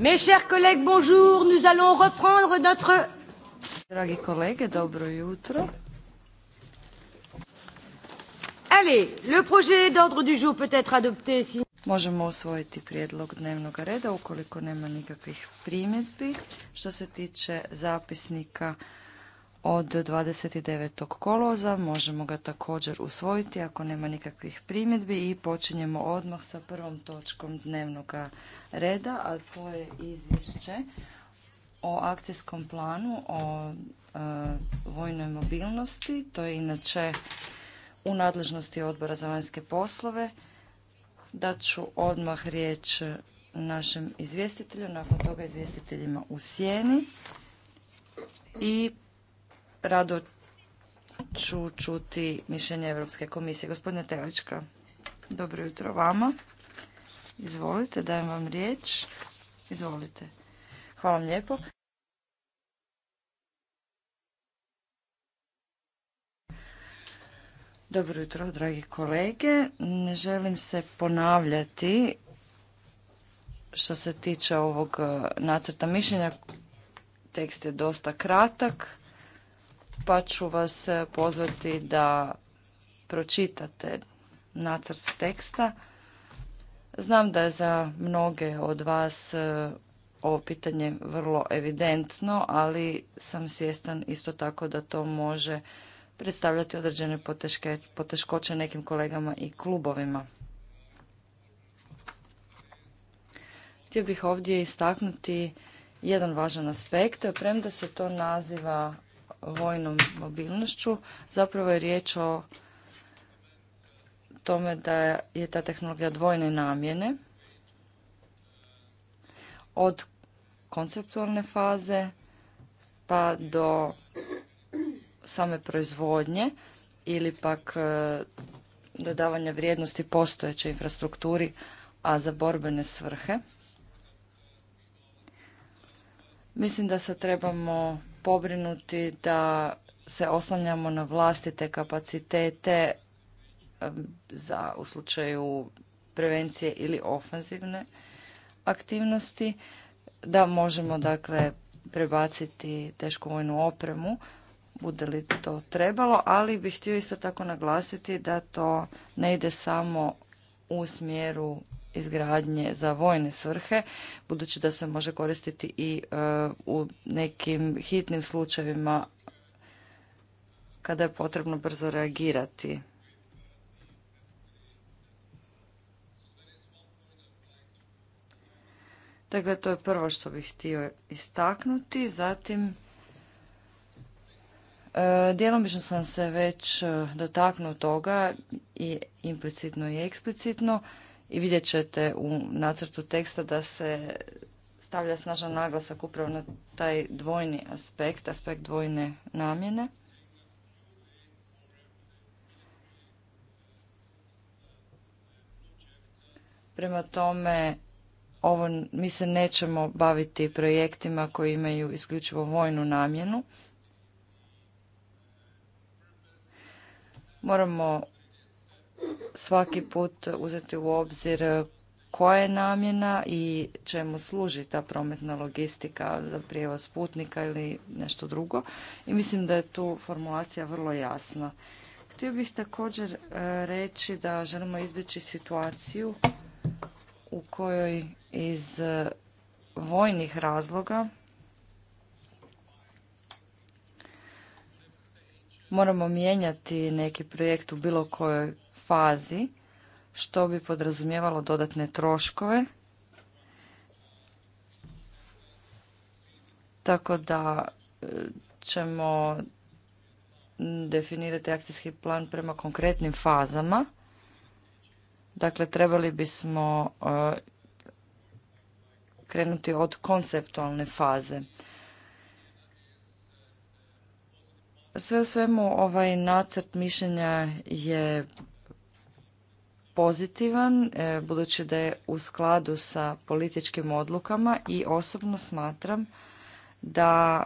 Mes chers collègues, bonjour. Nous allons reprendre notre... Dragi kolege, dobro jutro. Allez, le projet d'ordre du jour peut être adopté si... Možemo usvojiti prijedlog dnevnog reda ukoliko nema nikakvih primjedbi. Što se tiče zapisnika od 29. koloza. Možemo ga također usvojiti ako nema nikakvih primjedbi i počinjemo odmah sa prvom točkom dnevnog reda, a to je izvješće o akcijskom planu o e, vojnoj mobilnosti. To je inače u nadležnosti odbora za vanjske poslove. Da ću odmah riječ našem izvjestitelju, nakon toga izvjestiteljima u sjeni i rado ću čuti mišljenje Europske komisije. Gospodine Telička, dobro jutro vama. Izvolite, dajem vam riječ. Izvolite. Hvala vam lijepo. Dobro jutro, dragi kolege. Ne želim se ponavljati što se tiče ovog nacrta mišljenja. Tekst je dosta kratak pa ću vas e, pozvati da pročitate nacrt teksta. Znam da je za mnoge od vas e, ovo pitanje vrlo evidentno, ali sam svjestan isto tako da to može predstavljati određene poteške, poteškoće nekim kolegama i klubovima. Htio bih ovdje istaknuti jedan važan aspekt, premda se to naziva vojnom mobilnošću. Zapravo je riječ o tome da je ta tehnologija dvojne namjene od konceptualne faze pa do same proizvodnje ili pak e, dodavanja vrijednosti postojećoj infrastrukturi, a za borbene svrhe. Mislim da se trebamo pobrinuti da se oslanjamo na vlastite kapacitete za u slučaju prevencije ili ofanzivne aktivnosti, da možemo dakle prebaciti tešku vojnu opremu, bude li to trebalo, ali bih htio isto tako naglasiti da to ne ide samo u smjeru izgradnje za vojne svrhe, budući da se može koristiti i e, u nekim hitnim slučajevima kada je potrebno brzo reagirati. Dakle, to je prvo što bih htio istaknuti. Zatim, e, djelomično sam se već e, dotaknuo toga i implicitno i eksplicitno i vidjet ćete u nacrtu teksta da se stavlja snažan naglasak upravo na taj dvojni aspekt, aspekt dvojne namjene. Prema tome, ovo, mi se nećemo baviti projektima koji imaju isključivo vojnu namjenu. Moramo svaki put uzeti u obzir koja je namjena i čemu služi ta prometna logistika za prijevoz putnika ili nešto drugo. I mislim da je tu formulacija vrlo jasna. Htio bih također e, reći da želimo izbjeći situaciju u kojoj iz e, vojnih razloga moramo mijenjati neki projekt u bilo kojoj fazi, što bi podrazumijevalo dodatne troškove. Tako da e, ćemo definirati akcijski plan prema konkretnim fazama. Dakle, trebali bismo e, krenuti od konceptualne faze. Sve u svemu ovaj nacrt mišljenja je pozitivan e, budući da je u skladu sa političkim odlukama i osobno smatram da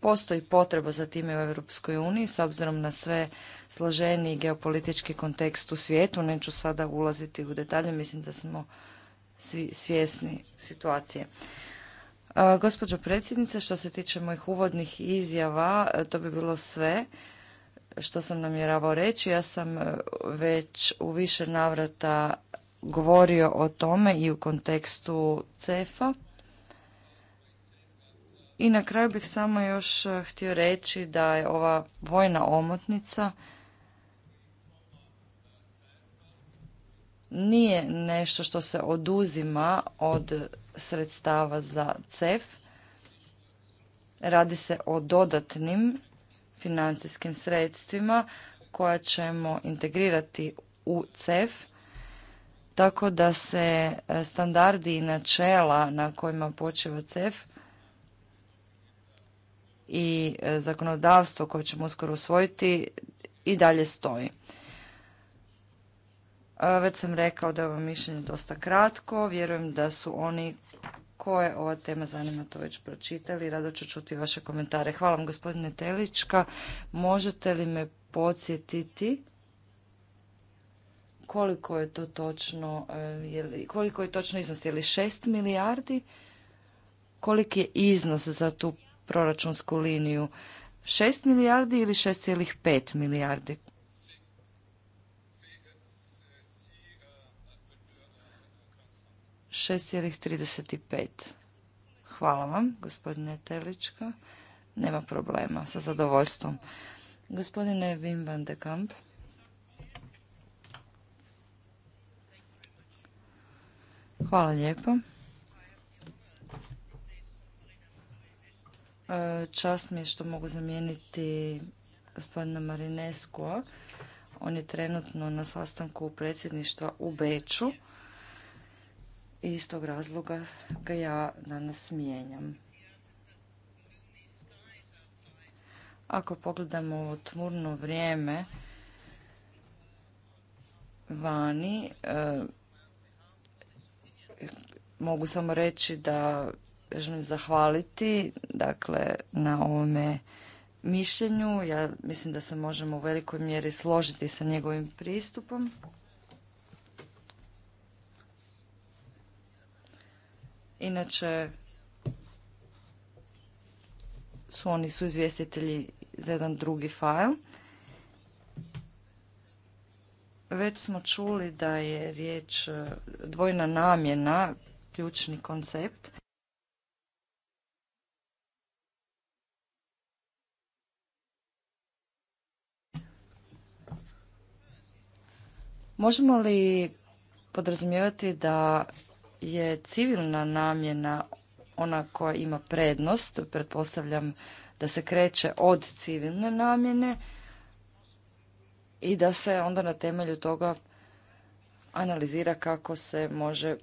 postoji potreba za time u Europskoj uniji s obzirom na sve složeni geopolitički kontekst u svijetu. Neću sada ulaziti u detalje, mislim da smo svi svjesni situacije. E, gospođo predsjednice, što se tiče mojih uvodnih izjava, e, to bi bilo sve što sam namjeravao reći. Ja sam e, već u više navrata govorio o tome i u kontekstu CEFA. I na kraju bih samo još e, htio reći da je ova vojna omotnica nije nešto što se oduzima od sredstava za CEF. Radi se o dodatnim financijskim sredstvima koja ćemo integrirati u CEF tako da se e, standardi i načela na kojima počiva CEF i e, zakonodavstvo koje ćemo uskoro usvojiti i dalje stoji. E, već sam rekao da je ovo mišljenje dosta kratko. Vjerujem da su oni koje ova tema zanima to već pročitali. Rado ću čuti vaše komentare. Hvala vam gospodine Telička. Možete li me podsjetiti koliko je to točno, e, je li, koliko je točno iznos, je li 6 milijardi? Koliki je iznos za tu proračunsku liniju? 6 milijardi ili 6,5 milijardi? 6,35. Hvala vam, gospodine Telička. Nema problema, sa zadovoljstvom. Gospodine Wim van de Kamp. Hvala lijepo. E, čast mi je što mogu zamijeniti gospodina Marinesku. On je trenutno na sastanku predsjedništva u Beču i iz tog razloga ga ja danas mijenjam. Ako pogledamo ovo tmurno vrijeme vani, eh, mogu samo reći da želim zahvaliti dakle, na ovome mišljenju. Ja mislim da se možemo u velikoj mjeri složiti sa njegovim pristupom. Inače su oni su izvjestitelji za jedan drugi fajl. Već smo čuli da je riječ e, dvojna namjena, ključni koncept. Možemo li podrazumijevati da je civilna namjena ona koja ima prednost, pretpostavljam da se kreće od civilne namjene i da se onda na temelju toga analizira kako se može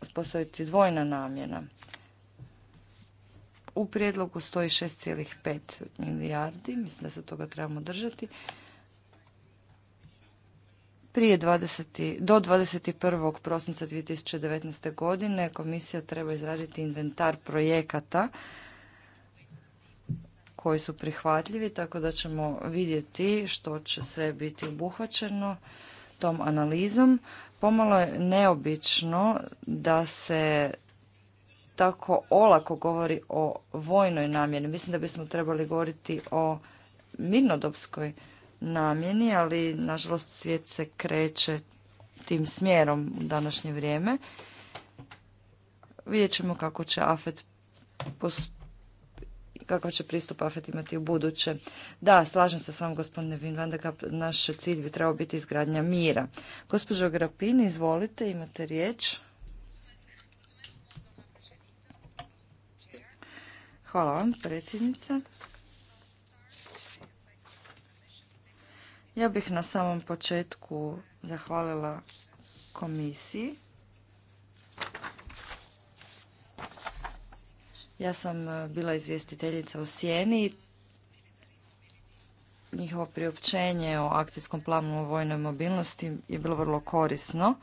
uspostaviti dvojna namjena. U prijedlogu stoji 6,5 milijardi, mislim da se toga trebamo držati. Prije 20, do 21. prosinca 2019. godine komisija treba izraditi inventar projekata koji su prihvatljivi, tako da ćemo vidjeti što će sve biti obuhvaćeno tom analizom. Pomalo je neobično da se tako olako govori o vojnoj namjeni. Mislim da bismo trebali govoriti o mirnodopskoj namjeni, ali nažalost svijet se kreće tim smjerom u današnje vrijeme. Vidjet ćemo kako će AFET kakav će pristup AFET imati u buduće. Da, slažem se s vam, gospodine Vin naš cilj bi trebao biti izgradnja mira. Gospođo Grapini, izvolite, imate riječ. Hvala vam, predsjednica. Ja bih na samom početku zahvalila komisiji. Ja sam e, bila izvjestiteljica u sjeni Njihovo priopćenje o akcijskom planu o vojnoj mobilnosti je bilo vrlo korisno.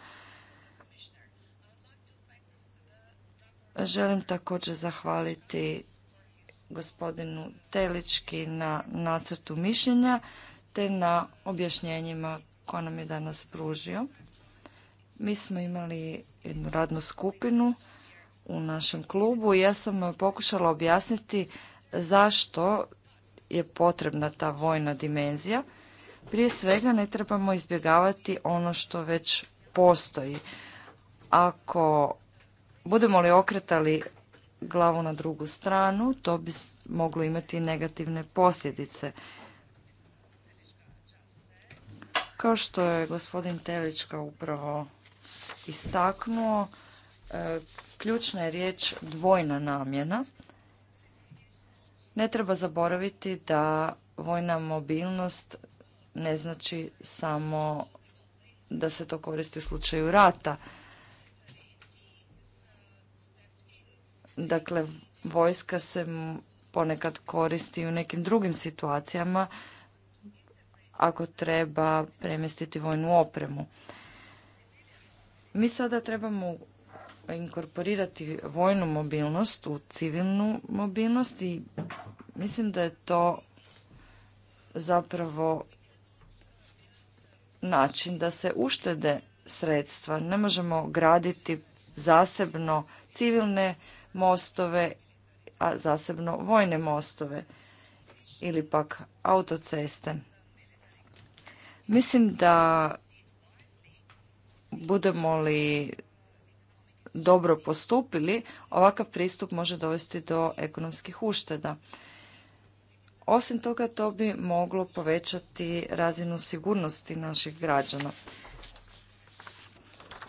Želim također zahvaliti gospodinu Telički na nacrtu mišljenja te na objašnjenjima koja nam je danas pružio. Mi smo imali jednu radnu skupinu u našem klubu i ja sam pokušala objasniti zašto je potrebna ta vojna dimenzija. Prije svega ne trebamo izbjegavati ono što već postoji. Ako budemo li okretali glavu na drugu stranu, to bi moglo imati negativne posljedice kao što je gospodin Telička upravo istaknuo, e, ključna je riječ dvojna namjena. Ne treba zaboraviti da vojna mobilnost ne znači samo da se to koristi u slučaju rata. Dakle, vojska se ponekad koristi u nekim drugim situacijama ako treba premjestiti vojnu opremu. Mi sada trebamo inkorporirati vojnu mobilnost u civilnu mobilnost i mislim da je to zapravo način da se uštede sredstva. Ne možemo graditi zasebno civilne mostove, a zasebno vojne mostove ili pak autoceste. Mislim da budemo li dobro postupili, ovakav pristup može dovesti do ekonomskih ušteda. Osim toga, to bi moglo povećati razinu sigurnosti naših građana.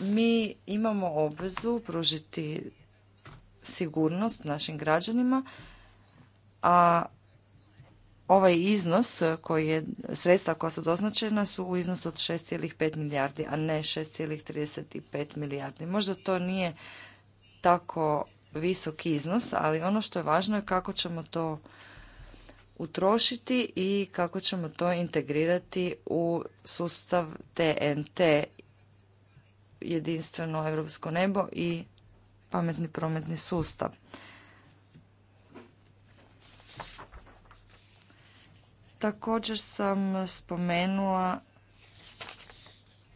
Mi imamo obvezu pružiti sigurnost našim građanima, a ovaj iznos e, koji je sredstva koja su doznačena su u iznosu od 6,5 milijardi, a ne 6,35 milijardi. Možda to nije tako visok iznos, ali ono što je važno je kako ćemo to utrošiti i kako ćemo to integrirati u sustav TNT, jedinstveno europsko nebo i pametni prometni sustav. Također sam spomenula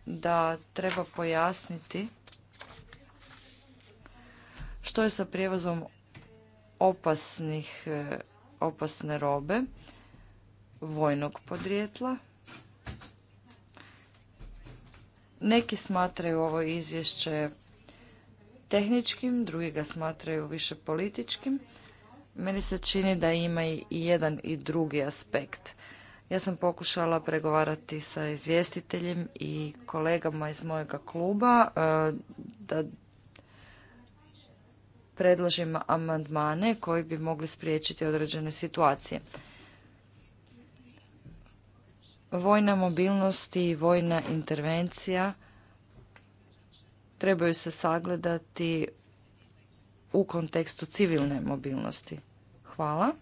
da treba pojasniti što je sa prijevozom opasnih, e, opasne robe vojnog podrijetla. Neki smatraju ovo izvješće tehničkim, drugi ga smatraju više političkim meni se čini da ima i jedan i drugi aspekt. Ja sam pokušala pregovarati sa izvjestiteljem i kolegama iz mojega kluba e, da predložim amandmane koji bi mogli spriječiti određene situacije. Vojna mobilnost i vojna intervencija trebaju se sagledati u kontekstu civilne mobilnosti. Hvala.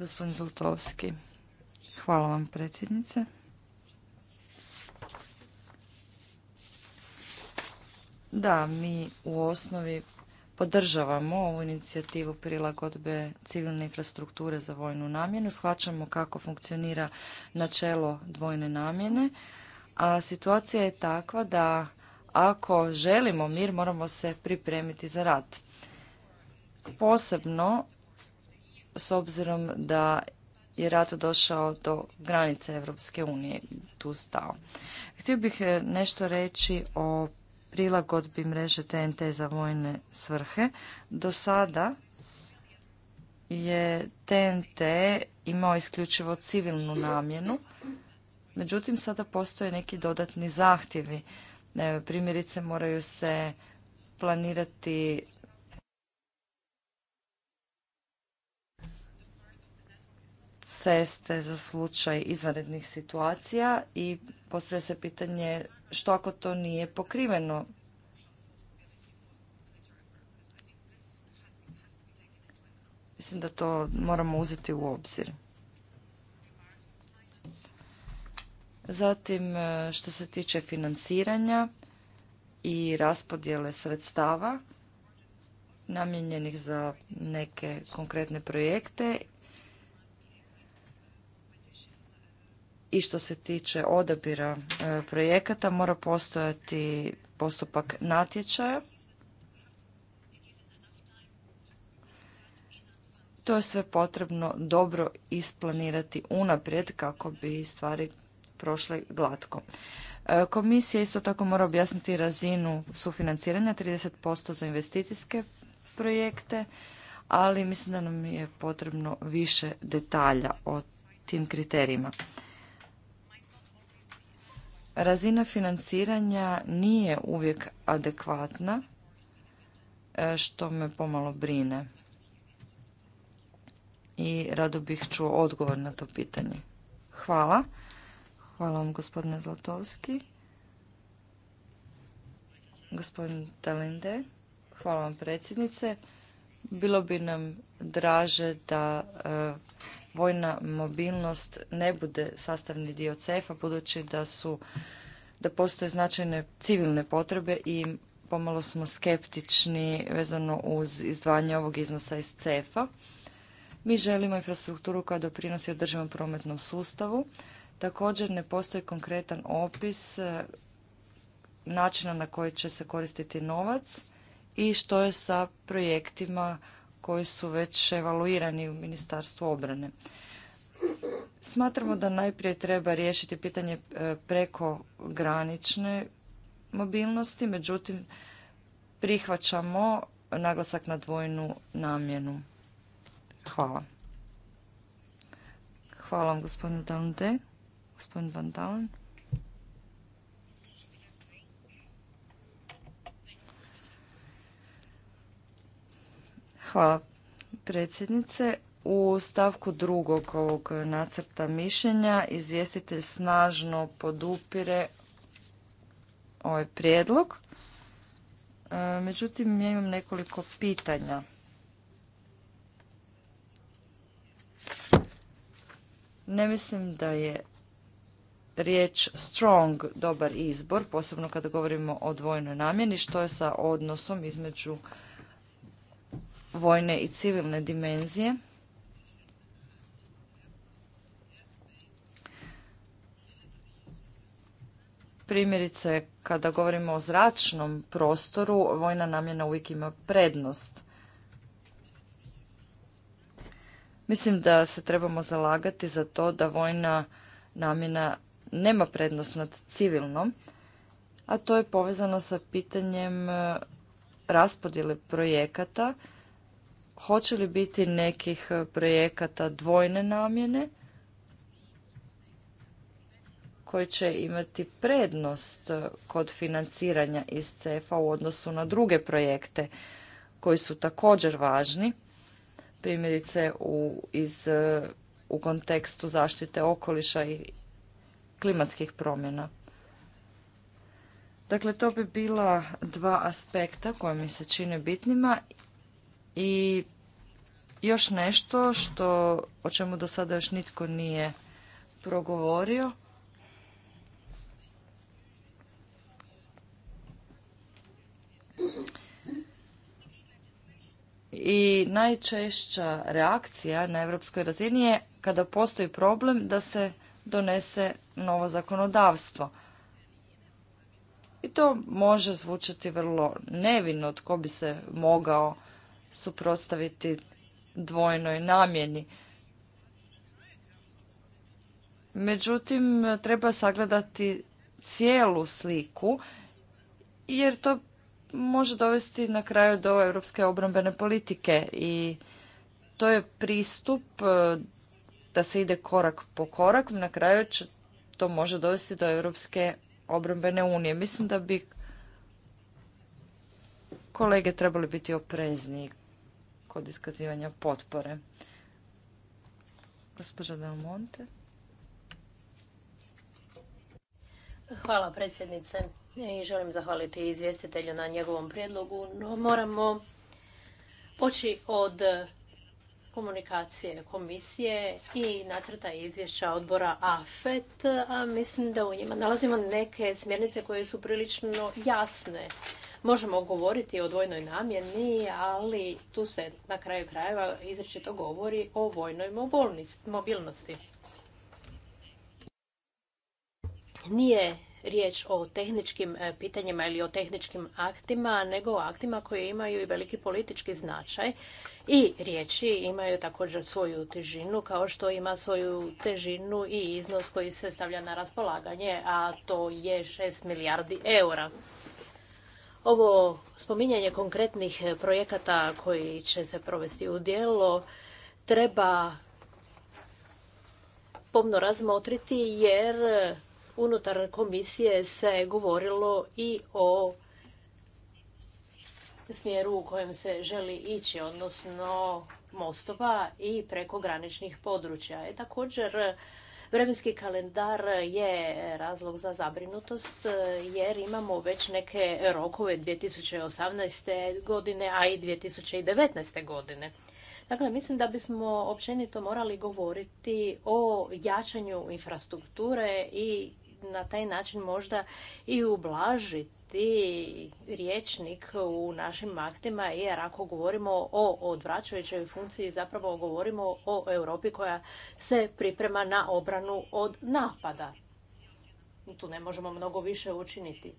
Gospodin Zlatovski. Hvala vam predsjednice. Da, mi u osnovi podržavamo ovu inicijativu prilagodbe civilne infrastrukture za vojnu namjenu. Shvaćamo kako funkcionira načelo dvojne namjene. A situacija je takva da ako želimo mir, moramo se pripremiti za rat. Posebno s obzirom da je rat došao do granice Europske unije tu stao. Htio bih e, nešto reći o prilagodbi mreže TNT za vojne svrhe. Do sada je TNT imao isključivo civilnu namjenu, međutim sada postoje neki dodatni zahtjevi Primjerice moraju se planirati ceste za slučaj izvanrednih situacija i postavlja se pitanje što ako to nije pokriveno Mislim da to moramo uzeti u obzir. Zatim e, što se tiče financiranja i raspodjele sredstava namijenjenih za neke konkretne projekte i što se tiče odabira e, projekata mora postojati postupak natječaja. To je sve potrebno dobro isplanirati unaprijed kako bi stvari prošle glatko. E, komisija isto tako mora objasniti razinu sufinanciranja 30% za investicijske projekte, ali mislim da nam je potrebno više detalja o tim kriterijima. Razina financiranja nije uvijek adekvatna, e, što me pomalo brine. I rado bih čuo odgovor na to pitanje. Hvala. Hvala vam gospodine Zlatovski. Gospodin Talinde, hvala vam predsjednice. Bilo bi nam draže da e, vojna mobilnost ne bude sastavni dio CEF-a budući da su da postoje značajne civilne potrebe i pomalo smo skeptični vezano uz izdvajanje ovog iznosa iz CEF-a. Mi želimo infrastrukturu koja doprinosi održivom prometnom sustavu, Također ne postoji konkretan opis e, načina na koji će se koristiti novac i što je sa projektima koji su već evaluirani u Ministarstvu obrane. Smatramo da najprije treba riješiti pitanje e, preko granične mobilnosti, međutim prihvaćamo naglasak na dvojnu namjenu. Hvala. Hvala vam gospodine Dalunde. Gospodin Van Daun. Hvala predsjednice. U stavku drugog ovog nacrta mišljenja izvjestitelj snažno podupire ovaj prijedlog. E, međutim, ja imam nekoliko pitanja. Ne mislim da je riječ strong dobar izbor, posebno kada govorimo o dvojnoj namjeni, što je sa odnosom između vojne i civilne dimenzije. Primjerice, kada govorimo o zračnom prostoru, vojna namjena uvijek ima prednost. Mislim da se trebamo zalagati za to da vojna namjena nema prednost nad civilnom, a to je povezano sa pitanjem e, raspodjele projekata. Hoće li biti nekih e, projekata dvojne namjene koji će imati prednost e, kod financiranja iz CEFA u odnosu na druge projekte koji su također važni, primjerice u, u kontekstu zaštite okoliša i klimatskih promjena. Dakle, to bi bila dva aspekta koja mi se čine bitnima i još nešto što, o čemu do sada još nitko nije progovorio. I najčešća reakcija na europskoj razini je kada postoji problem da se donese novo zakonodavstvo. I to može zvučati vrlo nevino tko bi se mogao suprotstaviti dvojnoj namjeni. Međutim, treba sagledati cijelu sliku, jer to može dovesti na kraju do europske obrambene politike i to je pristup da se ide korak po korak, na kraju će to može dovesti do Europske obrambene unije. Mislim da bi kolege trebali biti oprezni kod iskazivanja potpore. Gospođa Monte. Hvala predsjednice i želim zahvaliti izvjestitelju na njegovom prijedlogu, no moramo poći od komunikacije komisije i nacrta izvješća odbora AFET, a mislim da u njima nalazimo neke smjernice koje su prilično jasne. Možemo govoriti o dvojnoj namjeni, ali tu se na kraju krajeva izričito govori o vojnoj mobilnosti. Nije riječ o tehničkim e, pitanjima ili o tehničkim aktima, nego o aktima koji imaju i veliki politički značaj i riječi imaju također svoju težinu, kao što ima svoju težinu i iznos koji se stavlja na raspolaganje, a to je 6 milijardi eura. Ovo spominjanje konkretnih projekata koji će se provesti u djelo treba pomno razmotriti jer unutar komisije se govorilo i o smjeru u kojem se želi ići, odnosno mostova i graničnih područja. I e, također vremenski kalendar je razlog za zabrinutost jer imamo već neke rokove 2018. godine, a i 2019. godine. Dakle, mislim da bismo općenito morali govoriti o jačanju infrastrukture i na taj način možda i ublažiti biti riječnik u našim aktima jer ako govorimo o odvraćajućoj funkciji zapravo govorimo o Europi koja se priprema na obranu od napada. Tu ne možemo mnogo više učiniti.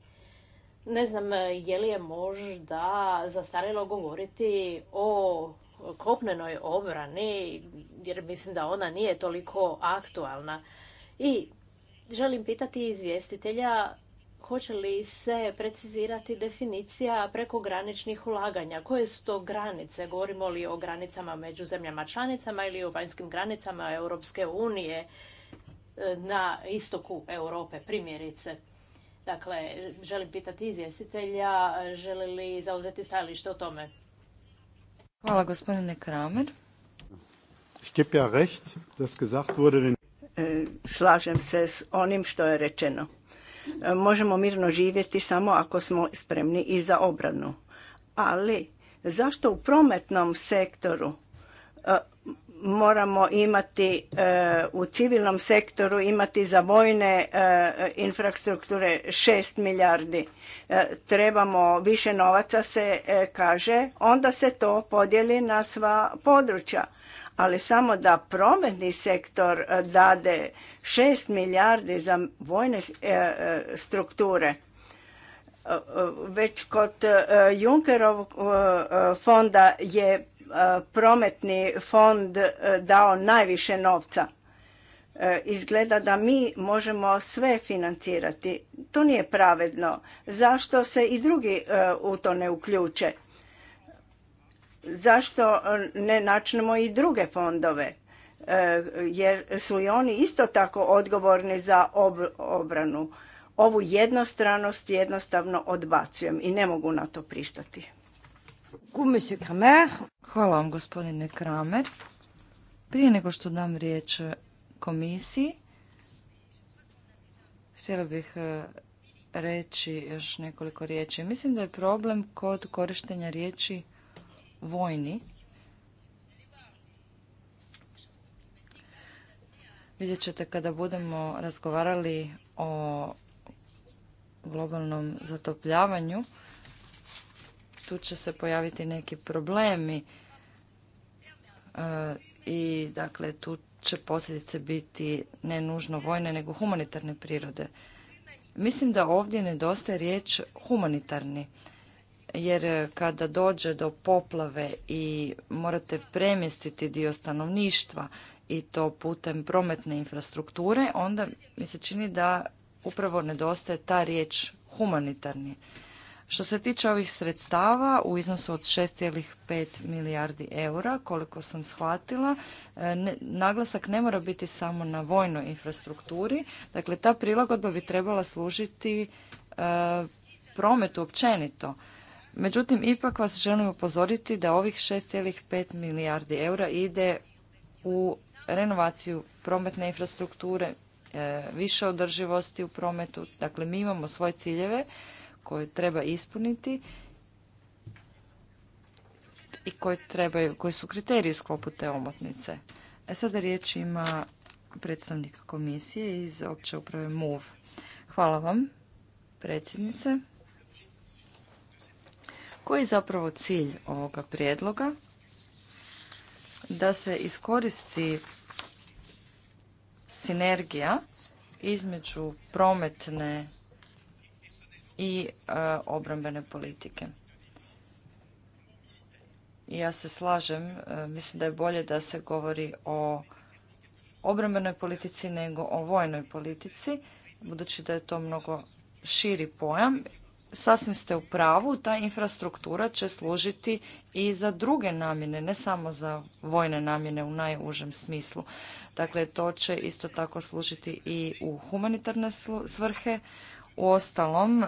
Ne znam je li je možda zastarilo govoriti o kopnenoj obrani jer mislim da ona nije toliko aktualna. I želim pitati izvjestitelja hoće li se precizirati definicija prekograničnih ulaganja? Koje su to granice? Govorimo li o granicama među zemljama članicama ili o vanjskim granicama Europske unije e, na istoku Europe, primjerice? Dakle, želim pitati izvjestitelja, želi li zauzeti stajalište o tome? Hvala gospodine Kramer. recht, e, Slažem se s onim što je rečeno. E, možemo mirno živjeti samo ako smo spremni i za obranu. Ali zašto u prometnom sektoru e, moramo imati e, u civilnom sektoru imati za vojne infrastrukture 6 milijardi. Trebamo više novaca se kaže, onda se to podijeli na sva područja. Ali samo da prometni sektor dade Šest milijardi za vojne e, e, strukture e, već kod Junkerov fonda je prometni fond dao najviše novca. Izgleda da mi možemo sve financirati. To nije pravedno. Zašto se i drugi u to ne uključe? Zašto ne načnemo i druge fondove? E, jer su i oni isto tako odgovorni za obranu. Ovu jednostranost jednostavno odbacujem i ne mogu na to pristati. Hvala vam gospodine Kramer. Prije nego što dam riječ komisiji, htjela bih e, reći još nekoliko riječi. Mislim da je problem kod korištenja riječi vojni Vidjet ćete kada budemo razgovarali o globalnom zatopljavanju, tu će se pojaviti neki problemi e, i dakle tu će posljedice biti ne nužno vojne nego humanitarne prirode. Mislim da ovdje nedostaje riječ humanitarni jer kada dođe do poplave i morate premjestiti dio stanovništva i to putem prometne infrastrukture, onda mi se čini da upravo nedostaje ta riječ humanitarni. Što se tiče ovih sredstava u iznosu od 6,5 milijardi eura, koliko sam shvatila, e, ne, naglasak ne mora biti samo na vojnoj infrastrukturi. Dakle, ta prilagodba bi trebala služiti e, prometu općenito. Međutim, ipak vas želim upozoriti da ovih 6,5 milijardi eura ide u renovaciju prometne infrastrukture, e, više održivosti u prometu. Dakle, mi imamo svoje ciljeve koje treba ispuniti i koji, trebaju, su kriteriji sklopu te omotnice. E sada riječ ima predstavnik komisije iz opće uprave MOV. Hvala vam, predsjednice. Koji je zapravo cilj ovoga prijedloga? da se iskoristi sinergija između prometne i e, obrambene politike. Ja se slažem, e, mislim da je bolje da se govori o obrambenoj politici nego o vojnoj politici, budući da je to mnogo širi pojam sasvim ste u pravu, ta infrastruktura će služiti i za druge namjene, ne samo za vojne namjene u najužem smislu. Dakle, to će isto tako služiti i u humanitarne svrhe. U ostalom,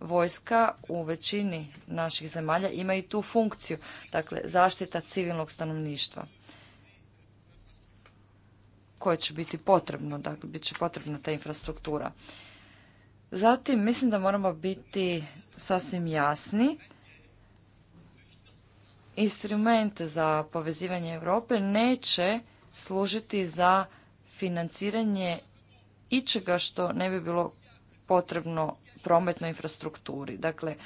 vojska u većini naših zemalja ima i tu funkciju, dakle zaštita civilnog stanovništva koje će biti potrebno, dakle bit će potrebna ta infrastruktura. Zatim mislim da moramo biti sasvim jasni. Instrument za povezivanje Europe neće služiti za financiranje ičega što ne bi bilo potrebno prometnoj infrastrukturi. Dakle,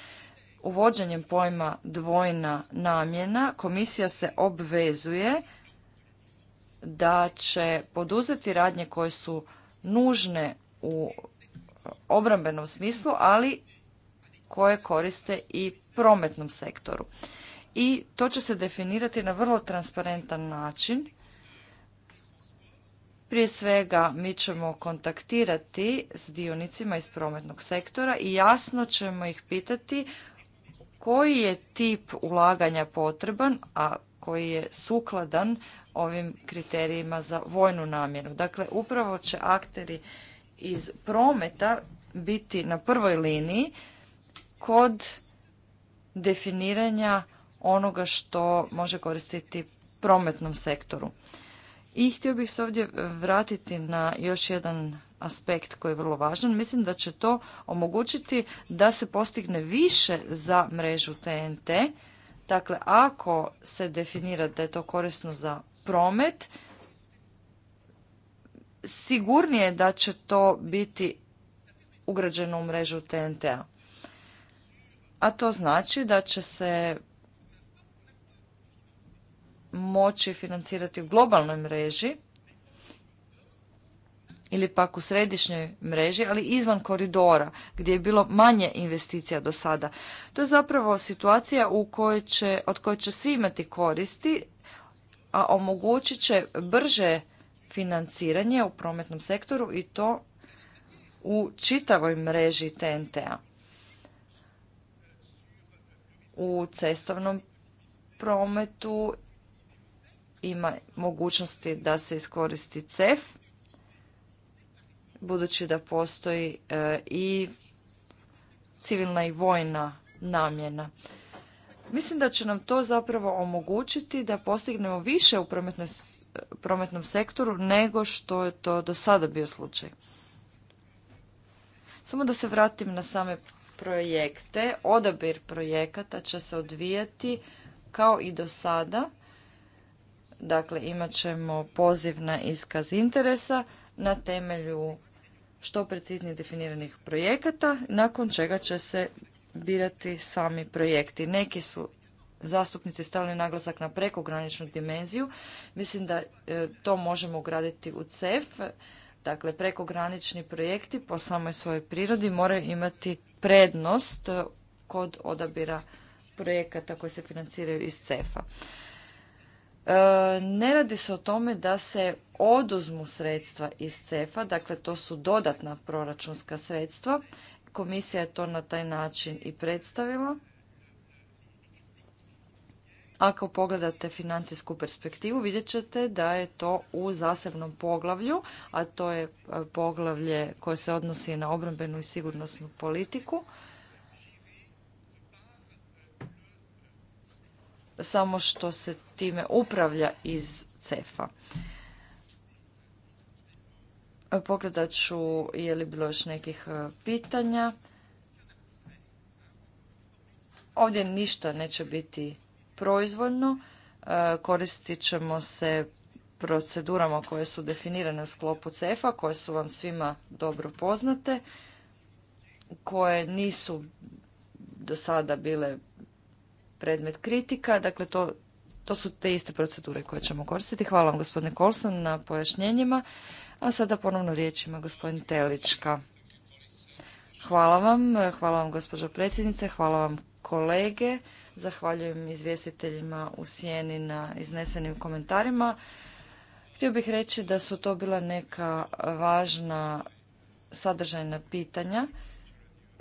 uvođenjem pojma dvojna namjena komisija se obvezuje da će poduzeti radnje koje su nužne u obrambenom smislu, ali koje koriste i prometnom sektoru. I to će se definirati na vrlo transparentan način. Prije svega mi ćemo kontaktirati s dionicima iz prometnog sektora i jasno ćemo ih pitati koji je tip ulaganja potreban, a koji je sukladan ovim kriterijima za vojnu namjenu. Dakle, upravo će akteri iz prometa biti na prvoj liniji kod definiranja onoga što može koristiti prometnom sektoru. I htio bih se ovdje vratiti na još jedan aspekt koji je vrlo važan. Mislim da će to omogućiti da se postigne više za mrežu TNT. Dakle, ako se definira da je to korisno za promet, sigurnije da će to biti ugrađeno u mrežu TNT-a. A to znači da će se moći financirati u globalnoj mreži ili pak u središnjoj mreži, ali izvan koridora gdje je bilo manje investicija do sada. To je zapravo situacija u kojoj će, od koje će svi imati koristi, a omogućit će brže financiranje u prometnom sektoru i to u čitavoj mreži TNT-a. U cestovnom prometu ima mogućnosti da se iskoristi CEF, budući da postoji e, i civilna i vojna namjena. Mislim da će nam to zapravo omogućiti da postignemo više u prometnoj prometnom sektoru nego što je to do sada bio slučaj. Samo da se vratim na same projekte. Odabir projekata će se odvijati kao i do sada. Dakle, imat ćemo poziv na iskaz interesa na temelju što preciznije definiranih projekata, nakon čega će se birati sami projekti. Neki su zastupnici stavili naglasak na prekograničnu dimenziju. Mislim da e, to možemo ugraditi u CEF. Dakle, prekogranični projekti po samoj svojoj prirodi moraju imati prednost e, kod odabira projekata koji se financiraju iz CEF-a. E, ne radi se o tome da se oduzmu sredstva iz CEF-a, dakle to su dodatna proračunska sredstva. Komisija je to na taj način i predstavila ako pogledate financijsku perspektivu, vidjet ćete da je to u zasebnom poglavlju, a to je e, poglavlje koje se odnosi na obrambenu i sigurnosnu politiku. Samo što se time upravlja iz cefa. E, pogledat ću je li bilo još nekih e, pitanja. Ovdje ništa neće biti proizvoljno, e, koristit ćemo se procedurama koje su definirane u sklopu CEFA, koje su vam svima dobro poznate, koje nisu do sada bile predmet kritika, dakle to, to su te iste procedure koje ćemo koristiti. Hvala vam gospodine Kolson na pojašnjenjima, a sada ponovno riječ ima gospodin Telička. Hvala vam, hvala vam gospođo predsjednice, hvala vam kolege. Zahvaljujem izvjestiteljima u sjeni na iznesenim komentarima. Htio bih reći da su to bila neka važna sadržajna pitanja.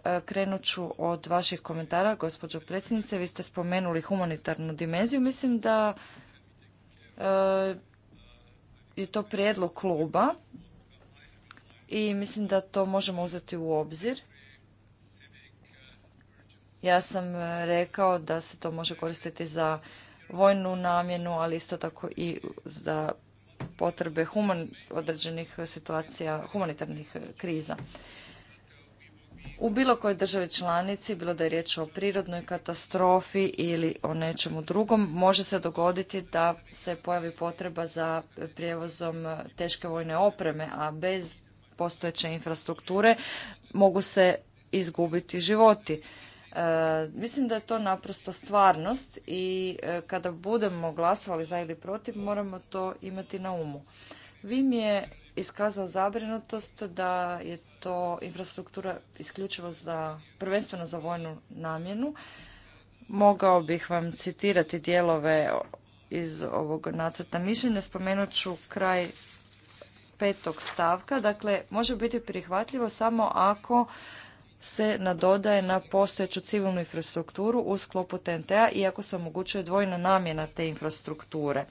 E, krenut ću od vaših komentara, gospođo predsjednice. Vi ste spomenuli humanitarnu dimenziju. Mislim da e, je to prijedlog kluba i mislim da to možemo uzeti u obzir. Ja sam e, rekao da se to može koristiti za vojnu namjenu, ali isto tako i za potrebe human, određenih situacija, humanitarnih e, kriza. U bilo kojoj državi članici, bilo da je riječ o prirodnoj katastrofi ili o nečemu drugom, može se dogoditi da se pojavi potreba za prijevozom e, teške vojne opreme, a bez postojeće infrastrukture mogu se izgubiti životi. E, mislim da je to naprosto stvarnost i e, kada budemo glasovali za ili protiv moramo to imati na umu. Vim je iskazao zabrinutost da je to infrastruktura isključivo za, prvenstveno za vojnu namjenu. Mogao bih vam citirati dijelove iz ovog nacrta mišljenja. Spomenut ću kraj petog stavka. Dakle, može biti prihvatljivo samo ako se nadodaje na postojeću civilnu infrastrukturu u sklopu TNT-a, iako se omogućuje dvojna namjena te infrastrukture.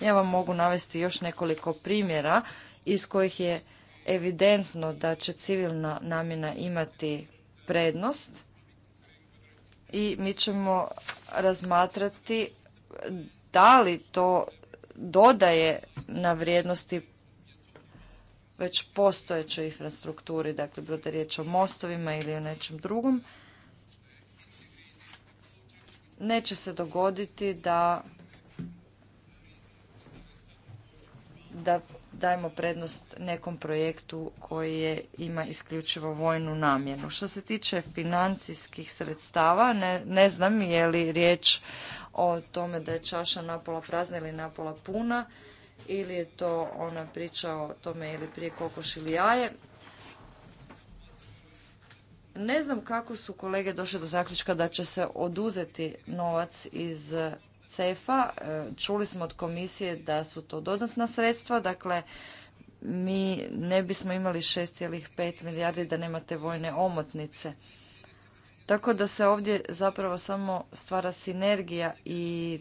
Ja vam mogu navesti još nekoliko primjera iz kojih je evidentno da će civilna namjena imati prednost i mi ćemo razmatrati da li to dodaje na vrijednosti već postojećoj infrastrukturi, dakle bilo da je riječ o mostovima ili o nečem drugom, neće se dogoditi da da dajemo prednost nekom projektu koji je, ima isključivo vojnu namjenu. Što se tiče financijskih sredstava, ne, ne znam je li riječ o tome da je čaša napola prazna ili napola puna ili je to ona priča o tome ili prije kokoš ili jaje. Ne znam kako su kolege došle do zaključka da će se oduzeti novac iz CEFA. E, čuli smo od komisije da su to dodatna sredstva, dakle mi ne bismo imali 6,5 milijardi da nemate vojne omotnice. Tako da se ovdje zapravo samo stvara sinergija i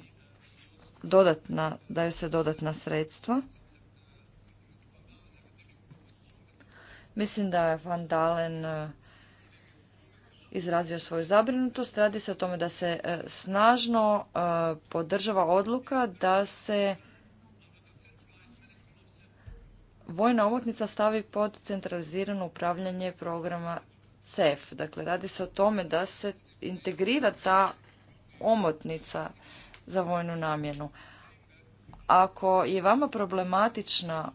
dodatna, daju se dodatna sredstva. Mislim da je Van Dalen e, izrazio svoju zabrinutost. Radi se o tome da se e, snažno e, podržava odluka da se vojna omotnica stavi pod centralizirano upravljanje programa CEF. Dakle, radi se o tome da se integrira ta omotnica za vojnu namjenu. Ako je vama problematična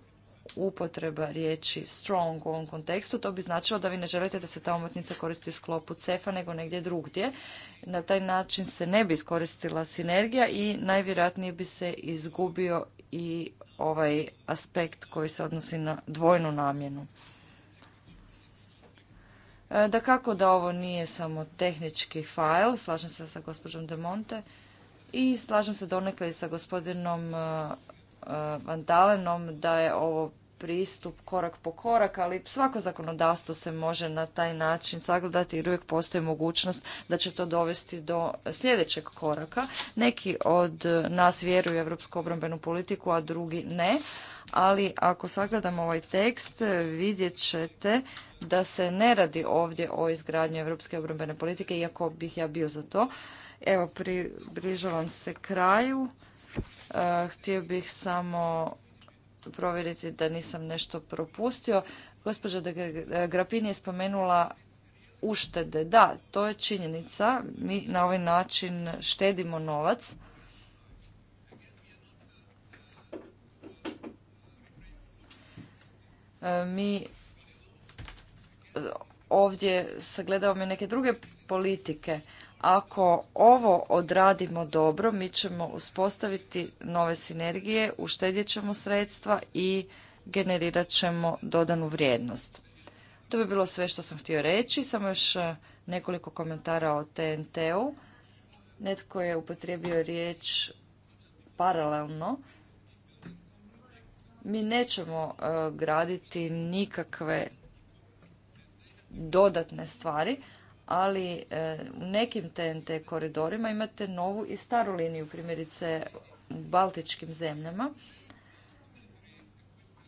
upotreba riječi strong u ovom kontekstu, to bi značilo da vi ne želite da se ta omotnica koristi u sklopu cefa nego negdje drugdje. Na taj način se ne bi iskoristila sinergija i najvjerojatnije bi se izgubio i ovaj aspekt koji se odnosi na dvojnu namjenu. E, da kako da ovo nije samo tehnički fail, slažem se sa gospođom demonte Monte, i slažem se donekle i sa gospodinom e, e, Vandalenom da je ovo pristup korak po korak, ali svako zakonodavstvo se može na taj način sagledati jer uvijek postoji mogućnost da će to dovesti do sljedećeg koraka. Neki od nas vjeruju u Europsku obrambenu politiku, a drugi ne. Ali ako sagledamo ovaj tekst, vidjet ćete da se ne radi ovdje o izgradnju Europske obrambene politike, iako bih ja bio za to, Evo, približavam se kraju. E, htio bih samo provjeriti da nisam nešto propustio. Gospođa e, Grapini je spomenula uštede. Da, to je činjenica. Mi na ovaj način štedimo novac. E, mi ovdje sagledavamo neke druge politike, ako ovo odradimo dobro, mi ćemo uspostaviti nove sinergije, uštedjet ćemo sredstva i generirat ćemo dodanu vrijednost. To bi bilo sve što sam htio reći, samo još e, nekoliko komentara o TNT-u. Netko je upotrijebio riječ paralelno. Mi nećemo e, graditi nikakve dodatne stvari, ali e, u nekim TNT koridorima imate novu i staru liniju, primjerice u baltičkim zemljama.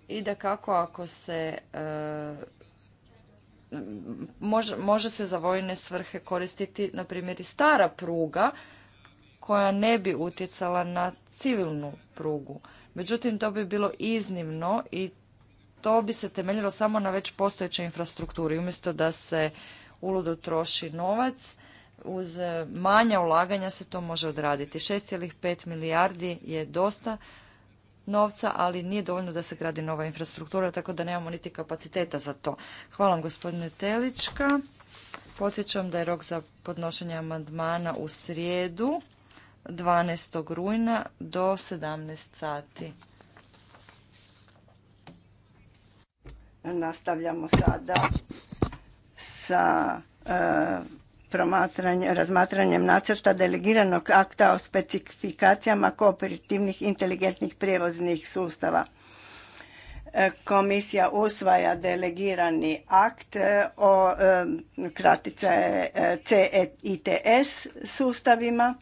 I da kako ako se e, Može, može se za vojne svrhe koristiti, na primjer, i stara pruga koja ne bi utjecala na civilnu prugu. Međutim, to bi bilo iznimno i to bi se temeljilo samo na već postojećoj infrastrukturi, umjesto da se uludo troši novac. Uz e, manja ulaganja se to može odraditi. 6,5 milijardi je dosta novca, ali nije dovoljno da se gradi nova infrastruktura, tako da nemamo niti kapaciteta za to. Hvala vam gospodine Telička. Podsjećam da je rok za podnošenje amandmana u srijedu 12. rujna do 17 sati. Nastavljamo sada sa e, razmatranjem nacrta delegiranog akta o specifikacijama kooperativnih inteligentnih prijevoznih sustava. E, komisija usvaja delegirani akt e, o kratica je sustavima.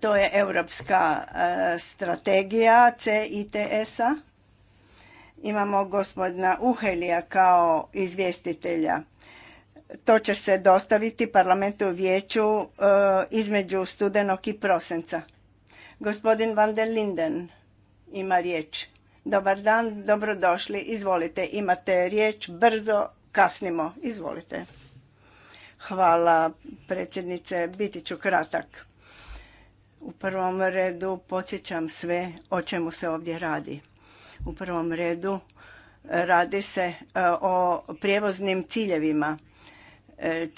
To je europska strategija CITS-a Imamo gospodina Uhelija kao izvjestitelja. To će se dostaviti parlamentu u vijeću e, između studenog i prosinca. Gospodin Van der Linden ima riječ. Dobar dan, dobrodošli, izvolite, imate riječ, brzo kasnimo, izvolite. Hvala predsjednice, biti ću kratak. U prvom redu podsjećam sve o čemu se ovdje radi. U prvom redu e, radi se e, o prijevoznim ciljevima. E,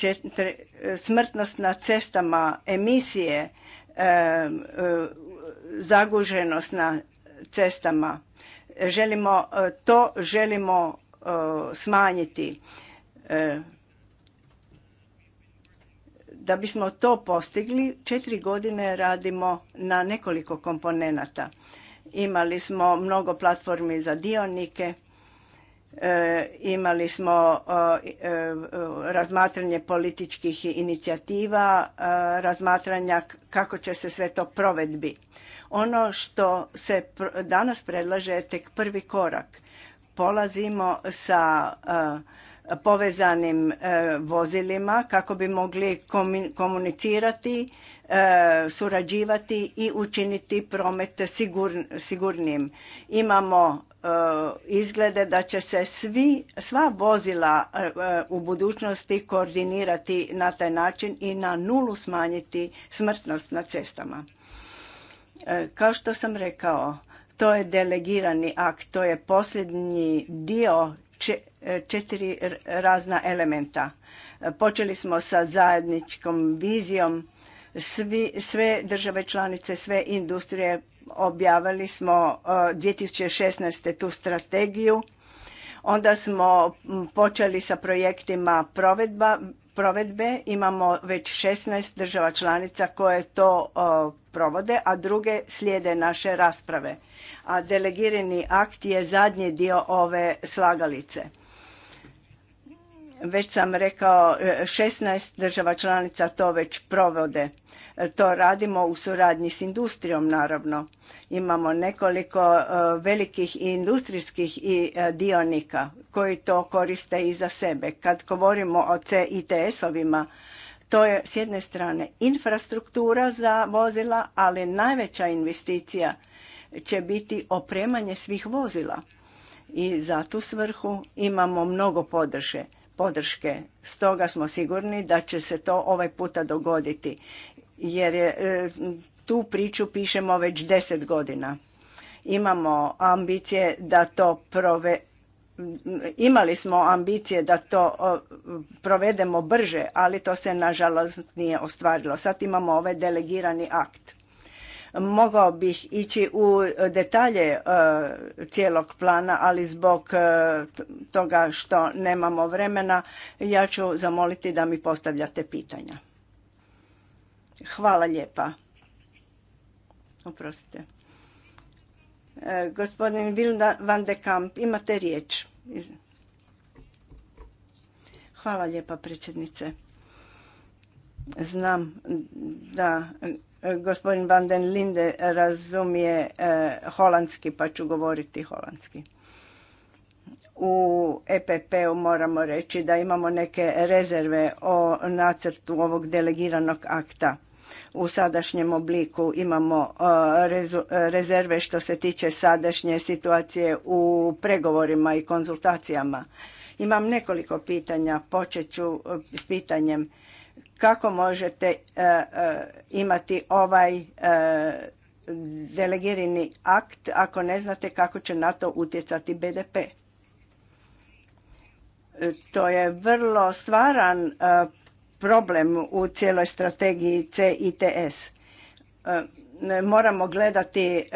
smrtnost na cestama, emisije, zaguženost na cestama. Želimo, to želimo smanjiti. Da bismo to postigli, četiri godine radimo na nekoliko komponenata. Imali smo mnogo platformi za dionike, e, imali smo e, razmatranje političkih inicijativa, e, razmatranja kako će se sve to provedbi. Ono što se danas predlaže je tek prvi korak. Polazimo sa povezanim vozilima kako bi mogli komunicirati E, surađivati i učiniti promet sigurnim. Imamo e, izglede da će se svi, sva vozila e, u budućnosti koordinirati na taj način i na nulu smanjiti smrtnost na cestama. Kao što sam rekao, to je delegirani akt, to je posljednji dio četiri razna elementa. Počeli smo sa zajedničkom vizijom svi, sve države članice, sve industrije objavili smo 2016. E, tu strategiju. Onda smo počeli sa projektima provedba, provedbe. Imamo već 16 država članica koje to e, provode, a druge slijede naše rasprave. A delegirani akt je zadnji dio ove slagalice već sam rekao, 16 e, država članica to već provode. E, to radimo u suradnji s industrijom, naravno. Imamo nekoliko e, velikih i industrijskih i dionika koji to koriste i za sebe. Kad govorimo o CITS-ovima, to je s jedne strane infrastruktura za vozila, ali najveća investicija će biti opremanje svih vozila. I za tu svrhu imamo mnogo podrše podrške. Stoga smo sigurni da će se to ovaj puta dogoditi jer je, e, tu priču pišemo već deset godina. Imamo ambicije da to prove, imali smo ambicije da to provedemo brže, ali to se nažalost nije ostvarilo. Sad imamo ovaj delegirani akt. Mogao bih ići u detalje e, cijelog plana, ali zbog e, toga što nemamo vremena, ja ću zamoliti da mi postavljate pitanja. Hvala lijepa. Oprostite. E, gospodin vilda van de Kamp, imate riječ. Hvala lijepa predsjednice. Znam da E, gospodin Van den Linde razumije e, holandski pa ću govoriti holandski. U EPP-u moramo reći da imamo neke rezerve o nacrtu ovog delegiranog akta. U sadašnjem obliku imamo e, rezerve što se tiče sadašnje situacije u pregovorima i konzultacijama. Imam nekoliko pitanja, počet ću s pitanjem kako možete e, e, imati ovaj e, delegirani akt ako ne znate kako će na to utjecati BDP. To je vrlo stvaran problem u cijeloj strategiji CITS. Moramo gledati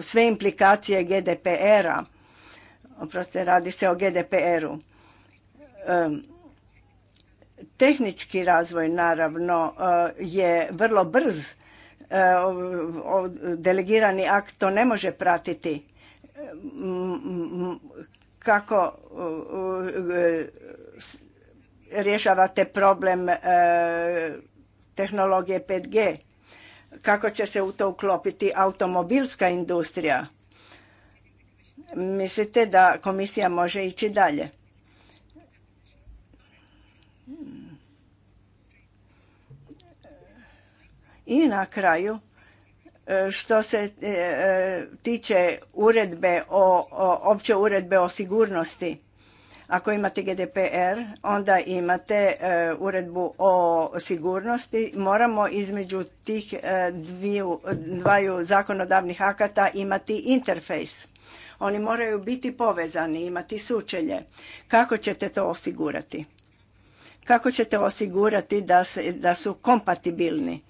sve implikacije GDPR-a. Oprostite, radi se o GDPR-u Tehnički razvoj naravno eh, je vrlo brz, eh, delegirani akt to ne može pratiti eh, kako rješavate problem tehnologije 5G, kako će se u to uklopiti automobilska industrija. Mislite da komisija može ići dalje? I na kraju, e, što se e, e, tiče uredbe o, opće uredbe o sigurnosti, ako imate GDPR, onda imate uredbu o sigurnosti. Moramo između tih dvaju zakonodavnih akata imati interfejs. Oni moraju biti povezani, imati sučelje. Kako ćete to osigurati? Kako ćete osigurati da, se, da su kompatibilni?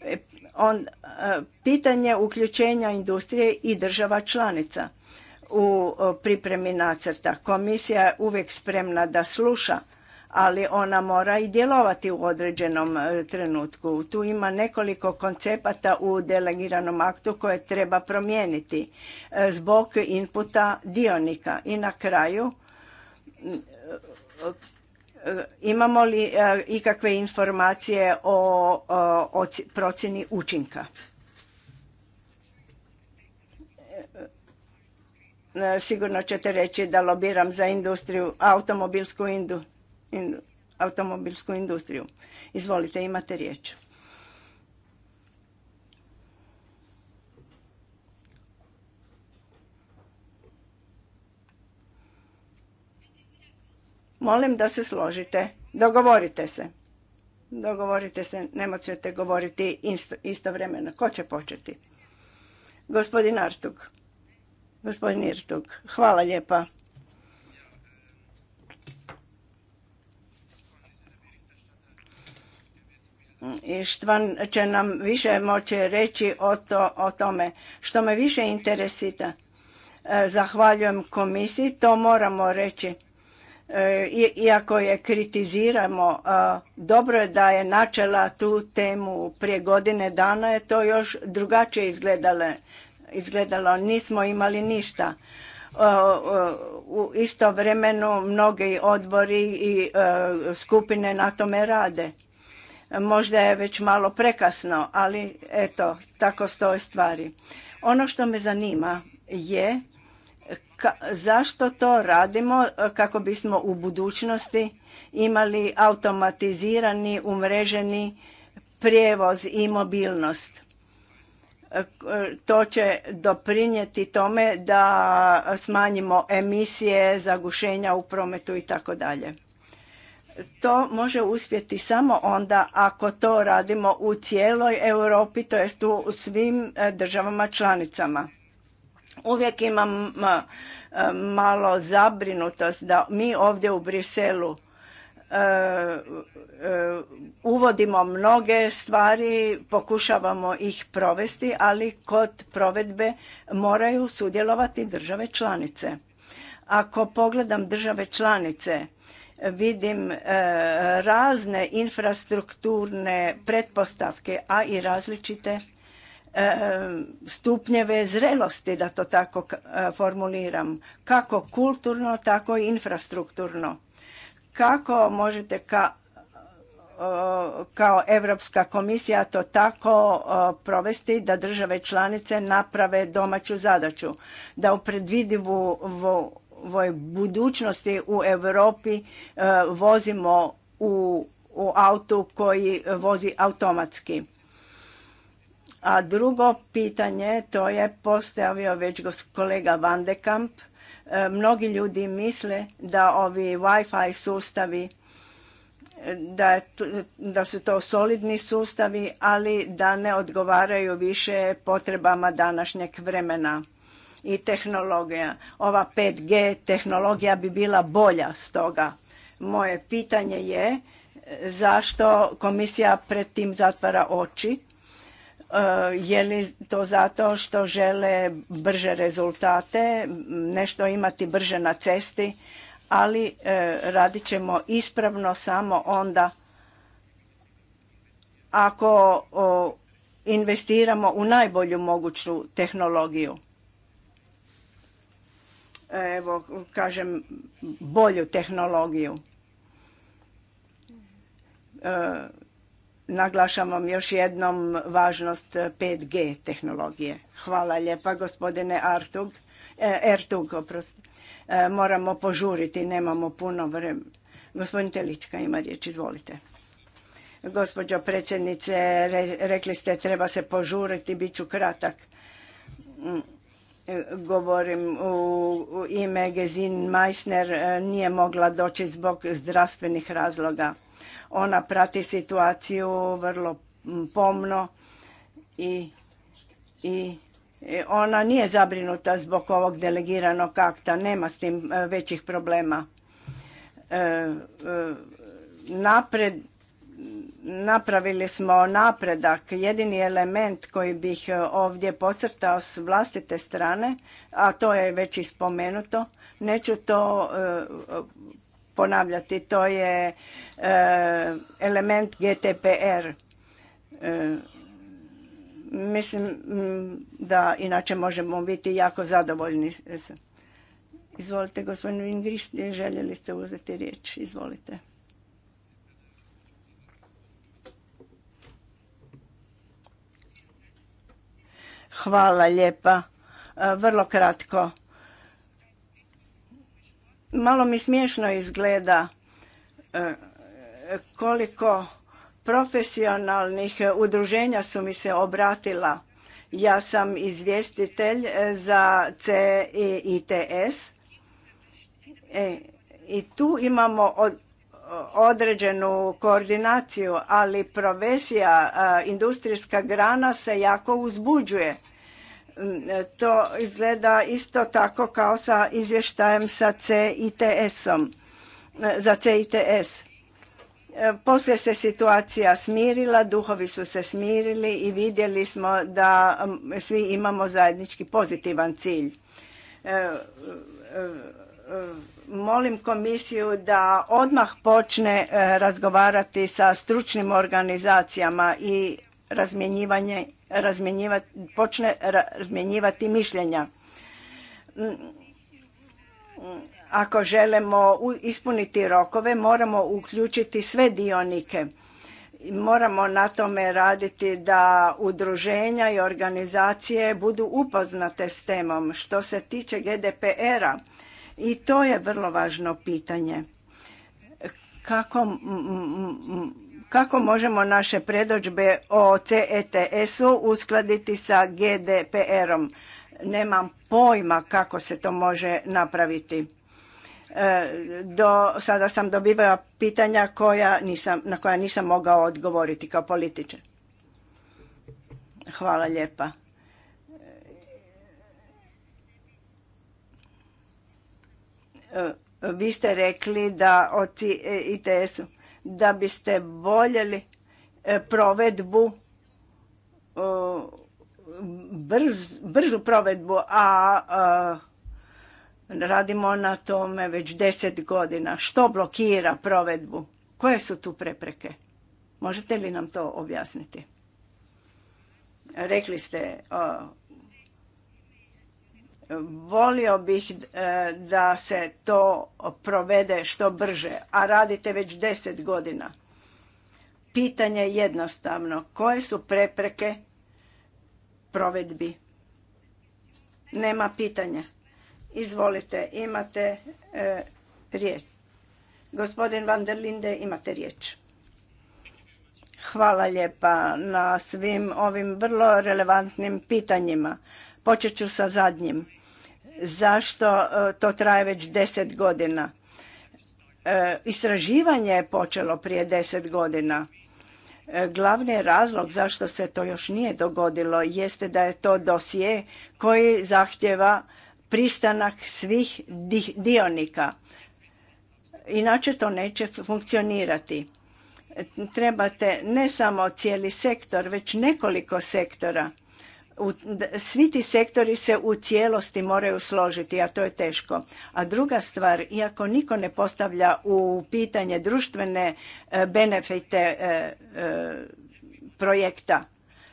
E, on, e, pitanje uključenja industrije i država članica u pripremi nacrta. Komisija je uvijek spremna da sluša, ali ona mora i djelovati u određenom e, trenutku. Tu ima nekoliko koncepata u delegiranom aktu koje treba promijeniti zbog inputa dionika. I na kraju imamo li e, ikakve informacije o, o, procjeni učinka? E, e, sigurno ćete reći da lobiram za industriju, automobilsku, automobilsku industriju. Izvolite, imate riječ. Molim da se složite. Dogovorite se. Dogovorite se, ne moćete govoriti isto, istovremeno. Ko će početi? Gospodin Artug. Gospodin Irtug. Hvala lijepa. I će nam više moći reći o, to, o tome. Što me više interesita, e, zahvaljujem komisiji, to moramo reći E, iako je kritiziramo, dobro je da je načela tu temu prije godine dana, je to još drugačije izgledalo. Nismo imali ništa. E, u isto vremenu mnogi odbori i e, skupine na tome rade. Možda je već malo prekasno, ali eto, tako stoje stvari. Ono što me zanima je zašto to radimo e, kako bismo u budućnosti imali automatizirani, umreženi prijevoz i mobilnost. E, e, to će doprinijeti tome da smanjimo emisije, zagušenja u prometu i tako dalje. To može uspjeti samo onda ako to radimo u cijeloj Europi, to jest u svim državama članicama Uvijek imam malo zabrinutost da mi ovdje u Briselu e, e, uvodimo mnoge stvari, pokušavamo ih provesti, ali kod provedbe moraju sudjelovati države članice. Ako pogledam države članice, vidim e, razne infrastrukturne pretpostavke, a i različite Eh, stupnjeve zrelosti, da to tako eh, formuliram, kako kulturno, tako i infrastrukturno. Kako možete eh, kao Europska komisija to tako provesti da države članice naprave domaću zadaću, da u predvidivu budućnosti u Europi vozimo u, u autu koji vozi automatski a drugo pitanje, to je postavio već kolega Van e, Mnogi ljudi misle da ovi Wi-Fi sustavi e, da, da su to solidni sustavi, ali da ne odgovaraju više potrebama današnjeg vremena i tehnologija. Ova 5G tehnologija bi bila bolja stoga. Moje pitanje je e, zašto komisija pred tim zatvara oči Eh, je li to zato što žele brže rezultate, nešto imati brže na cesti, ali eh, radit ćemo ispravno samo onda ako investiramo u najbolju moguću tehnologiju. Eh, evo, kažem, bolju tehnologiju. Naglašavam još jednom važnost 5G eh, tehnologije. Hvala lijepa gospodine Artug. Eh, Ertug, eh, moramo požuriti, nemamo puno vremena. Gospodin Telička ima riječ, izvolite. Gospođo predsjednice, rekli ste treba se požuriti, bit ću kratak. Mm, govorim u, u ime Gezin Meissner, nije mogla doći zbog zdravstvenih razloga. Ona prati situaciju vrlo pomno i, i ona nije zabrinuta zbog ovog delegiranog akta, nema s tim e, većih problema. E, e, napred, napravili smo napredak. Jedini element koji bih ovdje pocrtao s vlastite strane, a to je već i spomenuto, neću to ponavljati, to je e, element GTPR. E, mislim da inače možemo biti jako zadovoljni. Izvolite, gospodin Vingris, željeli ste uzeti riječ. Izvolite. Hvala lijepa. E, vrlo kratko. Malo mi smiješno izgleda e, koliko profesionalnih udruženja su mi se obratila. Ja sam izvjestitelj e, za CITS e i tu imamo određenu koordinaciju, ali profesija industrijska grana se jako uzbuđuje to izgleda isto tako kao sa izvještajem sa CITS-om, za CITS. Poslije se situacija smirila, duhovi su se smirili i vidjeli smo da svi imamo zajednički pozitivan cilj. E, e, e, molim komisiju da odmah počne razgovarati sa stručnim organizacijama i razmjenjivanje, razmjenjivati, počne razmjenjivati mišljenja. Mm, mm, ako želimo ispuniti rokove, moramo uključiti sve dionike. Moramo na tome raditi da udruženja i organizacije budu upoznate s temom. Što se tiče GDPR-a, i to je vrlo važno pitanje. Kako kako možemo naše predođbe o CETS-u uskladiti sa GDPR-om? Nemam pojma kako se to može napraviti. E, do, sada sam dobivala pitanja koja nisam, na koja nisam mogao odgovoriti kao političar. Hvala lijepa. E, vi ste rekli da o e ITS-u da biste voljeli e, provedbu e, brzu provedbu, a, e, radimo na tome već deset godina. Što blokira provedbu? Koje su tu prepreke? Možete li nam to objasniti? Rekli ste Volio bih e, da se to provede što brže, a radite već deset godina. Pitanje je jednostavno. Koje su prepreke provedbi? Nema pitanja. Izvolite, imate e, riječ. Gospodin Van der Linde, imate riječ. Hvala lijepa na svim ovim vrlo relevantnim pitanjima. Počet ću sa zadnjim zašto e, to traje već deset godina. E, istraživanje je počelo prije deset godina. E, glavni razlog zašto se to još nije dogodilo jeste da je to dosije koji zahtjeva pristanak svih dionika. Inače to neće funkcionirati. Trebate ne samo cijeli sektor, već nekoliko sektora svi ti sektori se u cijelosti moraju složiti, a to je teško. A druga stvar, iako niko ne postavlja u pitanje društvene e, benefite e, e, projekta,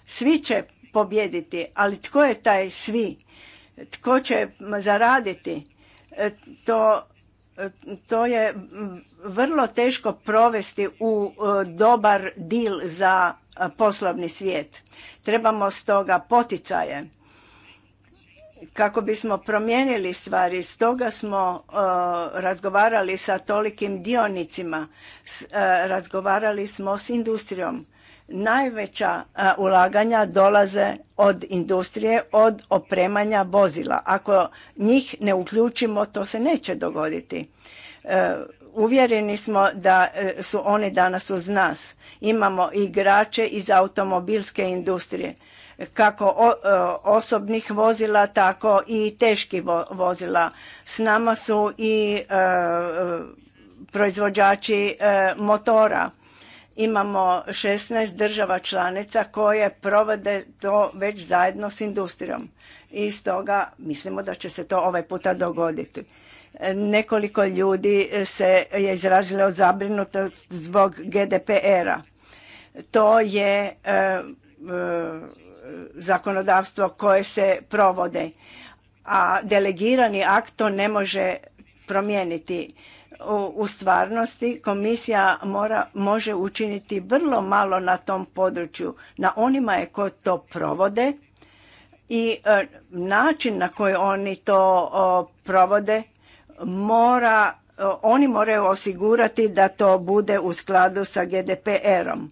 svi će pobjediti, ali tko je taj svi? Tko će zaraditi? To, to je vrlo teško provesti u dobar dil za poslovni svijet. Trebamo stoga poticaje kako bismo promijenili stvari. Stoga smo razgovarali sa tolikim dionicima, razgovarali smo s industrijom. Najveća ulaganja dolaze od industrije, od opremanja vozila. Ako njih ne uključimo, to se neće dogoditi. E, Uvjereni smo da e, su oni danas uz nas. Imamo igrače iz automobilske industrije, kako e, osobnih vozila, tako i teških vozila. S nama su i e, proizvođači motora. Imamo 16 država članica koje provode to već zajedno s industrijom. I stoga mislimo da će se to ovaj puta dogoditi. Nekoliko ljudi e, se je izrazilo zabrinutost zbog GDPR-a. To je e, e, zakonodavstvo koje se provode, a delegirani akt to ne može promijeniti. U, stvarnosti komisija mora, može učiniti vrlo malo na tom području. Na onima je koji to provode i način na koji oni to provode mora, e, oni moraju osigurati da to bude u skladu sa GDPR-om.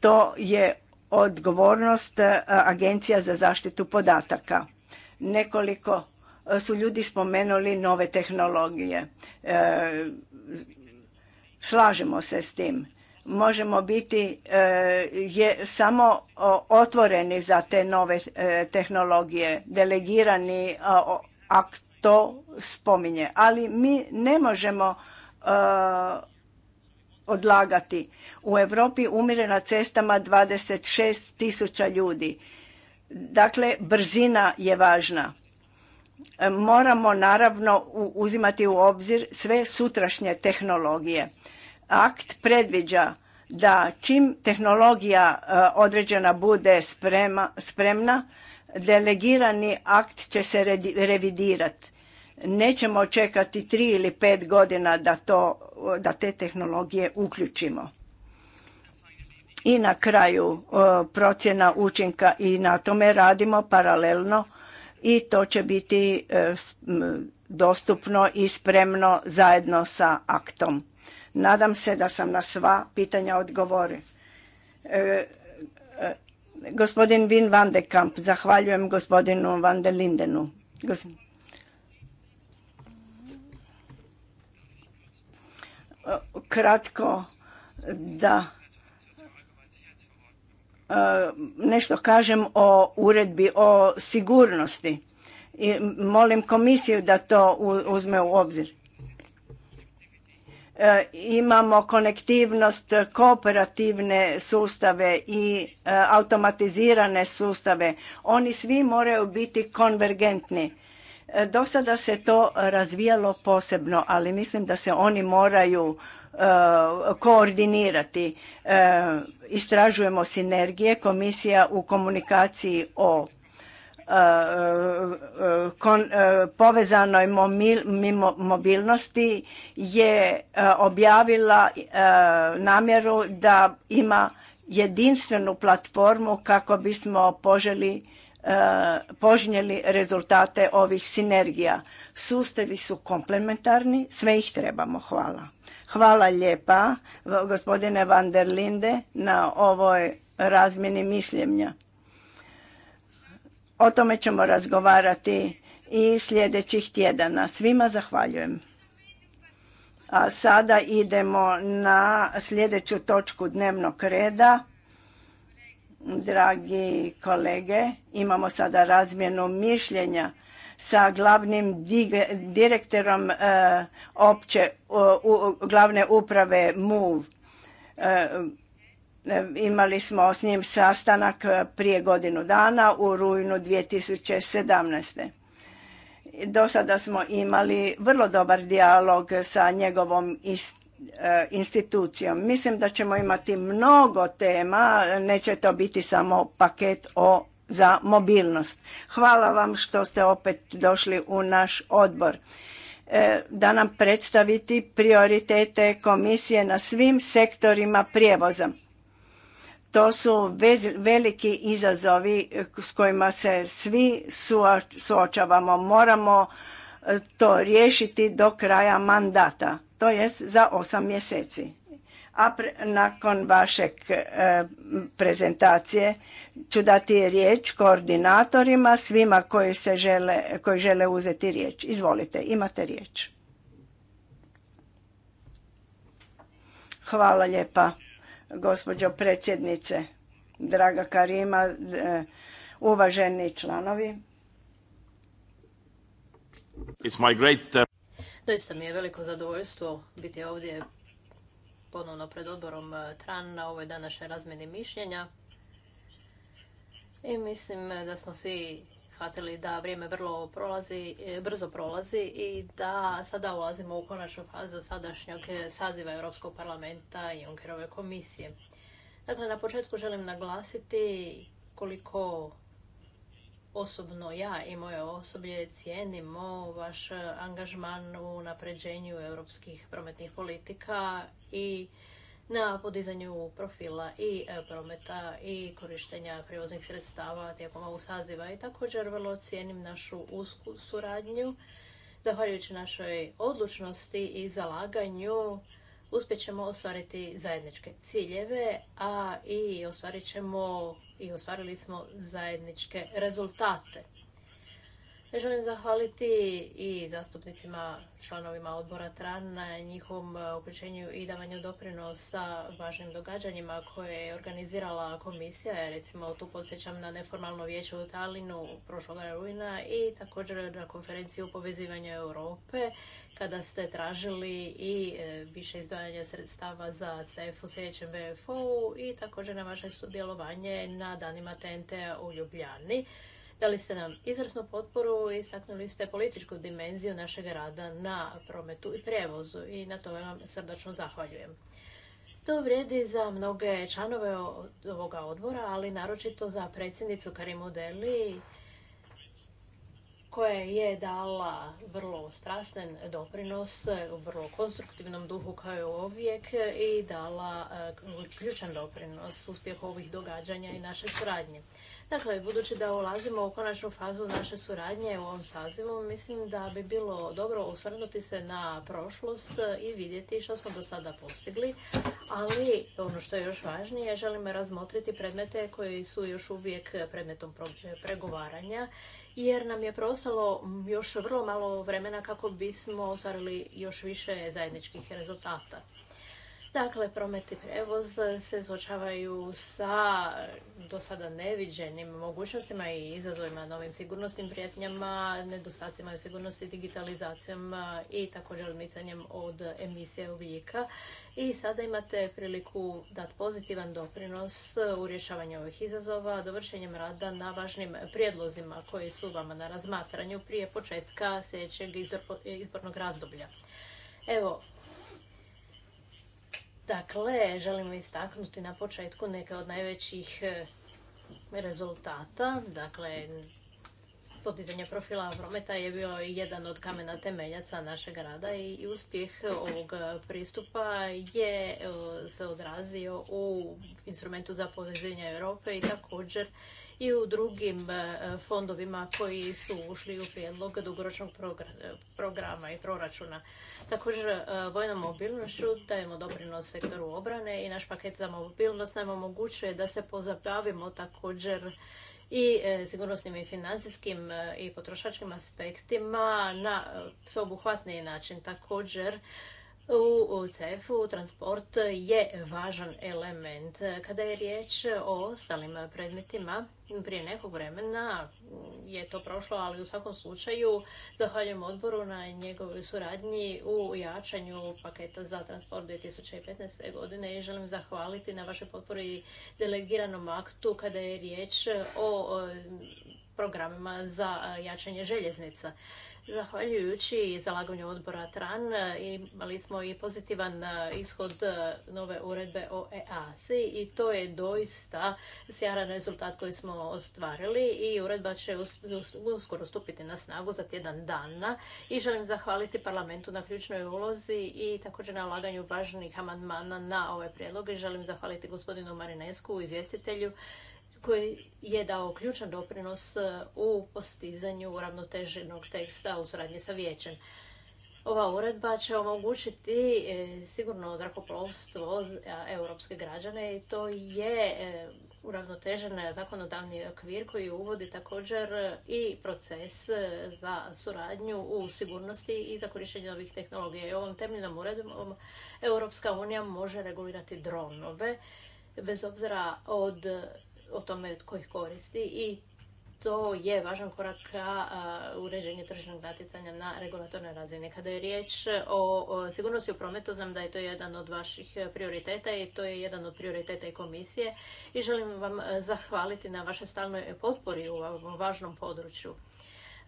To je odgovornost e, Agencija za zaštitu podataka. Nekoliko e, su ljudi spomenuli nove tehnologije. slažemo se s tim. Možemo biti je samo otvoreni za te nove tehnologije. Delegirani akt to spominje. Ali mi ne možemo uh, odlagati. U Europi umire na cestama 26 tisuća ljudi. Dakle, brzina je važna. E, moramo naravno uzimati u obzir sve sutrašnje tehnologije. Akt predviđa da čim tehnologija e, određena bude spremna, delegirani akt će se revidirati Nećemo čekati tri ili pet godina da, to, da te tehnologije uključimo. I na kraju e, procjena učinka i na tome radimo paralelno i to će biti e, dostupno i spremno zajedno sa aktom. Nadam se da sam na sva pitanja odgovorio. E, gospodin Vin van de Kamp, zahvaljujem gospodinu van de Lindenu. kratko da e, nešto kažem o uredbi o sigurnosti i molim komisiju da to uzme u obzir. E, imamo konektivnost, kooperativne sustave i e, automatizirane sustave. Oni svi moraju biti konvergentni E, do sada se to razvijalo posebno, ali mislim da se oni moraju e, koordinirati. E, istražujemo sinergije, komisija u komunikaciji o povezanoj mobilnosti je objavila namjeru da ima jedinstvenu platformu kako bismo poželi E, požnjeli rezultate ovih sinergija. Sustavi su komplementarni, sve ih trebamo. Hvala. Hvala lijepa gospodine Van der Linde na ovoj razmjeni mišljenja. O tome ćemo razgovarati i sljedećih tjedana. Svima zahvaljujem. A sada idemo na sljedeću točku dnevnog reda dragi kolege. Imamo sada razmjenu mišljenja sa glavnim direktorom e, opće glavne uprave MUV. E, e, imali smo s njim sastanak prije godinu dana u rujnu 2017. Do sada smo imali vrlo dobar dijalog sa njegovom istinom E, institucijom. Mislim da ćemo imati mnogo tema, neće to biti samo paket o za mobilnost. Hvala vam što ste opet došli u naš odbor e, da nam predstaviti prioritete komisije na svim sektorima prijevoza. To su veliki izazovi s kojima se svi suočavamo. Moramo e, to riješiti do kraja mandata to jest za osam mjeseci. A nakon vašeg e, prezentacije ću dati riječ koordinatorima, svima koji, se žele, koji žele uzeti riječ. Izvolite, imate riječ. Hvala lijepa, gospođo predsjednice, draga Karima, e, uvaženi članovi. It's my great uh, Doista mi je veliko zadovoljstvo biti ovdje ponovno pred odborom eh, TRAN na ovoj današnjoj razmjeni mišljenja. I mislim eh, da smo svi shvatili da vrijeme vrlo prolazi, eh, brzo prolazi i da sada ulazimo u konačnu fazu sadašnjog saziva Europskog parlamenta i Junckerove komisije. Dakle, na početku želim naglasiti koliko osobno ja i moje osoblje cijenimo vaš e, angažman u napređenju europskih prometnih politika i na podizanju profila i e, prometa i korištenja prijevoznih sredstava tijekom ovog saziva i također vrlo cijenim našu usku suradnju. Zahvaljujući našoj odlučnosti i zalaganju uspjet ćemo ostvariti zajedničke ciljeve, a i ostvarit i ostvarili smo zajedničke rezultate. Želim zahvaliti i zastupnicima, članovima odbora TRAN na njihovom uključenju e, i davanju doprinosa važnim događanjima koje je organizirala komisija. Recimo tu podsjećam na neformalno vijeće u Talinu prošloga rujna i također na konferenciju o povezivanju Europe kada ste tražili i e, više izdvajanja sredstava za CEF u sljedećem BFO-u i također na vaše sudjelovanje na danima TNT u Ljubljani Dali ste nam izvrsnu potporu i istaknuli ste političku dimenziju našeg rada na prometu i prijevozu i na tome vam srdačno zahvaljujem. To vrijedi za mnoge članove ovoga odbora, ali naročito za predsjednicu Karimu Deli koje je dala vrlo strasven doprinos u vrlo konstruktivnom duhu kao je uvijek i dala e, ključan doprinos uspjehu ovih događanja i naše suradnje. Dakle, budući da ulazimo u konačnu fazu naše suradnje u ovom sazivu, mislim da bi bilo dobro osvrnuti se na prošlost i vidjeti što smo do sada postigli, ali ono što je još važnije, želim razmotriti predmete koji su još uvijek predmetom pregovaranja jer nam je prostalo još vrlo malo vremena kako bismo ostvarili još više zajedničkih rezultata. Dakle, promet i prevoz se suočavaju sa do sada neviđenim mogućnostima i izazovima, novim sigurnosnim prijetnjama, nedostacima sigurnosti, digitalizacijom i također odmicanjem od emisije ugljika. I sada imate priliku dati pozitivan doprinos u rješavanju ovih izazova dovršenjem rada na važnim prijedlozima koji su vama na razmatranju prije početka sljedećeg izbornog razdoblja. Evo, Dakle, želimo istaknuti na početku neke od najvećih e, rezultata. Dakle, podizanje profila prometa je bio jedan od kamena temeljaca našeg rada i uspjeh ovog pristupa je e, se odrazio u instrumentu za povezivanje Europe i također i u drugim e, fondovima koji su ušli u prijedlog dugoročnog e, programa i proračuna. Također, e, vojnom mobilnošću dajemo doprinos sektoru obrane i naš paket za mobilnost nam omogućuje da se pozabavimo također i sigurnosnim i financijskim i potrošačkim aspektima na sveobuhvatniji način. Također, u CEF-u transport je važan element. Kada je riječ o ostalim predmetima, prije nekog vremena je to prošlo, ali u svakom slučaju zahvaljujem odboru na njegovoj suradnji u jačanju paketa za transport 2015. godine i želim zahvaliti na vašoj potpori delegiranom aktu kada je riječ o programima za jačanje željeznica. Zahvaljujući zalaganju odbora TRAN e, imali smo i pozitivan e, ishod e, nove uredbe o EASI i to je doista sjaran rezultat koji smo ostvarili i uredba će uskoro stupiti na snagu za tjedan dana i želim zahvaliti parlamentu na ključnoj ulozi i također na ulaganju važnih amandmana na ove ovaj prijedloge. želim zahvaliti gospodinu Marinesku, izvjestitelju koji je dao ključan doprinos e, u postizanju uravnoteženog teksta u suradnji sa vijećem. Ova uredba će omogućiti e, sigurno zrakoplovstvo za europske građane i to je e, uravnotežen zakonodavni okvir koji uvodi također i proces za suradnju u sigurnosti i za korištenje novih tehnologija. I ovom temeljnom uredbom Europska unija može regulirati dronove bez obzira od o tome tko ih koristi i to je važan korak ka uređenju tržišnog natjecanja na regulatornoj razini. Kada je riječ o sigurnosti u prometu, znam da je to jedan od vaših prioriteta i to je jedan od prioriteta i komisije i želim vam zahvaliti na vašoj stalnoj potpori u ovom važnom području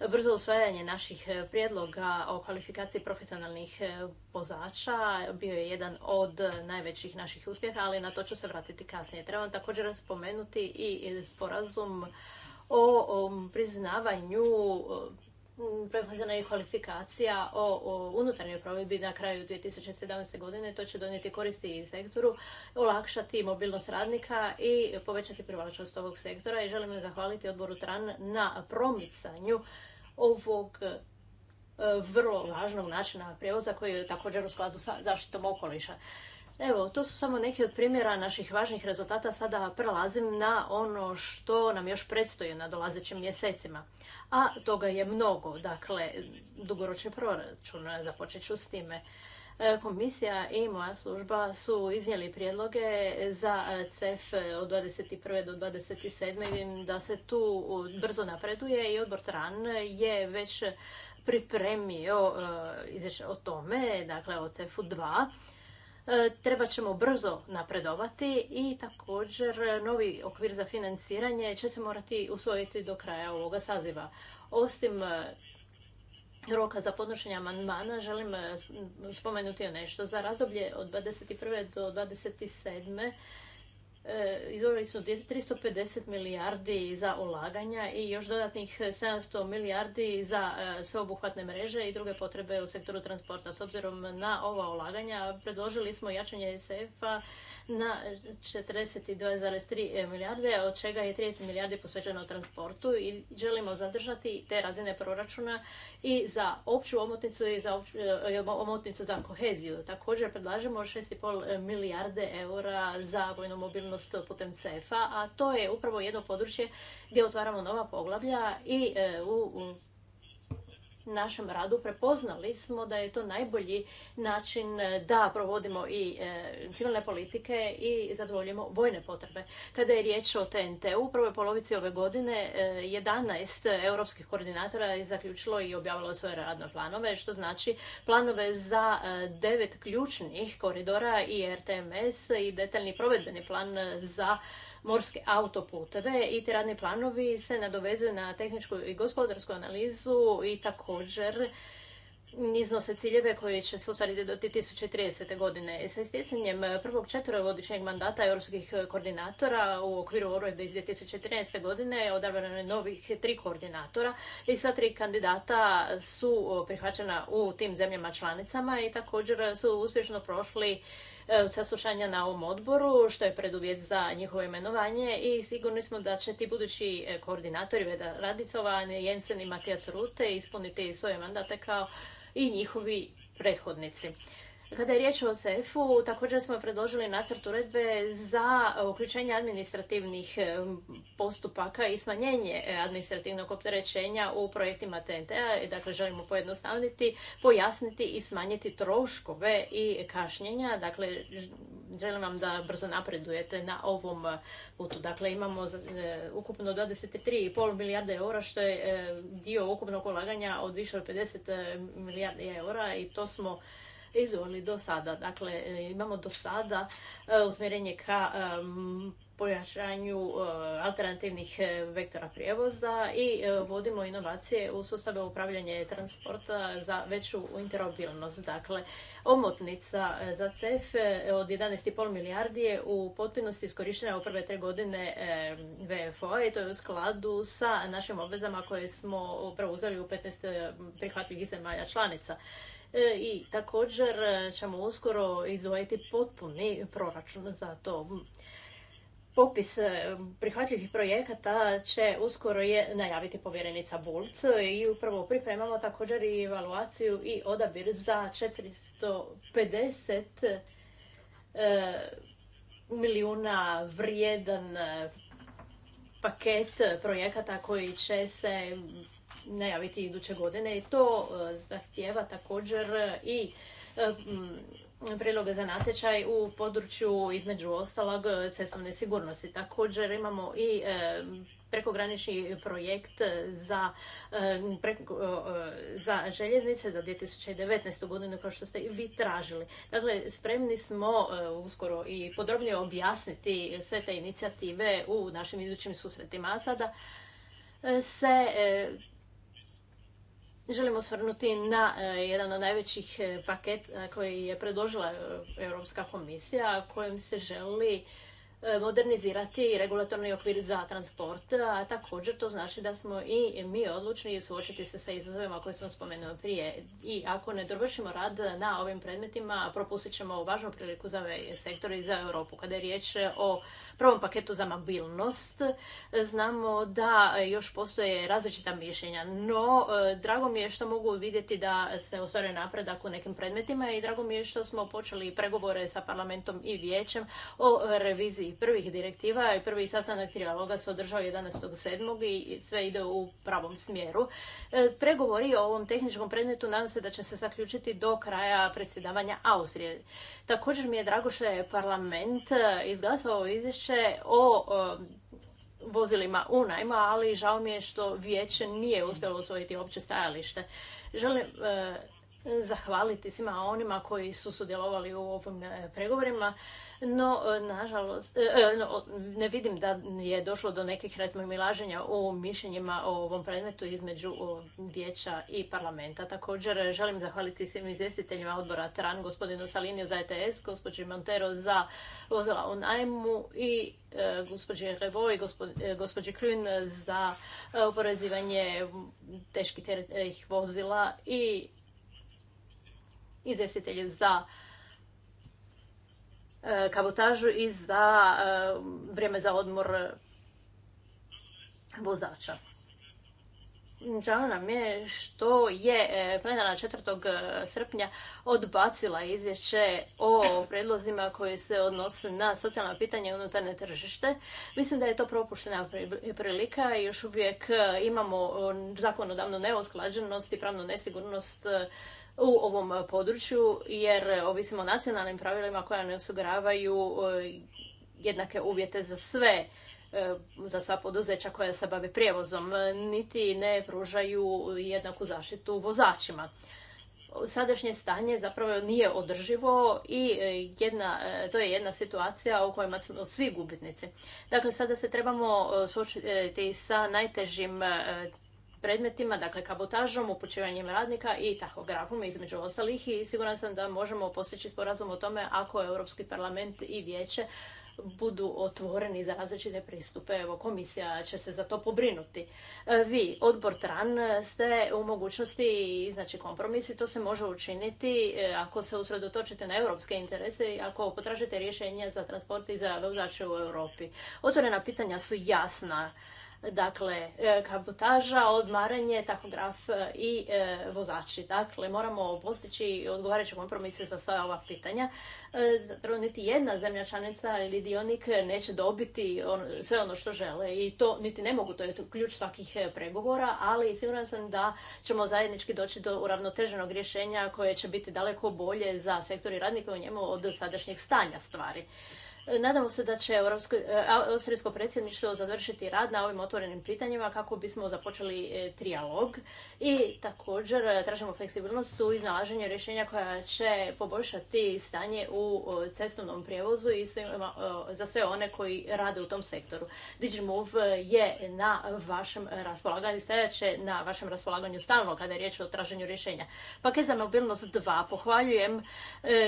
brzo usvajanje naših e, prijedloga o kvalifikaciji profesionalnih e, vozača bio je jedan od e, najvećih naših uspjeha, ali na to ću se vratiti kasnije. Trebam također spomenuti i sporazum o priznavanju profesionalnih kvalifikacija o, unutarnjoj provedbi na kraju 2017. godine. To će donijeti koristi i sektoru, olakšati mobilnost radnika i povećati privlačnost ovog sektora. I želim zahvaliti odboru TRAN na promicanju ovog e, vrlo važnog načina prijevoza koji je također u skladu sa zaštitom okoliša. Evo, to su samo neki od primjera naših važnih rezultata. Sada prelazim na ono što nam još predstoji na dolazećim mjesecima. A toga je mnogo, dakle, dugoročni proračun, započet ću s time. E, komisija i moja služba su iznijeli prijedloge za CEF od 21. do 27. da se tu brzo napreduje i odbor TRAN je već pripremio e, izvješće o tome, dakle o CEF-u 2 E, Treba ćemo brzo napredovati i također novi okvir za financiranje će se morati usvojiti do kraja ovoga saziva. Osim e, roka za podnošenje amandmana želim e, spomenuti nešto. Za razdoblje od 21. do 27. E, izvorili su 350 milijardi za ulaganja i još dodatnih 700 milijardi za e, sveobuhvatne mreže i druge potrebe u sektoru transporta. S obzirom na ova ulaganja predložili smo jačanje SF-a na 42,3 milijarde, od čega je 30 milijardi posvećeno transportu i želimo zadržati te razine proračuna i za opću omotnicu i za e, omotnicu za koheziju. Također predlažemo 6,5 milijarde eura za vojnu mobilnost putem CEFA, a to je upravo jedno područje gdje otvaramo nova poglavlja i e, u našem radu prepoznali smo da je to najbolji način eh, da provodimo i eh, civilne politike i zadovoljimo vojne potrebe. Kada je riječ o TNT, u prvoj polovici ove godine 11 eh, europskih koordinatora je zaključilo i objavilo svoje radne planove, što znači planove za devet ključnih koridora i RTMS i detaljni provedbeni plan za morske autoputeve i ti radni planovi se nadovezuju na tehničku i gospodarsku analizu i također iznose ciljeve koji će se ostvariti do 2030. godine. E, sa stjecanjem prvog četvrogodišnjeg mandata europskih koordinatora u okviru uredbe iz 2013. godine odabrano je novih tri koordinatora i sva tri kandidata su prihvaćena u tim zemljama članicama i također su uspješno prošli E, saslušanja na ovom odboru, što je preduvjet za njihovo imenovanje i sigurni smo da će ti budući e, koordinatori Veda Radicova, Jensen i Matijas Rute ispuniti svoje mandate kao i njihovi prethodnici. Kada je riječ o sef u također smo predložili nacrt uredbe za uključenje administrativnih eh, postupaka i smanjenje eh, administrativnog opterećenja u projektima TNT-a. Dakle, želimo pojednostavniti, pojasniti i smanjiti troškove i kašnjenja. Dakle, želim vam da brzo napredujete na ovom eh, putu. Dakle, imamo ukupno 23,5 milijarde eura, što je dio ukupnog ulaganja od više od 50 milijardi eura i to smo izvoli do sada. Dakle, e, imamo do sada e, usmjerenje ka e, pojačanju alternativnih vektora prijevoza i vodimo inovacije u sustave upravljanja transporta za veću interobilnost. Dakle, omotnica za CEF od 11,5 milijardi je u potpunosti iskorištena u prve tri godine VFO i to je u skladu sa našim obvezama koje smo preuzeli u 15 prihvatljivih zemalja članica. E, i također e, ćemo uskoro izvojiti potpuni proračun za to. Popis e, prihvatljivih projekata će uskoro je najaviti povjerenica Bulc i upravo pripremamo također i evaluaciju i odabir za 450 e, milijuna vrijedan paket projekata koji će se najaviti iduće godine i to e, zahtijeva također i e, priloge za natječaj u području između ostalog cestovne sigurnosti. Također imamo i e, prekogranični projekt za, za željeznice za 2019. godinu kao što ste i vi tražili. Dakle, spremni smo uskoro i podrobnije objasniti sve te inicijative u našim idućim susretima. A sada se želim osvrnuti na e, jedan od najvećih e, paketa e, koji je predložila Europska komisija, kojim se želi E, modernizirati regulatorni okvir za transport, a također to znači da smo i mi odlučni suočiti se sa izazovima koje sam spomenula prije. I ako ne dovršimo rad na ovim predmetima, propustit ćemo važnu priliku za ovaj sektor i za Europu. Kada je riječ o prvom paketu za mobilnost, znamo da još postoje različita mišljenja, no e, drago mi je što mogu vidjeti da se ostvaruje napredak u nekim predmetima i drago mi je što smo počeli pregovore sa parlamentom i vijećem o reviziji prvih direktiva i prvi sastanak trijaloga se održao 11.7. i sve ide u pravom smjeru. E, pregovori o ovom tehničkom predmetu nadam se da će se zaključiti do kraja predsjedavanja Austrije. Također mi je drago što je parlament e, izglasao izvješće o e, vozilima u najma, ali žao mi je što vijeće nije uspjelo usvojiti opće stajalište. Želim zahvaliti svima onima koji su sudjelovali u ovim e, pregovorima, no e, nažalost e, ne vidim da je došlo do nekih razmimilaženja u mišljenjima o ovom predmetu između vijeća i parlamenta. Također želim zahvaliti svim izvjestiteljima odbora TRAN, gospodinu Saliniju za ETS, gospođi Montero za vozila u najmu i gospođi Revo i gospođi Krun za oporezivanje teških vozila i izvjestitelj za e, kabotažu i za e, vrijeme za odmor vozača. Žao nam je što je e, plenarna 4. srpnja odbacila izvješće o predlozima koji se odnose na socijalna pitanja i unutarnje tržište. Mislim da je to propuštena prilika i još uvijek imamo zakonodavnu neosklađenost i pravnu nesigurnost u ovom e, području jer e, ovisimo o nacionalnim pravilima koja ne osiguravaju e, jednake uvjete za sve za sva poduzeća koja se bave prijevozom, niti ne pružaju jednaku zaštitu vozačima. Sadašnje stanje zapravo nije održivo i jedna, to je jedna situacija u kojima su svi gubitnici. Dakle, sada se trebamo suočiti sa najtežim predmetima, dakle kabotažom, upućivanjem radnika i tahografom između ostalih i siguran sam da možemo postići sporazum o tome ako Europski parlament i vijeće budu otvoreni za različite pristupe. Evo, komisija će se za to pobrinuti. E, vi, odbor TRAN, ste u mogućnosti znači kompromis i to se može učiniti e, ako se usredotočite na europske interese i ako potražite rješenja za transport i za vozače u Europi. Otvorena pitanja su jasna. Dakle, e, kabotaža, odmaranje, tahograf e, i e, vozači. Dakle, moramo postići odgovarajuće kompromise za sva ova pitanja. zapravo, niti jedna zemlja članica ili dionik neće dobiti sve ono što žele i to niti ne mogu, to je ključ svakih pregovora, ali siguran sam da ćemo zajednički doći do uravnoteženog rješenja koje će biti daleko bolje za sektor i radnike u njemu od sadašnjeg stanja stvari. E, nadamo se da će e, Austrijsko predsjedništvo završiti rad na ovim otvorenim pitanjima kako bismo započeli e, trijalog i također tražimo fleksibilnost u iznalaženju rješenja koja će poboljšati stanje u cestovnom prijevozu i za sve one koji rade u tom sektoru. Digimove je na vašem raspolaganju, stajat će na vašem raspolaganju stalno kada je riječ o traženju rješenja. Paket za mobilnost 2 pohvaljujem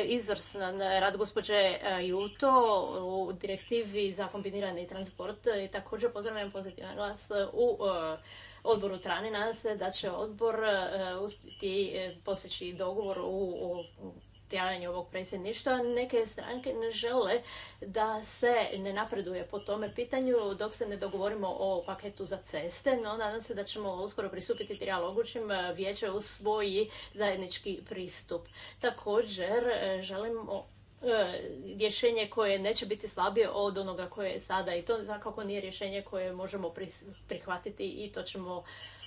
izvrstan rad gospođe Juto u direktivi za kombinirani transport i također pozdravljam pozitivan glas u e, odboru Trani. Nadam se da će odbor e, uspjeti e, postići dogovor u trajanju ovog predsjedništva. Neke stranke ne žele da se ne napreduje po tome pitanju dok se ne dogovorimo o paketu za ceste, no nadam se da ćemo uskoro pristupiti trijalogu čim vijeće usvoji zajednički pristup. Također želimo E, rješenje koje neće biti slabije od onoga koje je sada i to svakako nije rješenje koje možemo prihvatiti i to ćemo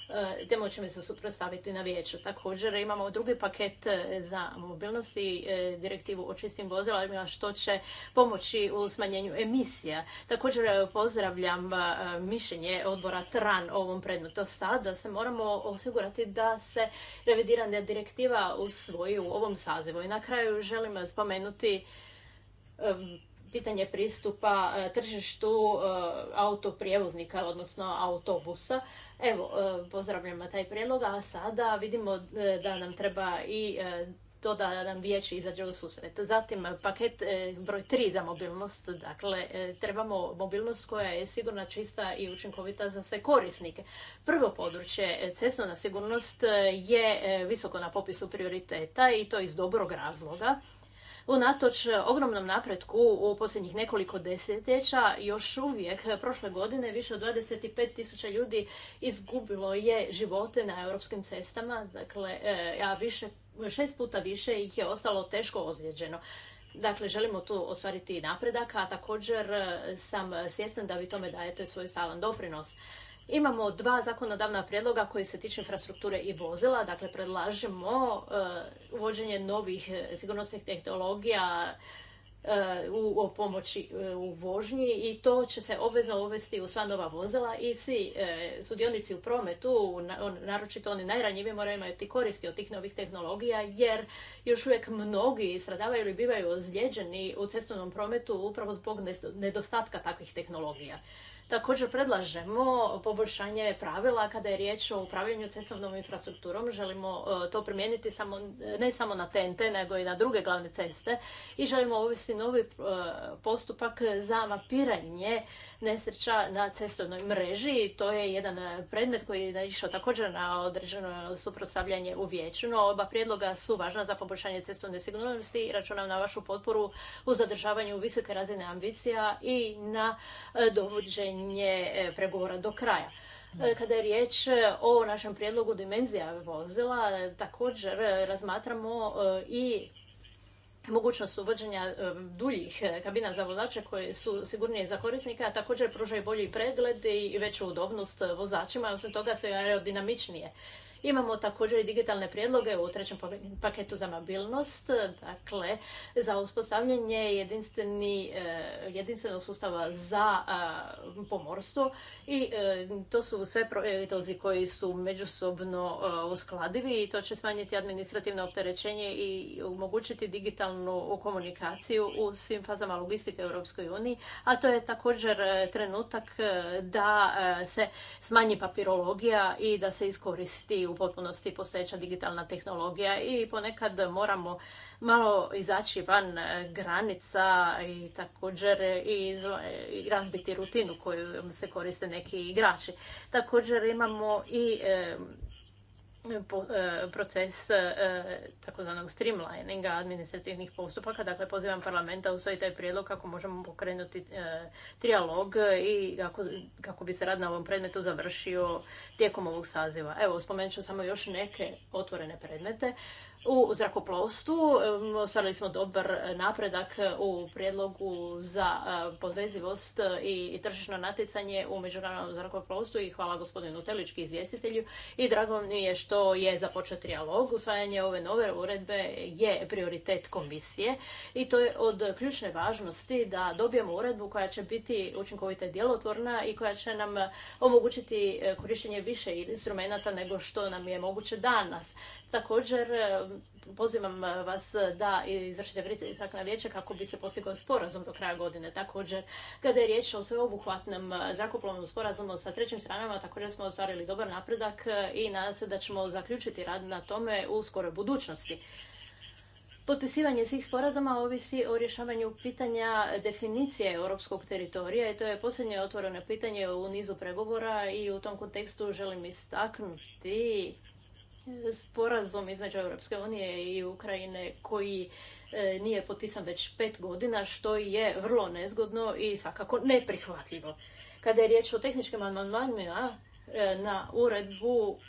E, temu mi se suprostaviti na vijeću. Također imamo drugi paket e, za mobilnost i e, direktivu o čistim vozilima što će pomoći u smanjenju emisija. Također pozdravljam mišljenje odbora TRAN ovom predmetu. Sada se moramo osigurati da se revidirana direktiva usvoji u ovom sazivu. I na kraju želim spomenuti pitanje pristupa e, tržištu e, autoprijevoznika, odnosno autobusa. Evo, e, pozdravljamo taj prijedlog, a sada vidimo da nam treba i to da nam vijeće izađe u susret. Zatim paket broj 3 za mobilnost. Dakle, trebamo mobilnost koja je sigurna, čista i učinkovita za sve korisnike. Prvo područje, cestovna sigurnost je visoko na popisu prioriteta i to iz dobrog razloga. Unatoč ogromnom napretku u posljednjih nekoliko desetljeća, još uvijek prošle godine više od 25.000 tisuća ljudi izgubilo je živote na europskim cestama, dakle, ja e, više, šest puta više ih je ostalo teško ozlijeđeno. Dakle, želimo tu ostvariti napredak, a također e, sam svjestan da vi tome dajete svoj stalan doprinos. Imamo dva zakonodavna prijedloga koji se tiču infrastrukture i vozila. Dakle, predlažemo e, uvođenje novih e, sigurnosnih tehnologija e, u, pomoći u vožnji i to će se obvezno uvesti u sva nova vozila i svi sudionici u prometu, naročito oni najranjiviji, moraju imati koristi od tih novih tehnologija jer još uvijek mnogi stradavaju ili bivaju ozlijeđeni u cestovnom prometu upravo zbog nedostatka takvih tehnologija. Također predlažemo poboljšanje pravila kada je riječ o upravljanju cestovnom infrastrukturom. Želimo e, to primijeniti samo, ne samo na TNT, nego i na druge glavne ceste i želimo uvesti novi e, postupak za mapiranje nesreća na cestovnoj mreži. To je jedan e, predmet koji je išao također na određeno suprotstavljanje u vijeću. No, oba prijedloga su važna za poboljšanje cestovne sigurnosti i računam na vašu potporu u zadržavanju visoke razine ambicija i na e, dovođenje e, pregovora do kraja. Kada je riječ o našem prijedlogu dimenzija vozila, također razmatramo i mogućnost uvođenja e, duljih e, kabina za vozače koje su sigurnije za korisnika, a također pružaju bolji pregled i veću udobnost e, vozačima, osim toga sve aerodinamičnije. Imamo također i digitalne prijedloge u trećem paketu za mobilnost, dakle za uspostavljanje eh, jedinstvenog sustava za eh, pomorstvo i eh, to su sve prijedlozi koji su međusobno uskladivi i to će smanjiti administrativno opterećenje i omogućiti digitalnu komunikaciju u svim fazama logistike u Europskoj uniji, a to je također trenutak da se smanji papirologija i da se iskoristi u potpunosti postojeća digitalna tehnologija i ponekad moramo malo izaći van eh, granica i također i razbiti rutinu koju se koriste neki igrači. Također imamo i E, proces e, takozvanog streamlininga administrativnih postupaka. Dakle, pozivam parlamenta u svoj taj prijedlog kako možemo pokrenuti e, trijalog i kako, kako bi se rad na ovom predmetu završio tijekom ovog saziva. Evo, spomenut ću samo još neke otvorene predmete. U zrakoplovstvu ostvarili smo dobar e, napredak e, u prijedlogu za e, podvezivost i tržišno natjecanje u međunarodnom zrakoplovstvu i hvala gospodinu Telički izvjestitelju i drago mi je što je započet trijalog. Usvajanje ove nove uredbe je prioritet komisije i to je od ključne važnosti da dobijemo uredbu koja će biti učinkovita djelotvorna i koja će nam omogućiti korištenje više instrumenta nego što nam je moguće danas. Također pozivam eh, vas eh, da izvršite pritisak na vijeće kako bi se postigao sporazum do kraja godine. Također, kada je riječ o sveobuhvatnom eh, zrakoplovnom sporazumu sa trećim stranama, također smo ostvarili dobar napredak i nadam se da ćemo zaključiti rad na tome u skoroj budućnosti. Potpisivanje svih sporazuma ovisi o rješavanju pitanja definicije europskog teritorija i to je posljednje otvoreno pitanje u nizu pregovora i u tom kontekstu želim istaknuti sporazum između Europske unije i Ukrajine koji e, nije potpisan već pet godina, što je vrlo nezgodno i svakako neprihvatljivo. Kada je riječ o tehničkim amandmanima e, na uredbu,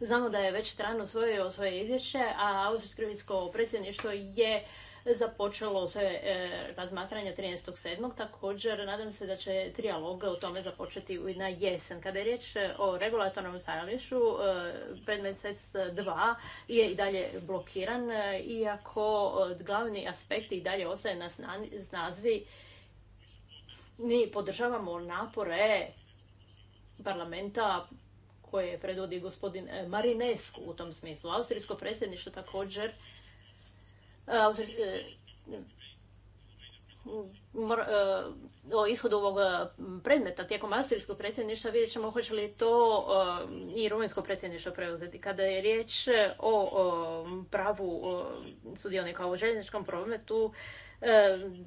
znamo da je već trajno usvojio svoje izvješće, a Austrijsko predsjedništvo je započelo se e, razmatranje 13.7. Također, nadam se da će trijalog o tome započeti na jesen. Kada je riječ e, o regulatornom stajališu, e, predmet SEC 2 je i dalje blokiran, iako glavni aspekt i dalje ostaje na snazi. Mi podržavamo napore parlamenta koje predvodi gospodin Marinescu u tom smislu. Austrijsko predsjedništvo također Eh, eh, o ishodu ovog eh, predmeta tijekom austrijskog predsjedništva vidjet ćemo hoće li to i rumunjsko predsjedništvo preuzeti. Kada je riječ o pravu sudionika u željezničkom prometu, E,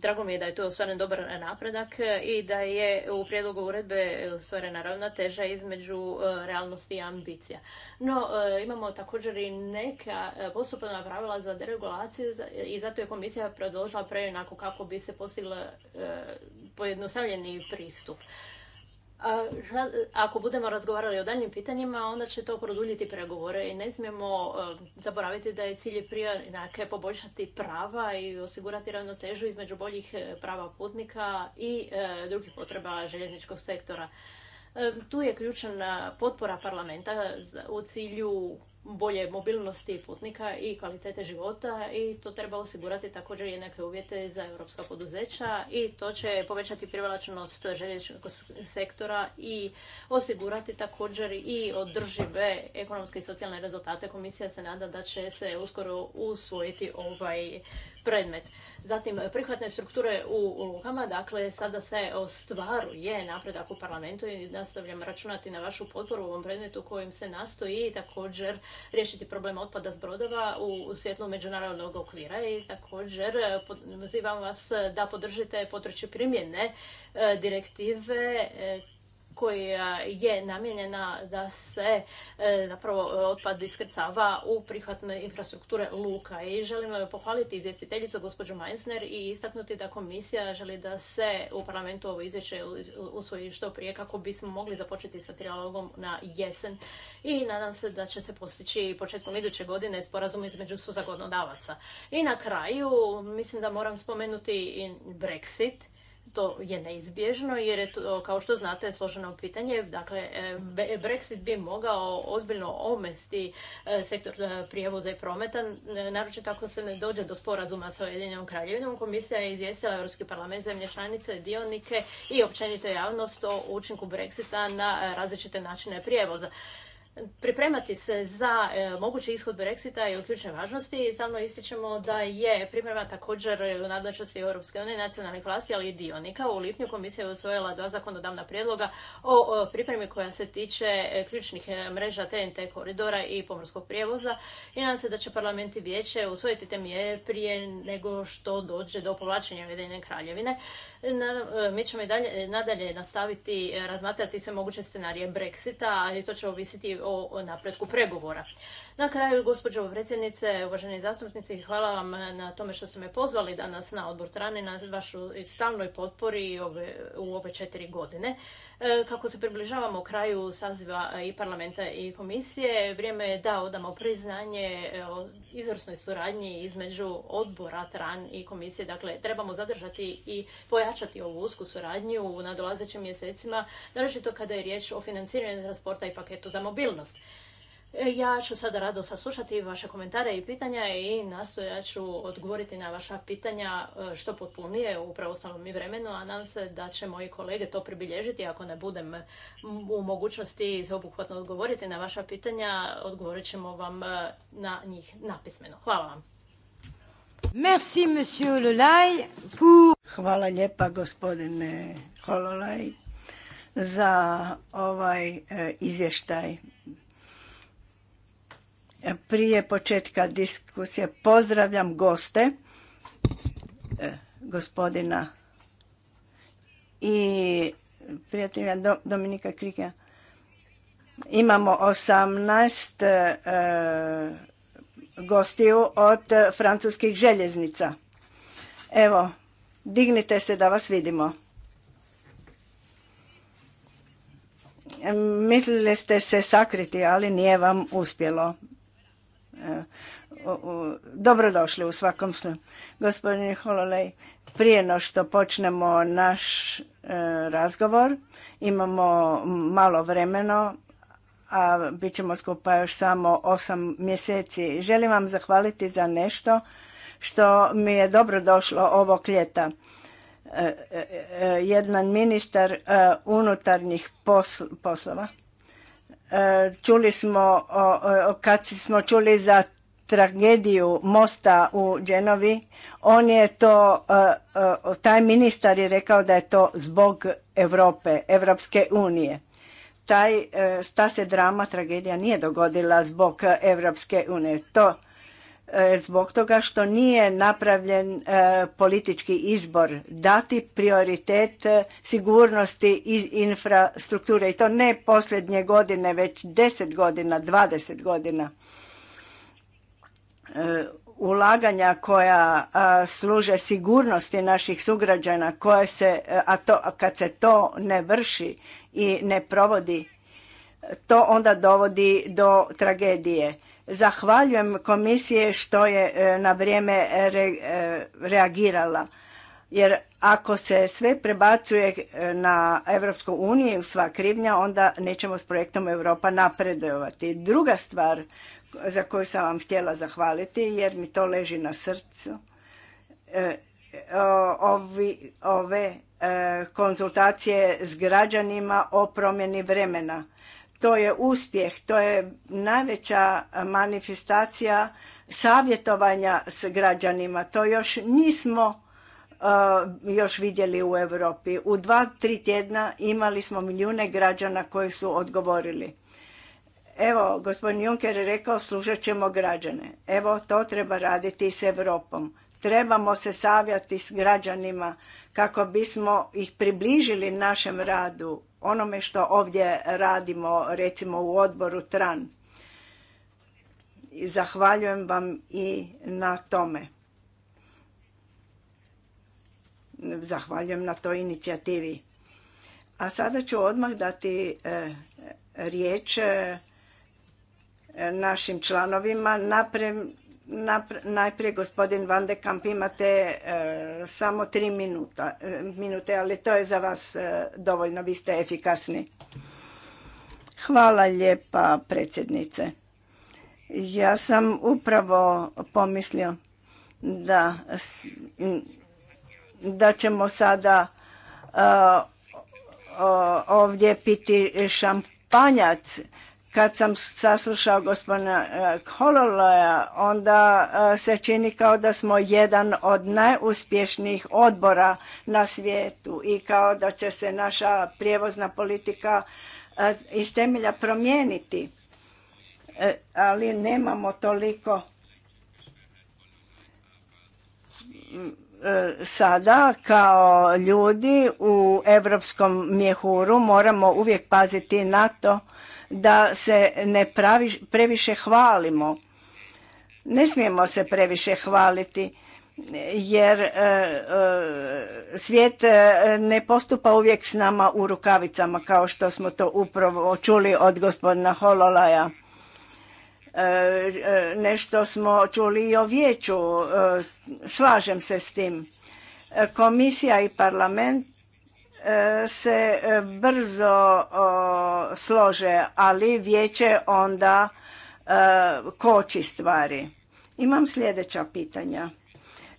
drago mi je da je to ostvaren dobar napredak e, i da je u prijedlogu uredbe stvorena ravnoteža između e, realnosti i ambicija. No, imamo također i neka postupna pravila za deregulaciju i zato je komisija predložila preinaku kako bi se postigla pojednostavljeni pristup ako budemo razgovarali o daljnjim pitanjima, onda će to produljiti pregovore i ne smijemo e, zaboraviti da je cilj prijanake poboljšati prava i osigurati ravnotežu između boljih e, prava putnika i e, drugih potreba željezničkog sektora. Tu je ključna potpora parlamenta u cilju bolje mobilnosti putnika i kvalitete života i to treba osigurati također jednake uvjete za europska poduzeća i to će povećati privlačnost željezničkog sektora i osigurati također i održive ekonomske i socijalne rezultate. Komisija se nada da će se uskoro usvojiti ovaj predmet. Zatim, prihvatne strukture u lukama, dakle, sada se ostvaruje napredak u parlamentu i nastavljam računati na vašu potporu u ovom predmetu kojim se nastoji također riješiti problem otpada s brodova u svjetlu međunarodnog okvira i također pozivam vas da podržite potreće primjene e, direktive e, koja je namijenjena da se e, zapravo e, otpad iskrcava u prihvatne infrastrukture luka. I želim e, pohvaliti izvjestiteljicu gospođu Meinsner, i istaknuti da komisija želi da se u parlamentu ovo izvješće usvoji što prije kako bismo mogli započeti sa trijalogom na jesen. I nadam se da će se postići početkom iduće godine sporazum između suzakonodavaca. I na kraju mislim da moram spomenuti i Brexit to je neizbježno jer je to, kao što znate, složeno pitanje. Dakle, e, Brexit bi mogao ozbiljno omesti e, sektor e, prijevoza i prometa, naročito ako se ne dođe do sporazuma sa Ujedinjenom kraljevinom. Komisija je izvijestila Europski parlament, zemlje članice, dionike i općenito javnost o učinku Brexita na različite načine prijevoza pripremati se za e, mogući ishod Brexita je u ključne važnosti i stalno ističemo da je priprema također u nadležnosti Europske unije nacionalnih vlasti, ali i dionika. U lipnju komisija je usvojila dva zakonodavna prijedloga o pripremi koja se tiče e, ključnih e, mreža TNT koridora i pomorskog prijevoza i nadam se da će parlament i vijeće usvojiti te mjere prije nego što dođe do povlačenja Ujedinjene kraljevine. Mi ćemo i dalje, nadalje nastaviti razmatrati sve moguće scenarije Brexita, ali to će ovisiti o napretku pregovora. Na kraju, gospođo predsjednice, uvaženi zastupnici, hvala vam na tome što ste me pozvali danas na odbor trane, na vašoj stalnoj potpori u ove četiri godine. E, kako se približavamo kraju saziva i parlamenta i komisije, vrijeme je da odamo priznanje e, o izvrsnoj suradnji između odbora TRAN i komisije. Dakle, trebamo zadržati i pojačati ovu usku suradnju u nadolazećim mjesecima, naročito kada je riječ o financiranju transporta i paketu za mobilnost. E, ja ću sada rado saslušati vaše komentare i pitanja i nastojat ću odgovoriti na vaša pitanja e, što potpunije u preostalom i vremenu, a nadam se da će moji kolege to pribilježiti. Ako ne budem u mogućnosti zaobuhvatno odgovoriti na vaša pitanja, odgovorit ćemo vam e, na njih napismeno. Hvala vam. Merci, Hvala lijepa gospodine Hololaj za ovaj izvještaj prije početka diskusije pozdravljam goste, e, gospodina i prijatelja Dominika Krika. Imamo 18 e, gostiju od francuskih željeznica. Evo, dignite se da vas vidimo. Mislili ste se sakriti, ali nije vam uspjelo. E, dobrodošli u svakom slu. Gospodin Hololej, prije no što počnemo naš e, razgovor, imamo malo vremena, a bit ćemo skupa još samo osam mjeseci. Želim vam zahvaliti za nešto što mi je dobro došlo ovog ljeta. E, jedan ministar unutarnjih poslova E, čuli smo, kad smo čuli za tragediju mosta u Dženovi, on je to, e, e, taj ministar je rekao da je to zbog Europe, Evropske unije. Taj, ta se drama, tragedija nije dogodila zbog europske unije. To E, zbog toga što nije napravljen e, politički izbor dati prioritet e, sigurnosti i infrastrukture i to ne posljednje godine već 10 godina, 20 godina ulaganja koja služe sigurnosti naših sugrađana koje se, a to, kad se to ne vrši i ne provodi to onda dovodi do tragedije Zahvaljujem komisije što je e, na vrijeme e, reagirala. Jer ako se sve prebacuje e, na Europsku uniju sva krivnja, onda nećemo s projektom Europa napredovati. Druga stvar za koju sam vam htjela zahvaliti, jer mi to leži na srcu, ove konzultacije s građanima o promjeni vremena to je uspjeh, to je najveća manifestacija savjetovanja s građanima. To još nismo eh, još vidjeli u Europi. U dva, tri tjedna imali smo milijune građana koji su odgovorili. Evo, gospodin Juncker je rekao, služat ćemo građane. Evo, to treba raditi s Europom. Trebamo se savjati s građanima kako bismo ih približili našem radu, onome što ovdje radimo, recimo u odboru TRAN. I zahvaljujem vam i na tome. Zahvaljujem na toj inicijativi. A sada ću odmah dati e, riječ e, našim članovima. Naprem, Najprije gospodin Van de Kamp imate e, samo tri e, minute, ali to je za vas e, dovoljno, vi ste efikasni. Hvala lijepa predsjednice. Ja sam upravo pomislio da, da ćemo sada ovdje piti šampanjac kad sam saslušao gospodina e, Hololoja, onda e, se čini kao da smo jedan od najuspješnijih odbora na svijetu i kao da će se naša prijevozna politika e, iz temelja promijeniti. Ali nemamo toliko E, sada kao ljudi u evropskom mjehuru moramo uvijek paziti na to da se ne pravi, previše hvalimo. Ne smijemo se previše hvaliti jer e, e, svijet ne postupa uvijek s nama u rukavicama kao što smo to upravo čuli od gospodina Hololaja. E, e, nešto smo čuli i o vijeću, e, slažem se s tim. Komisija i parlament se brzo slože, ali vijeće onda koči stvari. Imam sljedeća pitanja.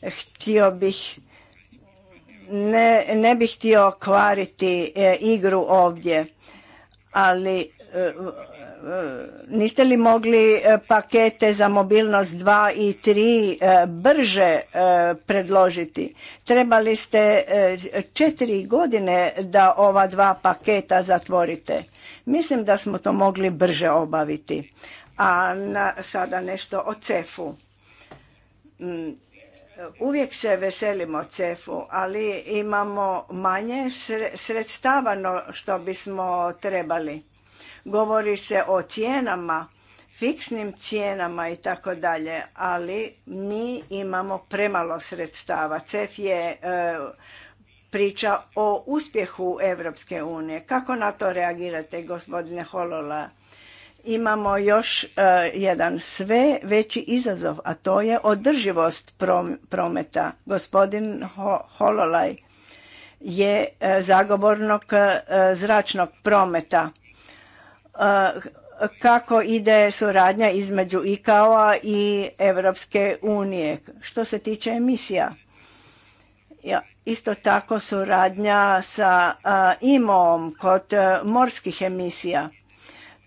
Htio bih ne, ne bih htio kvariti igru ovdje, ali E, niste li mogli e, pakete za mobilnost 2 i 3 e, brže predložiti? Trebali ste četiri godine da ova dva paketa zatvorite. Mislim da smo to mogli brže obaviti. A na, sada nešto o CEF-u. Mm, uvijek se veselimo CEF-u, ali imamo manje sredstava što bismo trebali govori se o cijenama, fiksnim cijenama i tako dalje, ali mi imamo premalo sredstava. CEF je e, priča o uspjehu Evropske unije. Kako na to reagirate, gospodine Holola? Imamo još e, jedan sve veći izazov, a to je održivost prometa. Gospodin Ho Hololaj je e, zagovornog zračnog prometa Eh, kako ide suradnja između ICAO-a i Europske unije što se tiče emisija. Ja, isto tako suradnja sa eh, IMO-om kod eh, morskih emisija.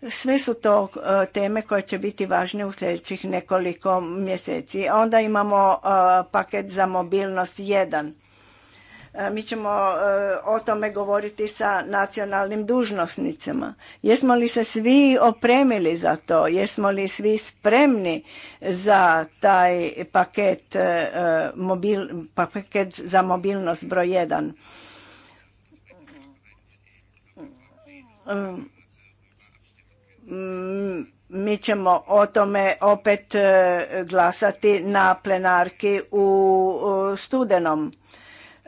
Sve su to teme koje će biti važne u sljedećih nekoliko mjeseci. Onda imamo paket za mobilnost jedan. E, mi ćemo e, o tome govoriti sa nacionalnim dužnosnicima. Jesmo li se svi opremili za to? Jesmo li svi spremni za taj paket, e, mobil, paket za mobilnost broj 1? Mm, mi ćemo o tome opet glasati na plenarki u studenom.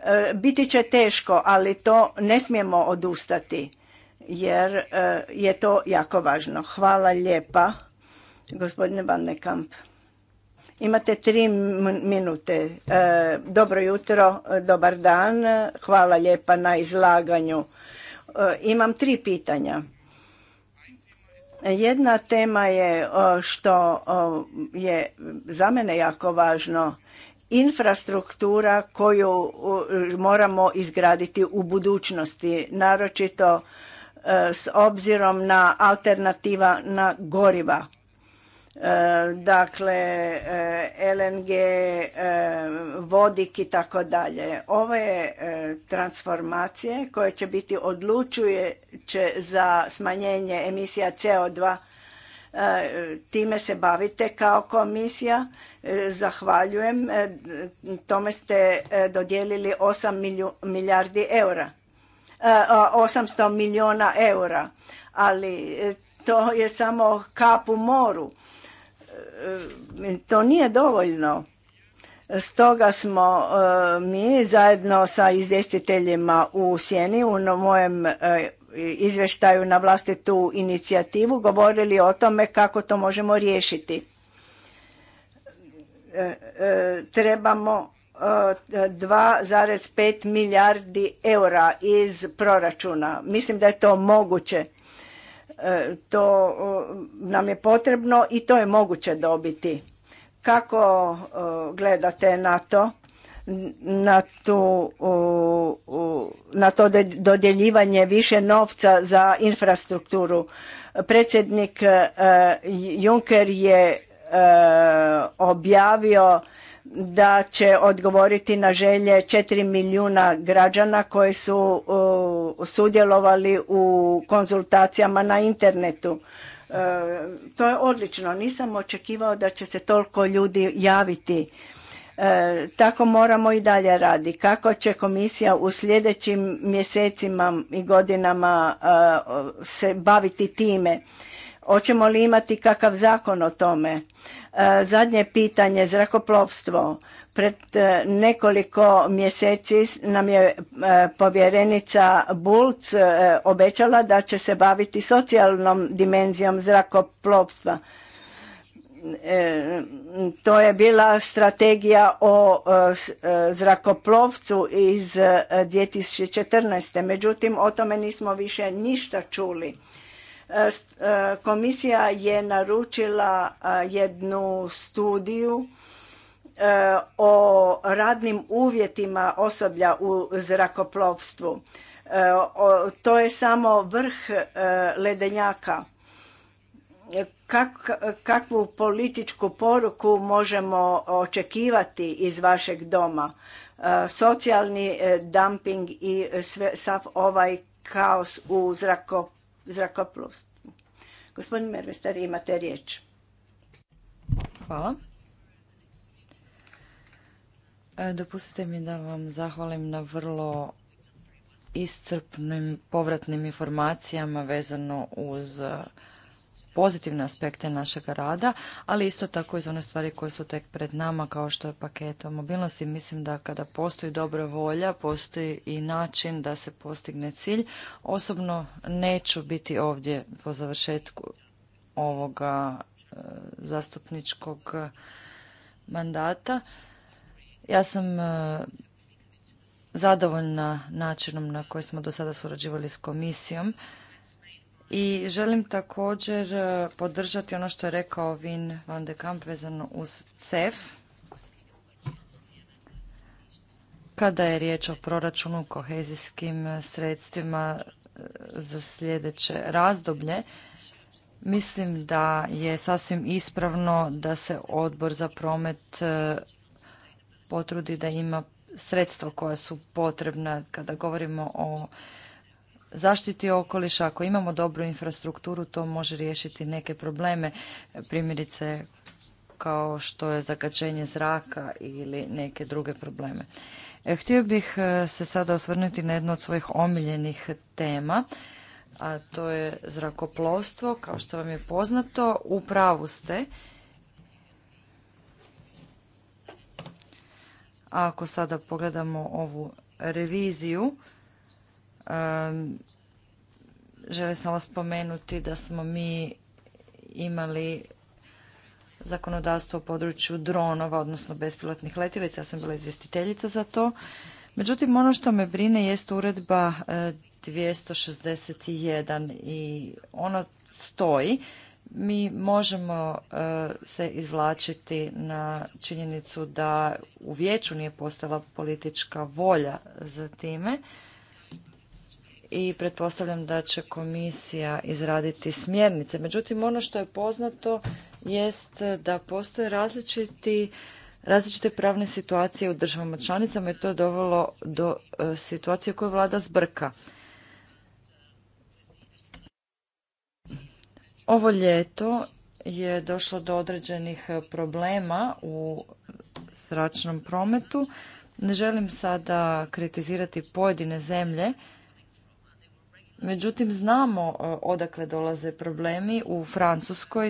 E, biti će teško, ali to ne smijemo odustati jer e, je to jako važno. Hvala lijepa, gospodine Van Kamp. Imate tri minute. E, dobro jutro, dobar dan. Hvala lijepa na izlaganju. Imam tri pitanja. Jedna tema je što je za mene jako važno infrastruktura koju moramo izgraditi u budućnosti, naročito e, s obzirom na alternativa na goriva. E, dakle, e, LNG, vodik i tako dalje. Ove transformacije koje će biti odlučujeće za smanjenje emisija CO2 time se bavite kao komisija E, zahvaljujem, e, tome ste e, dodijelili 8 milijardi eura, 800 milijuna eura, ali to je samo kap u moru. To nije dovoljno. Stoga smo mi zajedno sa izvjestiteljima u Sjeni u mojem izvještaju na vlastitu inicijativu govorili o tome kako to možemo riješiti trebamo 2,5 e, milijardi eura iz proračuna. Mislim da je to moguće. E, to e, nam je potrebno i to je moguće dobiti. Kako gledate na to? Na, tu, na to dodjeljivanje više novca za infrastrukturu. Predsjednik Juncker je E, objavio da će odgovoriti na želje 4 milijuna građana koji su e, sudjelovali u konzultacijama na internetu. E, to je odlično. Nisam očekivao da će se toliko ljudi javiti. tako moramo i dalje radi. Kako će komisija u sljedećim mjesecima i godinama se baviti time? Hoćemo li imati kakav zakon o tome? E, zadnje pitanje, zrakoplovstvo. Pred e, nekoliko mjeseci nam je e, povjerenica Bulc obećala da će se baviti socijalnom dimenzijom zrakoplovstva. To je bila strategija o zrakoplovcu iz 2014. Međutim, o tome nismo više ništa čuli E, e, komisija je naručila e, jednu studiju o radnim uvjetima osoblja u zrakoplovstvu. To je samo vrh ledenjaka. kakvu političku poruku možemo očekivati iz vašeg doma? Socijalni dumping i sav ovaj kaos u zrakoplovstvu zrakoplovstvu. Gospodin Mervestar, imate riječ. Hvala. E, dopustite mi da vam zahvalim na vrlo iscrpnim povratnim informacijama vezano uz e, pozitivne aspekte našeg rada, ali isto tako i za one stvari koje su tek pred nama kao što je paket mobilnosti. Mislim da kada postoji dobra volja, postoji i način da se postigne cilj. Osobno neću biti ovdje po završetku ovoga e, zastupničkog mandata. Ja sam e, zadovoljna načinom na koji smo do sada surađivali s komisijom i želim također e, podržati ono što je rekao Vin van de Kamp vezano uz CEF. Kada je riječ o proračunu kohezijskim e, sredstvima e, za sljedeće razdoblje, mislim da je sasvim ispravno da se odbor za promet potrudi da ima sredstva koja su potrebna kada govorimo o zaštiti okoliša, ako imamo dobru infrastrukturu, to može riješiti neke probleme, primjerice kao što je zagađenje zraka ili neke druge probleme. E, htio bih e, se sada osvrnuti na jednu od svojih omiljenih tema, a to je zrakoplovstvo. Kao što vam je poznato, u pravu ste. Ako sada pogledamo ovu reviziju, želim samo spomenuti da smo mi imali zakonodavstvo u području dronova, odnosno bespilotnih letilica. Ja sam bila izvjestiteljica za to. Međutim, ono što me brine jest uredba 261 e, i ono stoji. Mi možemo e, se izvlačiti na činjenicu da u vijeću nije postala politička volja za time i pretpostavljam da će komisija izraditi smjernice. Međutim, ono što je poznato jest da postoje različiti različite pravne situacije u državama članicama i to je dovelo do e, situacije koju vlada zbrka. Ovo ljeto je došlo do određenih problema u zračnom prometu. Ne želim sada kritizirati pojedine zemlje, Međutim, znamo e, odakle dolaze problemi. U Francuskoj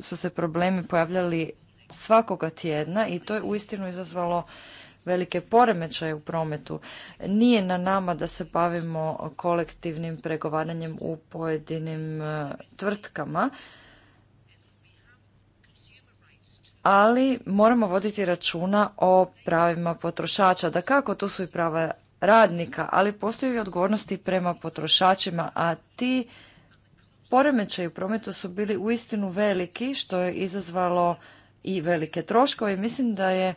su se problemi pojavljali svakoga tjedna i to je uistinu izazvalo velike poremećaje u prometu. Nije na nama da se bavimo kolektivnim pregovaranjem u pojedinim e, tvrtkama, ali moramo voditi računa o pravima potrošača. Da kako tu su i prava radnika, ali postoji i odgovornosti prema potrošačima, a ti poremećaji u prometu su bili uistinu veliki, što je izazvalo i velike troškove i mislim da je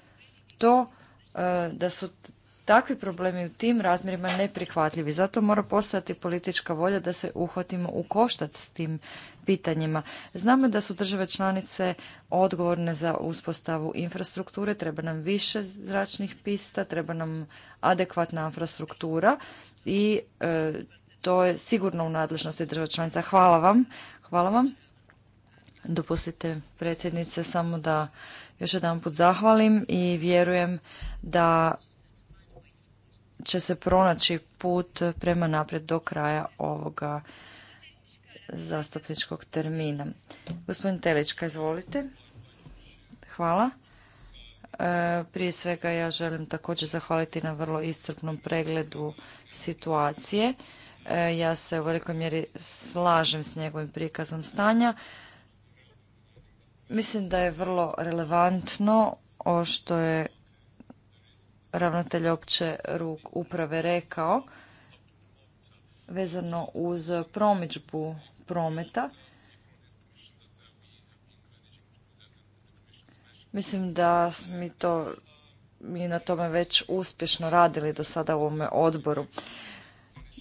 to e, da su takvi problemi u tim razmjerima neprihvatljivi. Zato mora postojati politička volja da se uhvatimo u koštac s tim pitanjima. Znamo da su države članice odgovorne za uspostavu infrastrukture, treba nam više zračnih pista, treba nam adekvatna infrastruktura i e, to je sigurno u nadležnosti država članica. Hvala vam. Hvala vam. Dopustite predsjednice samo da još jedan put zahvalim i vjerujem da će se pronaći put prema naprijed do kraja ovoga zastupničkog termina. Gospodin Telička, izvolite. Hvala. E, prije svega ja želim također zahvaliti na vrlo iscrpnom pregledu situacije. E, ja se u velikoj mjeri slažem s njegovim prikazom stanja. Mislim da je vrlo relevantno o što je ravnatelj opće uprave rekao vezano uz promičbu prometa. Mislim da mi to mi na tome već uspješno radili do sada u ovome odboru.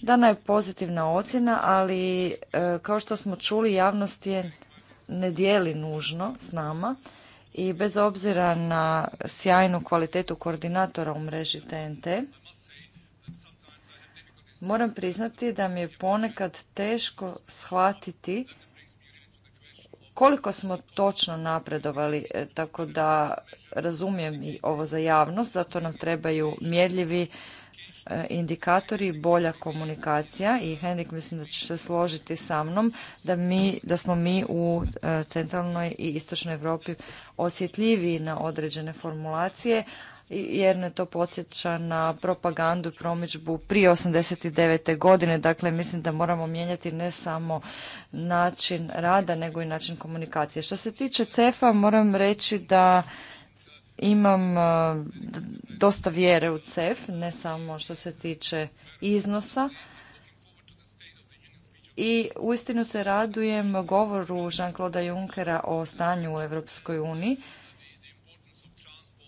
Dana je pozitivna ocjena, ali e, kao što smo čuli, javnost je ne dijeli nužno s nama i bez obzira na sjajnu kvalitetu koordinatora u mreži TNT, moram priznati da mi je ponekad teško shvatiti koliko smo točno napredovali, e, tako da razumijem i ovo za javnost, zato nam trebaju mjerljivi E, indikatori, bolja komunikacija i Henrik mislim da će se složiti sa mnom da, mi, da smo mi u e, centralnoj i istočnoj Europi osjetljiviji na određene formulacije jer ne to podsjeća na propagandu promičbu prije 89. godine. Dakle, mislim da moramo mijenjati ne samo način rada, nego i način komunikacije. Što se tiče CEFA, moram reći da imam e, dosta vjere u CEF, ne samo što se tiče iznosa. I uistinu se radujem govoru Jean-Claude Junckera o stanju u Europskoj uniji.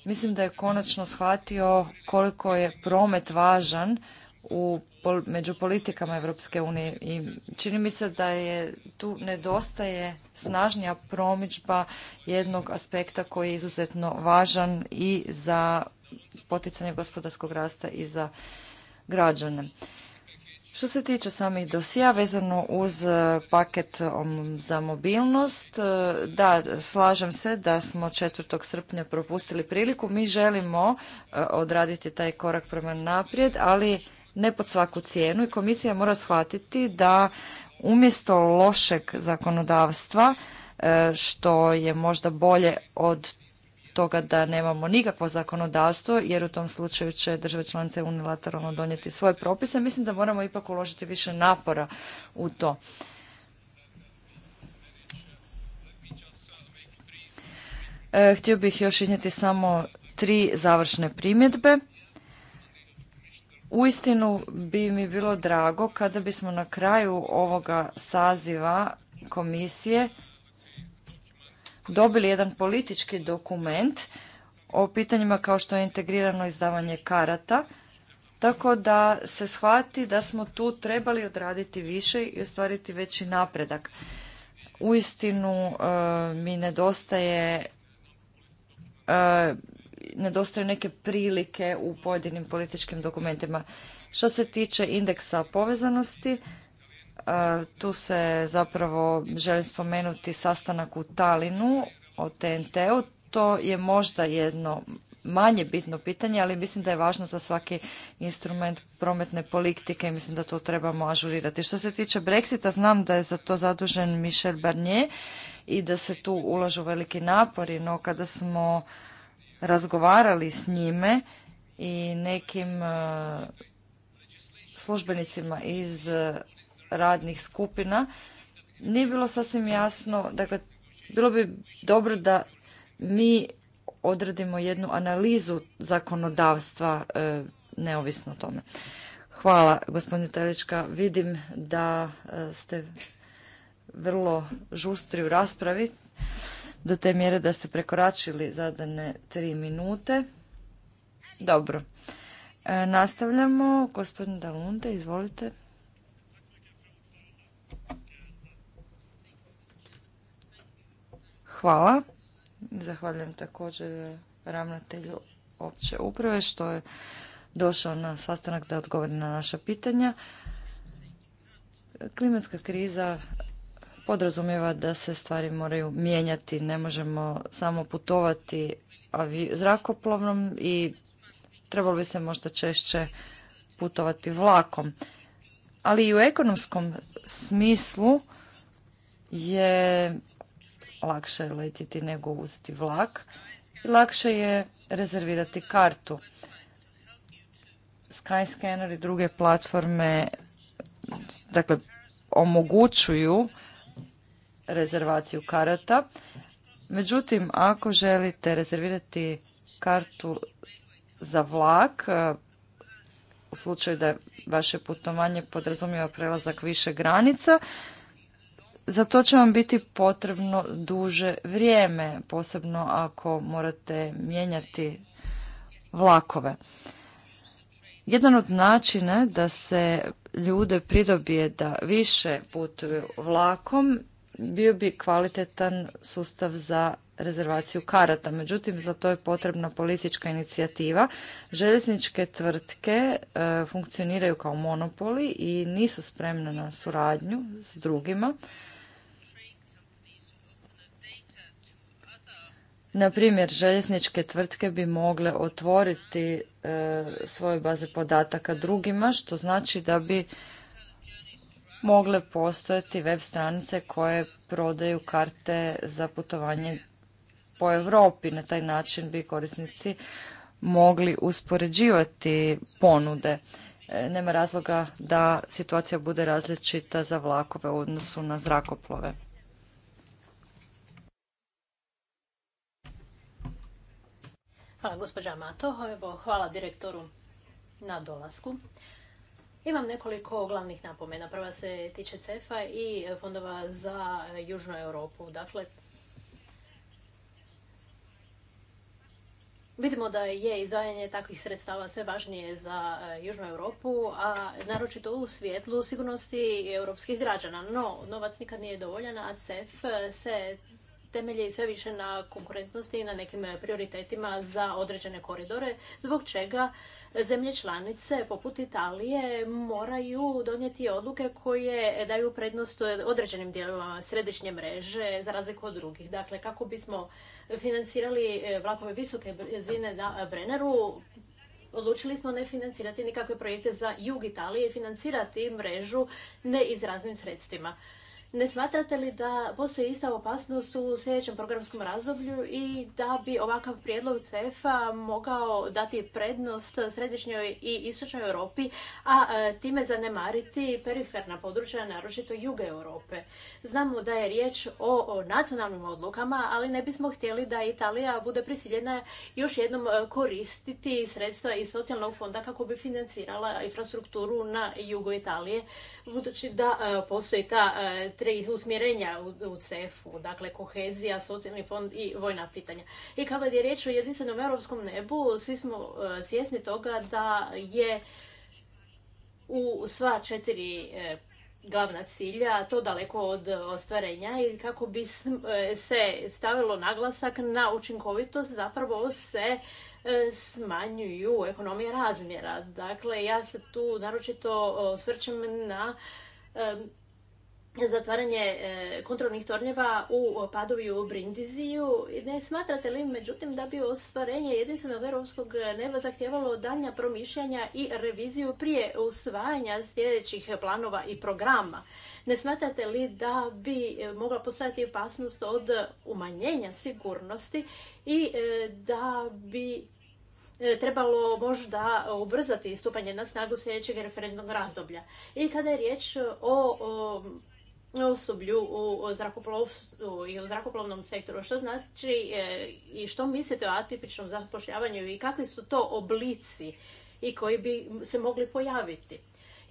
Mislim da je konačno shvatio koliko je promet važan u među politikama Europske unije i čini mi se da je tu nedostaje snažnija promičba jednog aspekta koji je izuzetno važan i za poticanje gospodarskog rasta i za građane. Što se tiče samih dosija vezano uz e, paket za mobilnost, e, da, slažem se da smo 4. srpnja propustili priliku. Mi želimo e, odraditi taj korak prema naprijed, ali ne pod svaku cijenu i komisija mora shvatiti da umjesto lošeg zakonodavstva e, što je možda bolje od toga da nemamo nikakvo zakonodavstvo jer u tom slučaju će države članice unilateralno donijeti svoje propise. Mislim da moramo ipak uložiti više napora u to. E, htio bih još iznijeti samo tri završne primjedbe. Uistinu bi mi bilo drago kada bismo na kraju ovoga saziva komisije dobili jedan politički dokument o pitanjima kao što je integrirano izdavanje karata, tako da se shvati da smo tu trebali odraditi više i ostvariti veći napredak. Uistinu e, mi nedostaje e, nedostaju neke prilike u pojedinim političkim dokumentima. Što se tiče indeksa povezanosti, e, tu se zapravo želim spomenuti sastanak u Talinu o TNT-u. To je možda jedno manje bitno pitanje, ali mislim da je važno za svaki instrument prometne politike i mislim da to trebamo ažurirati. Što se tiče Brexita, znam da je za to zadužen Michel Barnier i da se tu ulažu veliki napori, no kada smo razgovarali s njime i nekim e, službenicima iz radnih skupina, nije bilo sasvim jasno, dakle, bilo bi dobro da mi odradimo jednu analizu zakonodavstva e, neovisno o tome. Hvala, gospodine Telička. Vidim da e, ste vrlo žustri u raspravi, do te mjere da ste prekoračili zadane tri minute. Dobro. E, nastavljamo. Gospodin Dalunde, izvolite. Hvala. Zahvaljujem također ravnatelju opće uprave što je došao na sastanak da odgovori na naša pitanja. Klimatska kriza podrazumijeva da se stvari moraju mijenjati. Ne možemo samo putovati zrakoplovnom i trebalo bi se možda češće putovati vlakom. Ali i u ekonomskom smislu je lakše letiti nego uzeti vlak. lakše je rezervirati kartu. Skyscanner i druge platforme dakle, omogućuju rezervaciju karata. Međutim, ako želite rezervirati kartu za vlak, e, u slučaju da vaše putovanje podrazumijeva prelazak više granica, za to će vam biti potrebno duže vrijeme, posebno ako morate mijenjati vlakove. Jedan od načina da se ljude pridobije da više putuju vlakom bio bi kvalitetan sustav za rezervaciju karata. Međutim, za to je potrebna politička inicijativa. Željezničke tvrtke e, funkcioniraju kao monopoli i nisu spremne na suradnju s drugima. Na primjer, željezničke tvrtke bi mogle otvoriti e, svoje baze podataka drugima, što znači da bi mogle postojati web stranice koje prodaju karte za putovanje po Europi. Na taj način bi korisnici mogli uspoređivati ponude. E, nema razloga da situacija bude različita za vlakove u odnosu na zrakoplove. Hvala gospođa Mato, hvala direktoru na dolasku. Imam nekoliko glavnih napomena. Prva se tiče CEF-a i fondova za Južnu Europu. Dakle, Vidimo da je izdvajanje takvih sredstava sve važnije za eh, Južnu Europu, a naročito u svijetlu sigurnosti europskih građana. No, novac nikad nije dovoljan, a CEF eh, se temelji sve više na konkurentnosti i na nekim prioritetima za određene koridore, zbog čega zemlje članice poput Italije moraju donijeti odluke koje daju prednost određenim dijelovima središnje mreže za razliku od drugih. Dakle, kako bismo financirali e, vlakove visoke brzine na Brenneru, odlučili smo ne financirati nikakve projekte za jug Italije i financirati mrežu ne sredstvima. Ne smatrate li da postoji ista opasnost u sljedećem programskom razdoblju i da bi ovakav prijedlog CEF-a mogao dati prednost središnjoj i istočnoj Europi, a e, time zanemariti periferna područja, naročito juge Europe? Znamo da je riječ o, nacionalnim odlukama, ali ne bismo htjeli da Italija bude prisiljena još jednom e, koristiti sredstva iz socijalnog fonda kako bi financirala infrastrukturu na jugu Italije, budući da e, postoji ta tri usmjerenja u CEF-u, dakle kohezija, socijalni fond i vojna pitanja. I kada je riječ o jedinstvenom europskom nebu, svi smo e, svjesni toga da je u sva četiri e, glavna cilja, to daleko od ostvarenja i kako bi e, se stavilo naglasak na učinkovitost zapravo se smanjuju ekonomije razmjera. Dakle, ja se tu naročito svrćem na zatvaranje e, kontrolnih tornjeva u Padovi u Brindiziju. Ne smatrate li međutim da bi ostvarenje jedinstvenog europskog neba zahtjevalo daljnja promišljanja i reviziju prije usvajanja sljedećih planova i programa? Ne smatrate li da bi e, mogla postojati opasnost od umanjenja sigurnosti i e, da bi trebalo možda ubrzati stupanje na snagu sljedećeg referendnog razdoblja. I kada je riječ o osoblju u zrakoplovstvu i u zrakoplovnom sektoru. Što znači e, i što mislite o atipičnom zapošljavanju i kakvi su to oblici i koji bi se mogli pojaviti?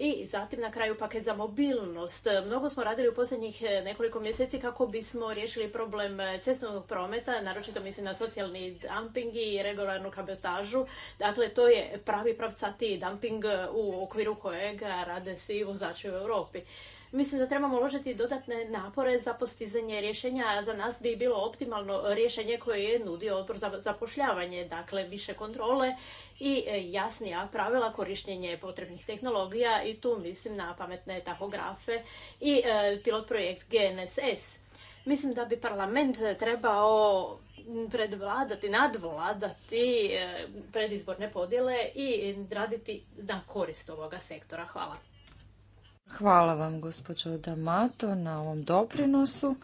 I zatim na kraju paket za mobilnost. Mnogo smo radili u posljednjih e, nekoliko mjeseci kako bismo riješili problem e, cestovnog prometa, naročito mislim na socijalni dumping i regularnu kabotažu. Dakle, to je pravi pravcati dumping u okviru kojega rade svi vozači u Europi. Mislim da trebamo uložiti dodatne napore za postizanje rješenja. Za nas bi bilo optimalno rješenje koje je nudio odbor za zapošljavanje, dakle više kontrole i e, jasnija pravila korištenje potrebnih tehnologija i tu mislim na pametne tahografe i e, pilot projekt GNSS. Mislim da bi parlament trebao predvladati, nadvladati e, predizborne podjele i raditi na korist ovoga sektora. Hvala. Hvala vam gospođo Damato na ovom doprinosu.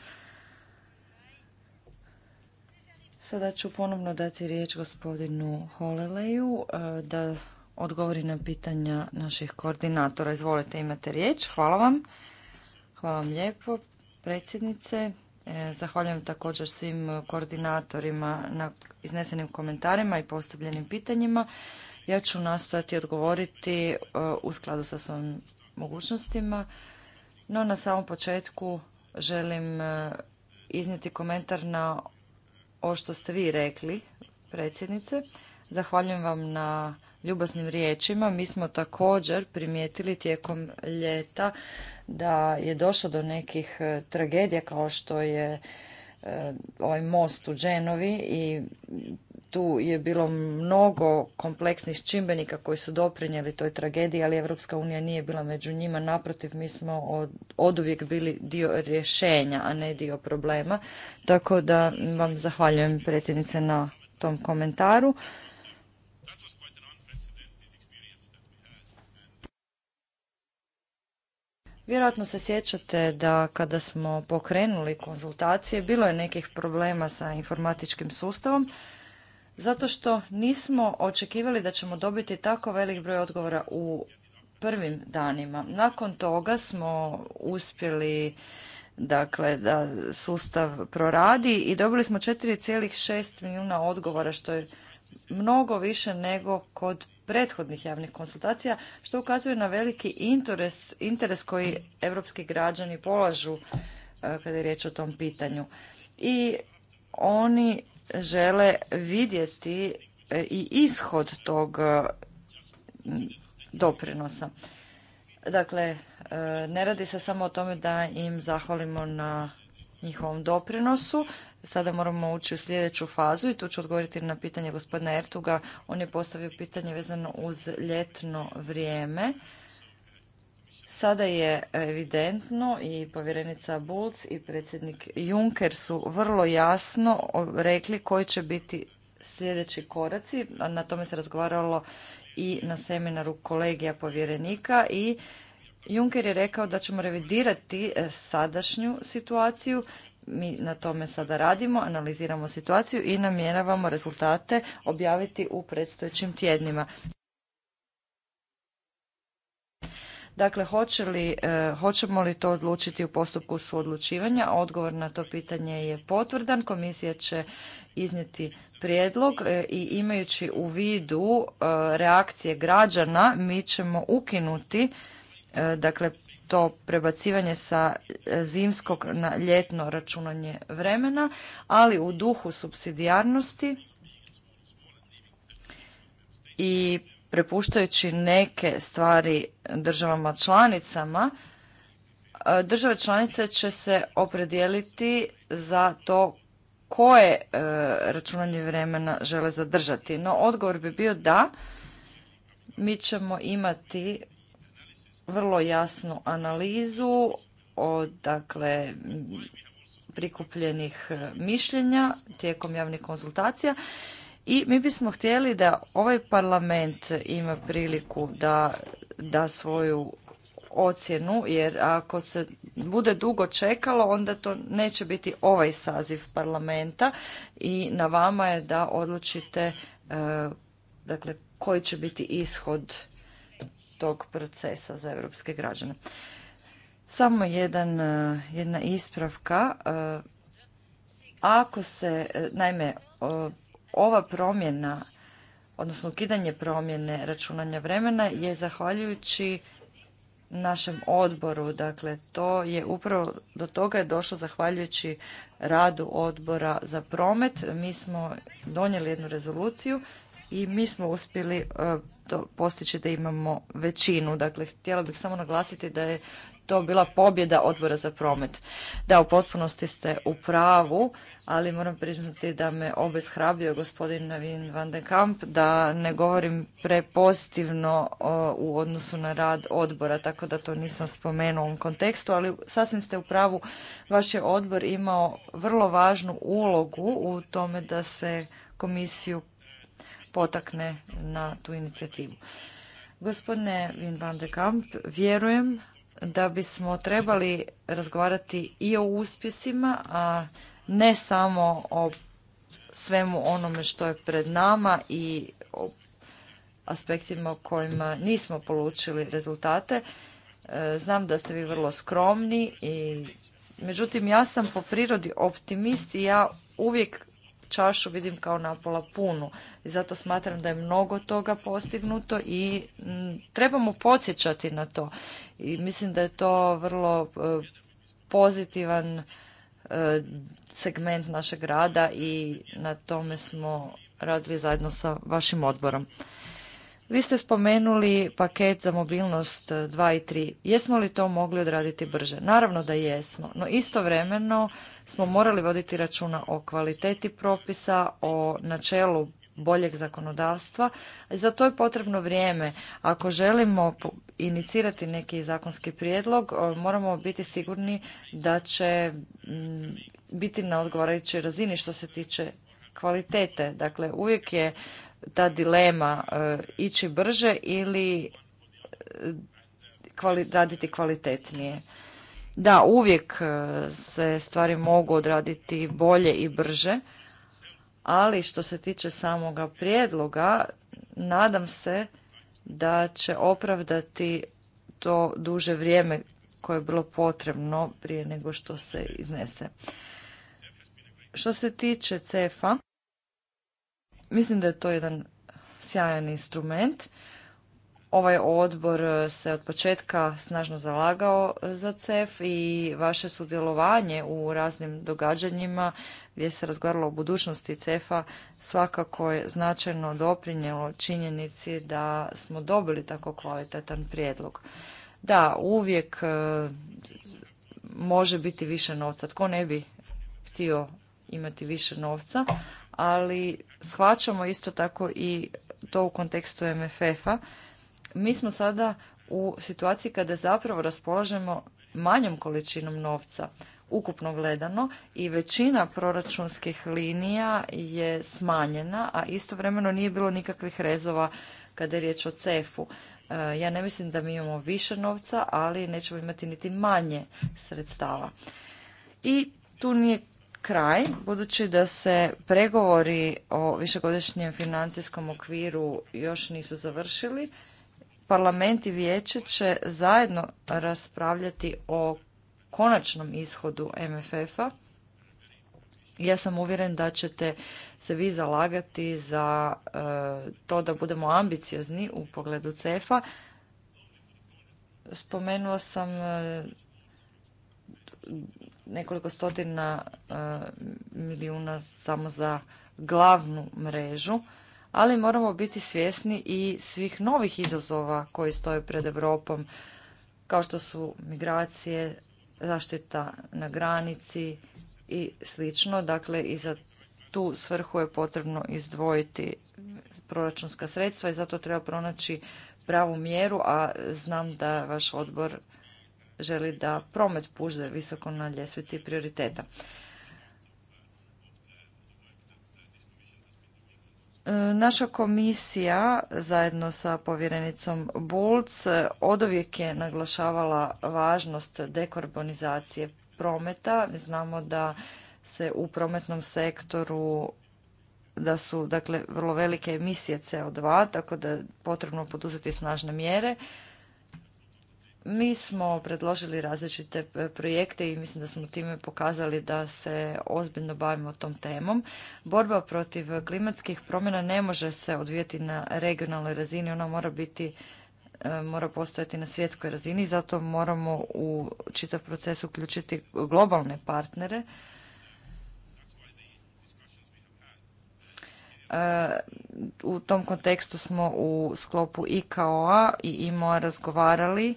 Sada ću ponovno dati riječ gospodinu Holeleju e, da odgovori na pitanja naših koordinatora. Izvolite, imate riječ. Hvala vam. Hvala vam lijepo, predsjednice. E, zahvaljujem također svim koordinatorima na iznesenim komentarima i postavljenim pitanjima. Ja ću nastojati odgovoriti e, u skladu sa svojom mogućnostima, no na samom početku želim e, iznijeti komentar na o što ste vi rekli, predsjednice. Zahvaljujem vam na ljubaznim riječima. Mi smo također primijetili tijekom ljeta da je došlo do nekih e, tragedija kao što je e, ovaj most u Dženovi i tu je bilo mnogo kompleksnih čimbenika koji su doprinijeli toj tragediji, ali Evropska unija nije bila među njima. Naprotiv, mi smo od, oduvijek bili dio rješenja, a ne dio problema. Tako da vam zahvaljujem predsjednice na tom komentaru. Vjerojatno se sjećate da kada smo pokrenuli konzultacije, bilo je nekih problema sa informatičkim sustavom zato što nismo očekivali da ćemo dobiti tako velik broj odgovora u prvim danima. Nakon toga smo uspjeli dakle da sustav proradi i dobili smo 4,6 milijuna odgovora što je mnogo više nego kod prethodnih javnih konsultacija što ukazuje na veliki interes, interes koji evropski građani polažu eh, kada je riječ o tom pitanju. I oni žele vidjeti e, i ishod tog e, doprinosa. Dakle, e, ne radi se samo o tome da im zahvalimo na njihovom doprinosu. Sada moramo ući u sljedeću fazu i tu ću odgovoriti na pitanje gospodina Ertuga. On je postavio pitanje vezano uz ljetno vrijeme. Sada je evidentno i povjerenica Bulc i predsjednik Juncker su vrlo jasno rekli koji će biti sljedeći koraci. Na tome se razgovaralo i na seminaru kolegija povjerenika i Juncker je rekao da ćemo revidirati e, sadašnju situaciju. Mi na tome sada radimo, analiziramo situaciju i namjeravamo rezultate objaviti u predstojećim tjednima. Dakle, hoće li, e, hoćemo li to odlučiti u postupku suodlučivanja? Odgovor na to pitanje je potvrdan. Komisija će iznijeti prijedlog e, i imajući u vidu e, reakcije građana mi ćemo ukinuti dakle to prebacivanje sa zimskog na ljetno računanje vremena, ali u duhu subsidijarnosti i prepuštajući neke stvari državama članicama, e, države članice će se opredijeliti za to koje e, računanje vremena žele zadržati. No, odgovor bi bio da mi ćemo imati vrlo jasnu analizu od dakle prikupljenih e, mišljenja tijekom javnih konzultacija i mi bismo htjeli da ovaj parlament ima priliku da da svoju ocjenu, jer ako se bude dugo čekalo, onda to neće biti ovaj saziv parlamenta i na vama je da odlučite e, dakle, koji će biti ishod tog procesa za europske građane. Samo jedan, e, jedna ispravka. E, ako se, naime, ova promjena, odnosno ukidanje promjene računanja vremena je zahvaljujući našem odboru. Dakle, to je upravo do toga je došlo zahvaljujući radu odbora za promet. Mi smo donijeli jednu rezoluciju i mi smo uspjeli e, to postići da imamo većinu. Dakle, htjela bih samo naglasiti da je to bila pobjeda odbora za promet. Da, u potpunosti ste u pravu ali moram priznati da me obeshrabio gospodin Vin van den Kamp da ne govorim prepozitivno u odnosu na rad odbora, tako da to nisam spomenuo u ovom kontekstu, ali sasvim ste u pravu, vaš je odbor imao vrlo važnu ulogu u tome da se komisiju potakne na tu inicijativu. Gospodine Vin van de Kamp, vjerujem da bismo trebali razgovarati i o uspjesima, a ne samo o svemu onome što je pred nama i o aspektima o kojima nismo polučili rezultate. E, znam da ste vi vrlo skromni i međutim ja sam po prirodi optimist i ja uvijek čašu vidim kao napola punu. I zato smatram da je mnogo toga postignuto i trebamo podsjećati na to. I mislim da je to vrlo e, pozitivan E, segment našeg rada i na tome smo radili zajedno sa vašim odborom. Vi ste spomenuli paket za mobilnost 2 i 3. Jesmo li to mogli odraditi brže? Naravno da jesmo, no istovremeno smo morali voditi računa o kvaliteti propisa, o načelu boljeg zakonodavstva. Za to je potrebno vrijeme. Ako želimo inicirati neki zakonski prijedlog, moramo biti sigurni da će mm, biti na odgovarajućoj razini što se tiče kvalitete. Dakle, uvijek je ta dilema e, ići brže ili e, raditi kvalitetnije. Da, uvijek e, se stvari mogu odraditi bolje i brže, ali što se tiče samoga prijedloga, nadam se da će opravdati to duže vrijeme koje je bilo potrebno prije nego što se iznese. Što se tiče CEFA, mislim da je to jedan sjajan instrument Ovaj odbor e, se od početka snažno zalagao e, za CEF i vaše sudjelovanje u raznim događanjima gdje se razgovaralo o budućnosti CEF-a svakako je značajno doprinjelo činjenici da smo dobili tako kvalitetan prijedlog. Da, uvijek e, može biti više novca. Tko ne bi htio imati više novca, ali shvaćamo isto tako i to u kontekstu MFF-a mi smo sada u situaciji kada zapravo raspolažemo manjom količinom novca ukupno gledano i većina proračunskih linija je smanjena, a istovremeno nije bilo nikakvih rezova kada je riječ o CEF-u. E, ja ne mislim da mi imamo više novca, ali nećemo imati niti manje sredstava. I tu nije kraj, budući da se pregovori o višegodišnjem financijskom okviru još nisu završili, parlament i vijeće će zajedno raspravljati o konačnom ishodu MFF-a. Ja sam uvjeren da ćete se vi zalagati za e, to da budemo ambiciozni u pogledu CEFA. Spomenuo sam e, nekoliko stotina e, milijuna samo za glavnu mrežu ali moramo biti svjesni i svih novih izazova koji stoje pred Europom, kao što su migracije, zaštita na granici i slično. Dakle, i za tu svrhu je potrebno izdvojiti proračunska sredstva i zato treba pronaći pravu mjeru, a znam da vaš odbor želi da promet pužde visoko na ljestvici prioriteta. Naša komisija zajedno sa povjerenicom Bulc odovijek je naglašavala važnost dekarbonizacije prometa. Znamo da se u prometnom sektoru da su dakle vrlo velike emisije CO2, tako da je potrebno poduzeti snažne mjere. Mi smo predložili različite e, projekte i mislim da smo time pokazali da se ozbiljno bavimo tom temom. Borba protiv klimatskih promjena ne može se odvijati na regionalnoj razini, ona mora biti e, mora postojati na svjetskoj razini, zato moramo u čitav proces uključiti globalne partnere. E, u tom kontekstu smo u sklopu IKO-a i IMO-a razgovarali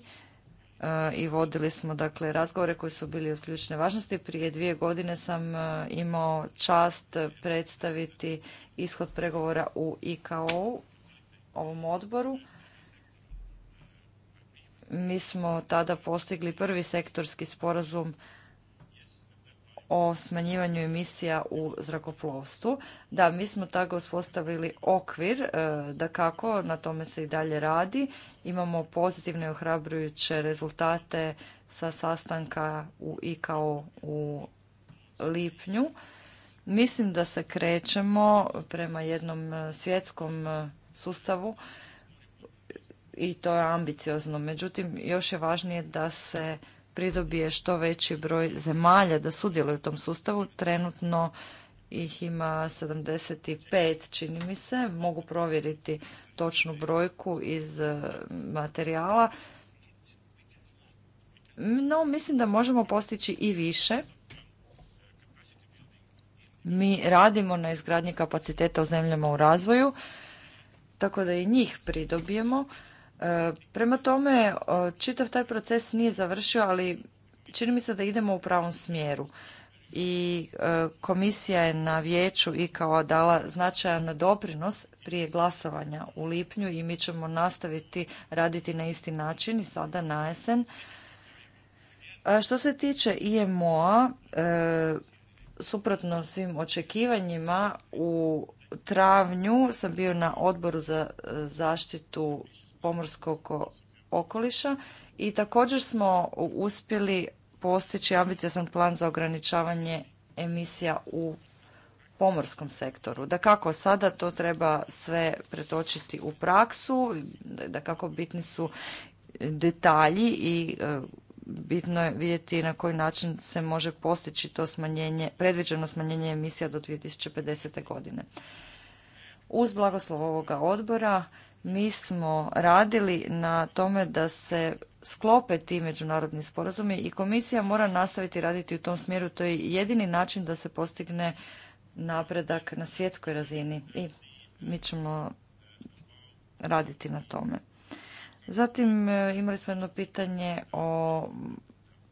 E, i vodili smo dakle razgovore koji su bili od ključne važnosti. Prije dvije godine sam e, imao čast predstaviti ishod pregovora u IKO ovom odboru. Mi smo tada postigli prvi sektorski sporazum o smanjivanju emisija u zrakoplovstvu. Da, mi smo tako uspostavili okvir, e, da kako, na tome se i dalje radi. Imamo pozitivne i ohrabrujuće rezultate sa sastanka u IKO u lipnju. Mislim da se krećemo prema jednom e, svjetskom e, sustavu i to je ambiciozno. Međutim, još je važnije da se pridobije što veći broj zemalja da sudjeluju u tom sustavu. Trenutno ih ima 75, čini mi se. Mogu provjeriti točnu brojku iz e, materijala. No, mislim da možemo postići i više. Mi radimo na izgradnji kapaciteta u zemljama u razvoju, tako da i njih pridobijemo. E, prema tome, e, čitav taj proces nije završio, ali čini mi se da idemo u pravom smjeru. I e, komisija je na vijeću i kao dala značajan doprinos prije glasovanja u lipnju i mi ćemo nastaviti raditi na isti način i sada na jesen. Što se tiče IMO-a, suprotno svim očekivanjima, u travnju sam bio na odboru za zaštitu pomorskog okoliša i također smo uspjeli postići ambiciozan plan za ograničavanje emisija u pomorskom sektoru. Da kako sada to treba sve pretočiti u praksu, da kako bitni su detalji i e, bitno je vidjeti na koji način se može postići to smanjenje, predviđeno smanjenje emisija do 2050. godine. Uz blagoslov ovoga odbora mi smo radili na tome da se sklope ti međunarodni sporazumi i komisija mora nastaviti raditi u tom smjeru. To je jedini način da se postigne napredak na svjetskoj razini i mi ćemo raditi na tome. Zatim e, imali smo jedno pitanje o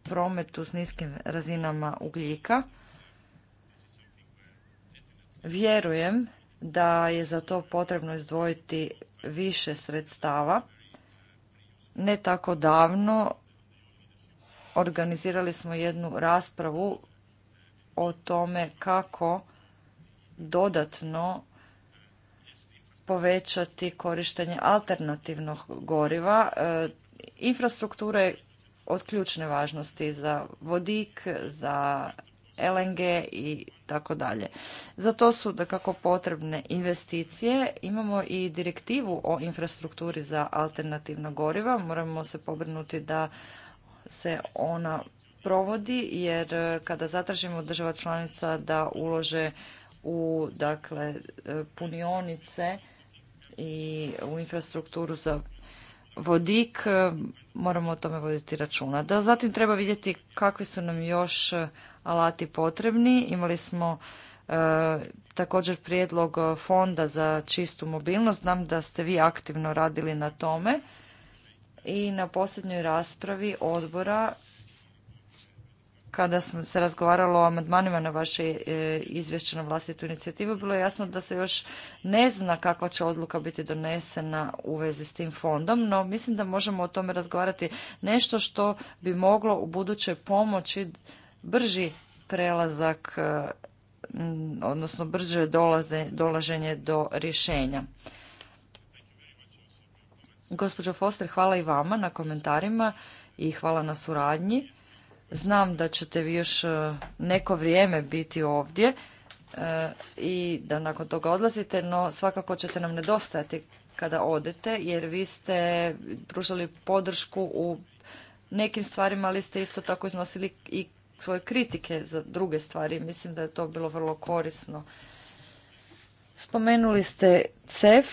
prometu s niskim razinama ugljika. Vjerujem da je za to potrebno izdvojiti više sredstava. Ne tako davno organizirali smo jednu raspravu o tome kako dodatno povećati korištenje alternativnog goriva. E, infrastruktura je od ključne važnosti za vodik, za LNG i tako dalje. Za to su da kako potrebne investicije. Imamo i direktivu o infrastrukturi za alternativna goriva. Moramo se pobrinuti da se ona provodi jer kada zatražimo država članica da ulože u dakle e, punionice i u infrastrukturu za vodik, e, moramo o tome voditi računa. Da, zatim treba vidjeti kakvi su nam još e, alati potrebni. Imali smo e, također prijedlog fonda za čistu mobilnost. Znam da ste vi aktivno radili na tome. I na posljednjoj raspravi odbora kada se razgovaralo o amandmanima na vaše e, izvješće na vlastitu inicijativu, bilo je jasno da se još ne zna kakva će odluka biti donesena u vezi s tim fondom, no mislim da možemo o tome razgovarati nešto što bi moglo u buduće pomoći brži prelazak, e, odnosno brže dolaze, dolaženje do rješenja. Gospođo Foster, hvala i vama na komentarima i hvala na suradnji. Znam da ćete vi još e, neko vrijeme biti ovdje e, i da nakon toga odlazite, no svakako ćete nam nedostajati kada odete, jer vi ste pružali podršku u nekim stvarima, ali ste isto tako iznosili i svoje kritike za druge stvari. Mislim da je to bilo vrlo korisno. Spomenuli ste CEF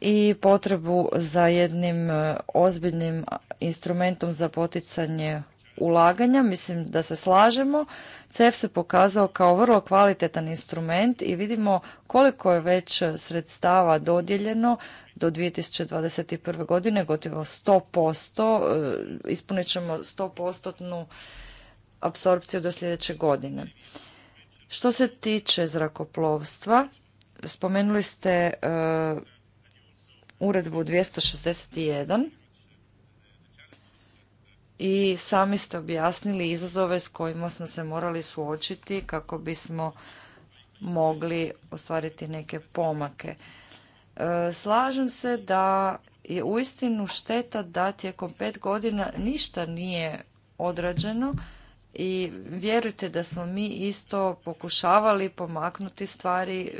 i potrebu za jednim e, ozbiljnim instrumentom za poticanje ulaganja, mislim da se slažemo. CEF se pokazao kao vrlo kvalitetan instrument i vidimo koliko je već sredstava dodijeljeno do 2021. godine, gotovo 100%, e, ispunit ćemo 100% apsorpciju do sljedeće godine. Što se tiče zrakoplovstva, spomenuli ste e, uredbu 261 i sami ste objasnili izazove s kojima smo se morali suočiti kako bismo mogli ostvariti neke pomake. E, slažem se da je uistinu šteta da tijekom pet godina ništa nije odrađeno i vjerujte da smo mi isto pokušavali pomaknuti stvari,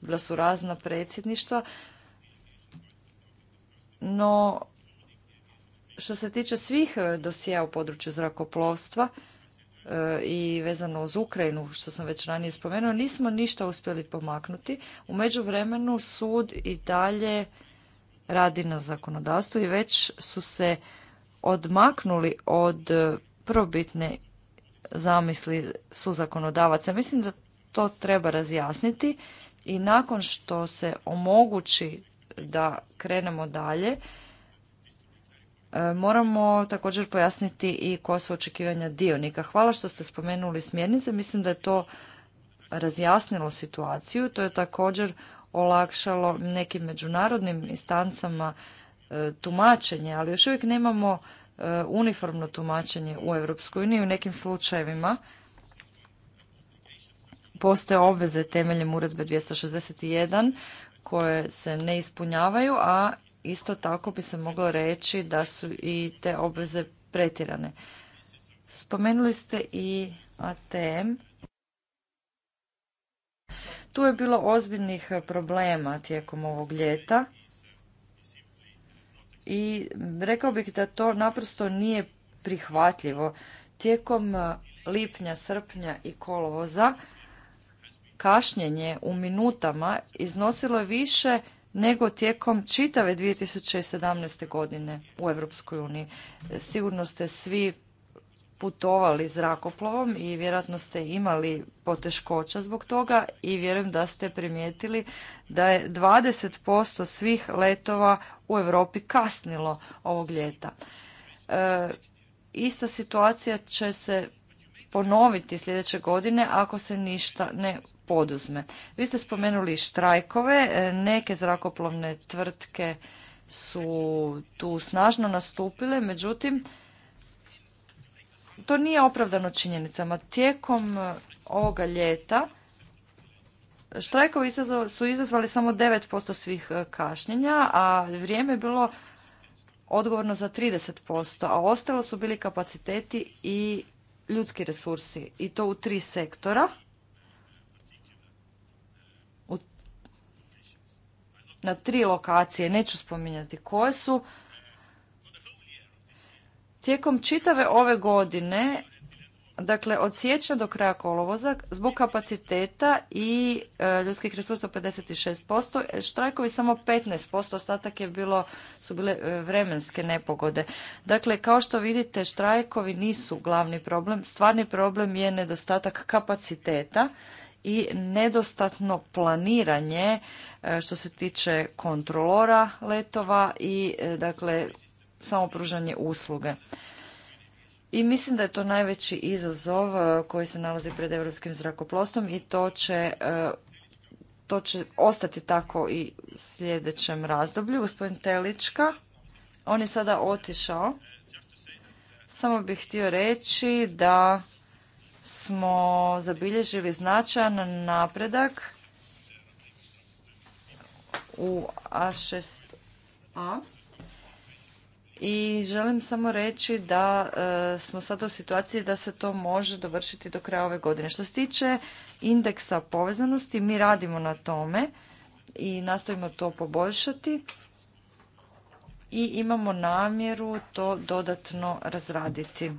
da e, su razna predsjedništva, no što se tiče svih e, dosija u području zrakoplovstva e, i vezano uz Ukrajinu, što sam već ranije spomenuo, nismo ništa uspjeli pomaknuti. U međuvremenu sud i dalje radi na zakonodavstvu i već su se odmaknuli od e, probitne zamisli su zakonodavaca. Mislim da to treba razjasniti i nakon što se omogući da krenemo dalje, E, moramo također pojasniti i koja su očekivanja dionika. Hvala što ste spomenuli smjernice. Mislim da je to razjasnilo situaciju. To je također olakšalo nekim međunarodnim instancama e, tumačenje, ali još uvijek nemamo e, uniformno tumačenje u EU. U nekim slučajevima postoje obveze temeljem uredbe 261 koje se ne ispunjavaju, a isto tako bi se moglo reći da su i te obveze pretirane. Spomenuli ste i ATM. Tu je bilo ozbiljnih problema tijekom ovog ljeta i rekao bih da to naprosto nije prihvatljivo. Tijekom e, lipnja, srpnja i kolovoza kašnjenje u minutama iznosilo je više nego tijekom čitave 2017. godine u Europskoj uniji. Sigurno ste svi putovali zrakoplovom i vjerojatno ste imali poteškoća zbog toga i vjerujem da ste primijetili da je 20% svih letova u Europi kasnilo ovog ljeta. E, ista situacija će se ponoviti sljedeće godine ako se ništa ne poduzme. Vi ste spomenuli štrajkove, e, neke zrakoplovne tvrtke su tu snažno nastupile, međutim, to nije opravdano činjenicama. Tijekom e, ovoga ljeta štrajkovi su izazvali samo 9% svih e, kašnjenja, a vrijeme je bilo odgovorno za 30%, a ostalo su bili kapaciteti i ljudski resursi i to u tri sektora. na tri lokacije, neću spominjati koje su. Tijekom čitave ove godine Dakle, od siječnja do kraja kolovoza, zbog kapaciteta i e, ljudskih resursa 56%, e, štrajkovi samo 15%, ostatak je bilo, su bile e, vremenske nepogode. Dakle, kao što vidite, štrajkovi nisu glavni problem. Stvarni problem je nedostatak kapaciteta i nedostatno planiranje što se tiče kontrolora letova i, dakle, samo pružanje usluge. I mislim da je to najveći izazov e, koji se nalazi pred europskim zrakoplostom i to će e, to će ostati tako i u sljedećem razdoblju. Gospodin Telička, on je sada otišao. Samo bih htio reći da smo zabilježili značajan napredak u A6A i želim samo reći da e, smo sada u situaciji da se to može dovršiti do kraja ove godine. Što se tiče indeksa povezanosti, mi radimo na tome i nastojimo to poboljšati i imamo namjeru to dodatno razraditi.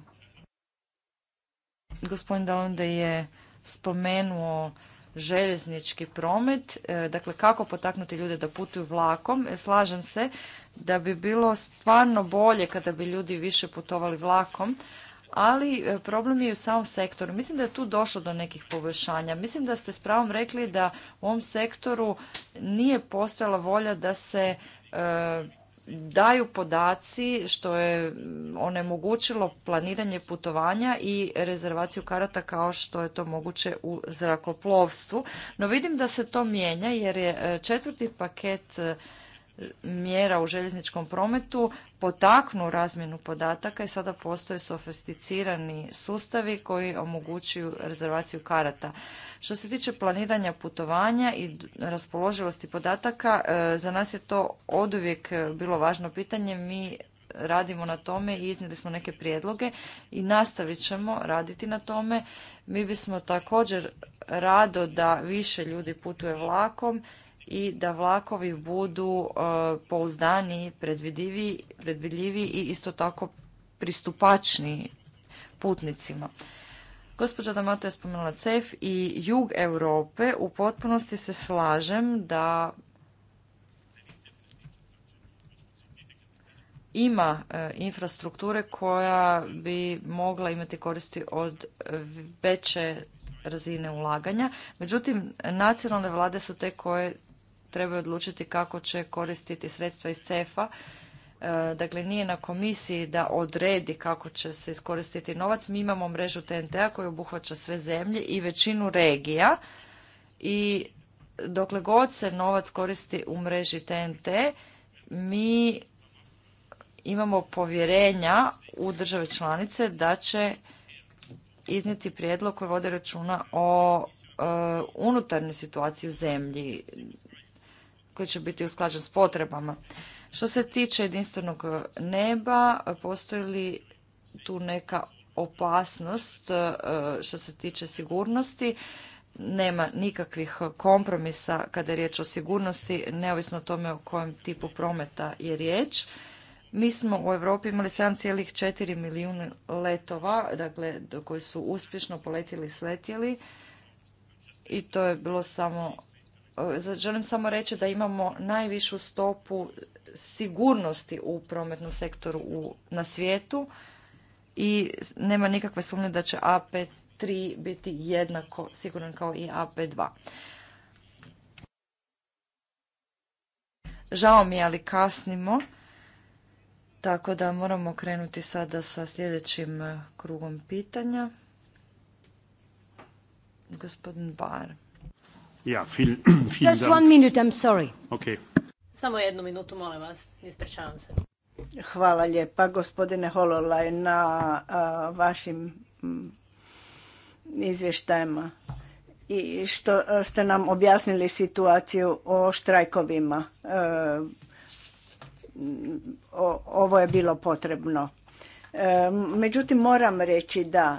Gospodin Dalonde je spomenuo željeznički promet, e, dakle kako potaknuti ljude da putuju vlakom. E, slažem se da bi bilo stvarno bolje kada bi ljudi više putovali vlakom, ali e, problem je u samom sektoru. Mislim da je tu došlo do nekih poboljšanja. Mislim da ste s pravom rekli da u ovom sektoru nije postojala volja da se e, daju podaci što je onemogućilo planiranje putovanja i rezervaciju karata kao što je to moguće u zrakoplovstvu. No vidim da se to mijenja jer je e, četvrti paket mjera u željezničkom prometu potaknu razmjenu podataka i sada postoje sofisticirani sustavi koji omogućuju rezervaciju karata. Što se tiče planiranja putovanja i raspoloživosti podataka, e, za nas je to oduvijek bilo važno pitanje. Mi radimo na tome i iznijeli smo neke prijedloge i nastavit ćemo raditi na tome. Mi bismo također rado da više ljudi putuje vlakom i da vlakovi budu e, pouzdani, predvidljiviji i isto tako pristupačniji putnicima. Gospođa Damato je spomenula CEF i jug Europe. U potpunosti se slažem da ima e, infrastrukture koja bi mogla imati koristi od veće razine ulaganja. Međutim, nacionalne vlade su te koje trebaju odlučiti kako će koristiti sredstva iz CEFA. E, dakle, nije na komisiji da odredi kako će se iskoristiti novac. Mi imamo mrežu TNT-a koja obuhvaća sve zemlje i većinu regija i dokle god se novac koristi u mreži TNT, mi imamo povjerenja u države članice da će iznijeti prijedlog koji vode računa o e, unutarnjoj situaciji u zemlji koji će biti usklađen s potrebama. Što se tiče jedinstvenog neba, postoji li tu neka opasnost e, što se tiče sigurnosti? Nema nikakvih kompromisa kada je riječ o sigurnosti, neovisno o tome o kojem tipu prometa je riječ. Mi smo u Europi imali 7,4 milijuna letova, dakle, koji su uspješno poletjeli i sletjeli. I to je bilo samo želim samo reći da imamo najvišu stopu sigurnosti u prometnom sektoru u, na svijetu i nema nikakve sumnje da će AP3 biti jednako siguran kao i AP2. Žao mi je, ali kasnimo. Tako da moramo krenuti sada sa sljedećim eh, krugom pitanja. Gospodin Bar. Ja, one Samo jednu minutu, molim vas, ispričavam se. Hvala lijepa gospodine Hololaj na vašim izvještajima i što ste nam objasnili situaciju o štrajkovima. E, ovo je bilo potrebno. E, međutim, moram reći da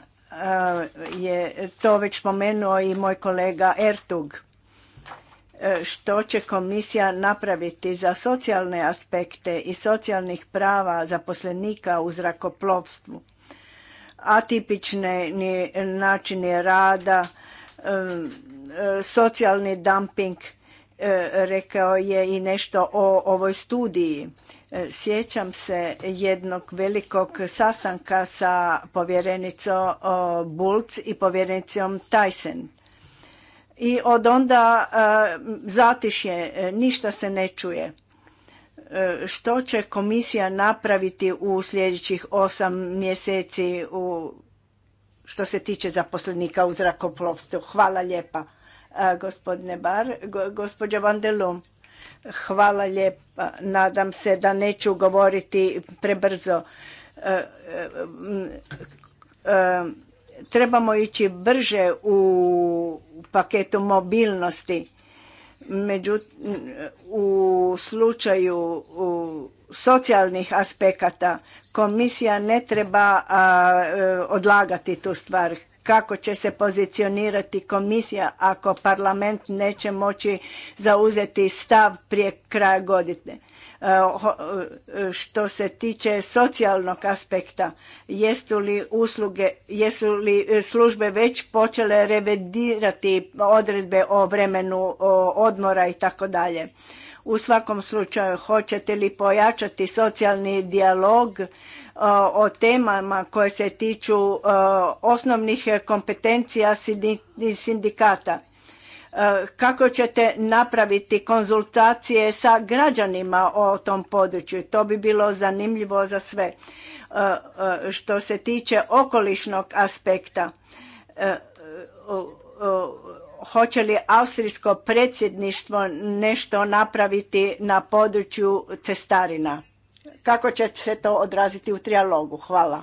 je to već spomenuo i moj kolega Ertug E, što će komisija napraviti za socijalne aspekte i socijalnih prava zaposlenika u zrakoplovstvu atipične načine rada e, e, socijalni dumping rekao je i nešto o ovoj studiji sjećam se jednog velikog sastanka sa povjerenicom Bulc i povjerenicom Tyson i od onda e, zatišje, e, ništa se ne čuje. E, što će komisija napraviti u sljedećih osam mjeseci u što se tiče zaposlenika u zrakoplovstvu? Hvala lijepa, gospodine Bar. Gospođa Vandelum, hvala lijepa. Nadam se da neću govoriti prebrzo trebamo ići brže u paketu mobilnosti. Međutim, u slučaju u socijalnih aspekata komisija ne treba e, odlagati tu stvar. Kako će se pozicionirati komisija ako parlament neće moći zauzeti stav prije kraja godine? E, e, što se tiče socijalnog aspekta jesu li usluge jesu li e, službe već počele revidirati odredbe o vremenu odmora i tako dalje u svakom slučaju hoćete li pojačati socijalni dijalog o temama koje se tiču osnovnih kompetencija sindikata kako ćete napraviti konzultacije sa građanima o tom području. To bi bilo zanimljivo za sve. E, e, što se tiče okolišnog aspekta, e, hoće li austrijsko predsjedništvo nešto napraviti na području cestarina? Kako će se to odraziti u trijalogu? Hvala.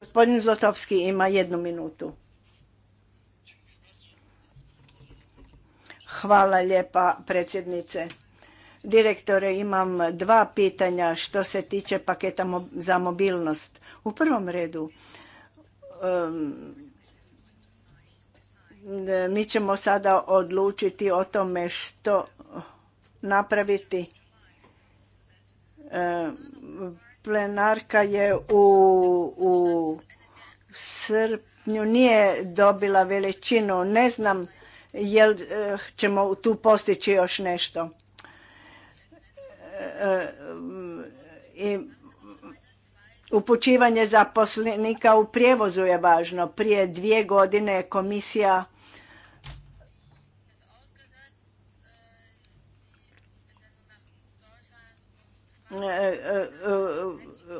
Gospodin Zlotovski ima jednu minutu. Hvala lijepa predsjednice. Direktore, imam dva pitanja što se tiče paketa za mobilnost. U prvom redu, mi ćemo sada odlučiti o tome što napraviti. plenarka je u, u srpnju nije dobila veličinu. Ne znam jel eh, ćemo tu postići još nešto. Eh, eh, I upućivanje zaposlenika u prijevozu je važno. Prije dvije godine komisija Eh, eh, eh,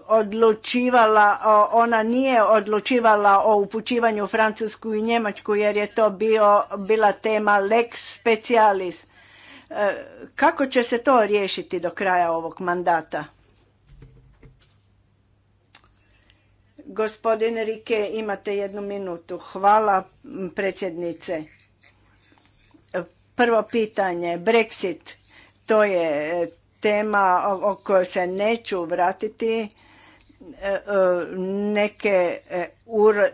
odlučivala, ona nije odlučivala o upućivanju u Francusku i Njemačku jer je to bio, bila tema lex specialis. Kako će se to riješiti do kraja ovog mandata? Gospodine Rike, imate jednu minutu. Hvala predsjednice. Prvo pitanje, Brexit, to je tema o kojoj se neću vratiti. E, e, neke e,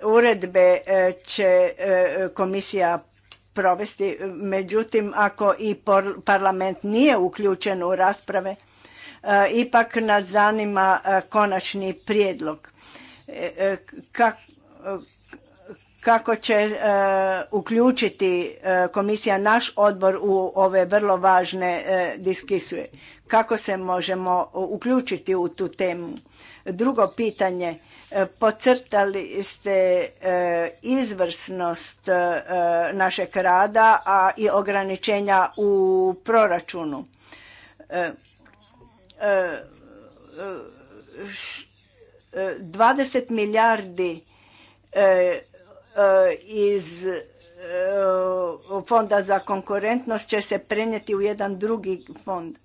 uredbe će komisija provesti, međutim ako i parlament nije uključen u rasprave, ipak nas zanima konačni prijedlog. Kako će uključiti komisija naš odbor u ove vrlo važne diskusije? kako se možemo e, uključiti u tu temu. Drugo pitanje, e, pocrtali ste e, izvrsnost našeg rada, a i ograničenja u proračunu. Dvadeset milijardi iz fonda za konkurentnost će se prenijeti u jedan drugi fond.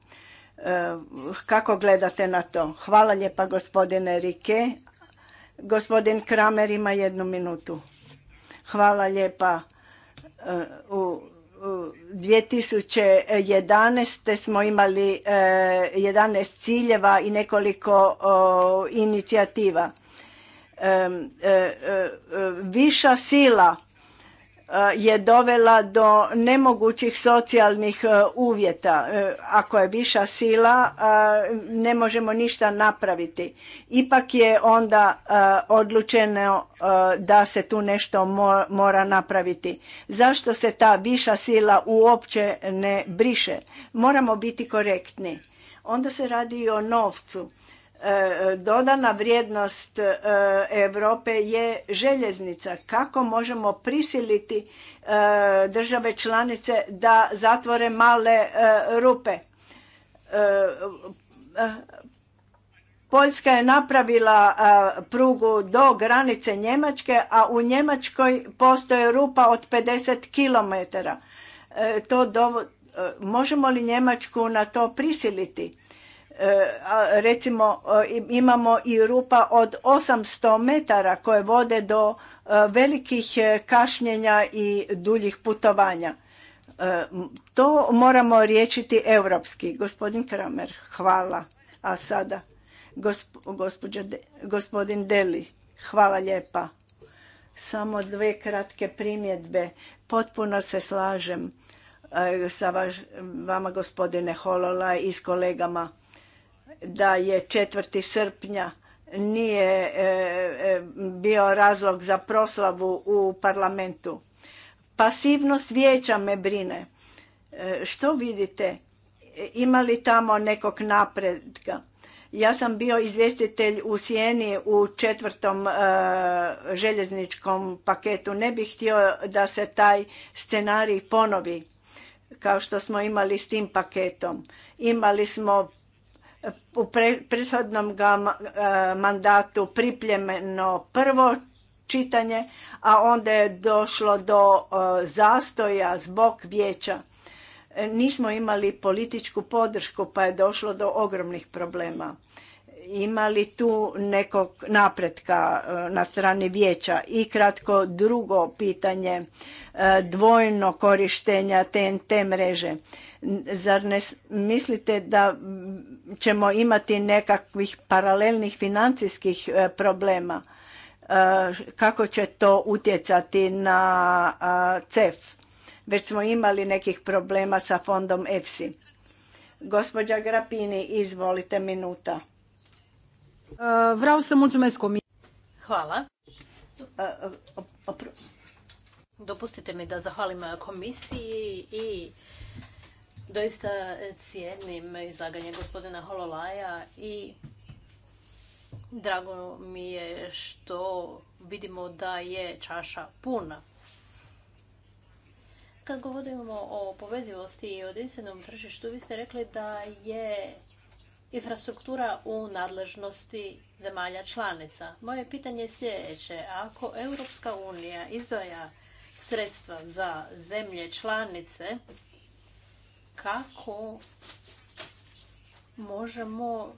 Kako gledate na to? Hvala lijepa gospodine Rike. Gospodin Kramer ima jednu minutu. Hvala lijepa. U 2011. smo imali 11 e, ciljeva i nekoliko inicijativa. E, e, viša sila je dovela do nemogućih socijalnih e, uvjeta. E, ako je viša sila, e, ne možemo ništa napraviti. Ipak je onda odlučeno da se tu nešto mora napraviti. Zašto se ta viša sila uopće ne briše? Moramo biti korektni. Onda se radi i o novcu dodana vrijednost e, Europe je željeznica. Kako možemo prisiliti e, države članice da zatvore male e, rupe? Poljska je napravila prugu do granice Njemačke, a u Njemačkoj postoje rupa od 50 km. Možemo li Njemačku na to prisiliti? E, recimo e, imamo i rupa od 800 metara koje vode do e, velikih kašnjenja i duljih putovanja. To moramo riječiti europski. Gospodin Kramer, hvala. A sada gospodin Deli, hvala lijepa. Samo dve kratke primjedbe. Potpuno se slažem sa vama gospodine Holola i s kolegama da je 4. srpnja nije e, e, bio razlog za proslavu u parlamentu. Pasivnost vijeća me brine. E, što vidite? Ima li tamo nekog napredka? Ja sam bio izvjestitelj u Sijeni u četvrtom željezničkom paketu. Ne bih htio da se taj scenarij ponovi kao što smo imali s tim paketom. Imali smo u prethodnom e, mandatu pripremljeno prvo čitanje, a onda je došlo do e, zastoja zbog vijeća. E, nismo imali političku podršku pa je došlo do ogromnih problema. Ima li tu nekog napretka e, na strani vijeća? I kratko drugo pitanje e, dvojno korištenja TNT mreže. Zar ne mislite da ćemo imati nekakvih paralelnih financijskih e, problema? Kako će to utjecati na CEF? Već smo imali nekih problema sa fondom EFSI. Gospođa Grapini, izvolite minuta. Eh, vreau să mulțumesc Hvala. Eh, dopustite mi da zahvalim eh, komisiji i doista cijenim izlaganje gospodina Hololaja i drago mi je što vidimo da je čaša puna. Kad govorimo o povezivosti i o jedinstvenom tržištu, vi ste rekli da je infrastruktura u nadležnosti zemalja članica. Moje pitanje je sljedeće. Ako Europska unija izdvaja sredstva za zemlje članice, kako možemo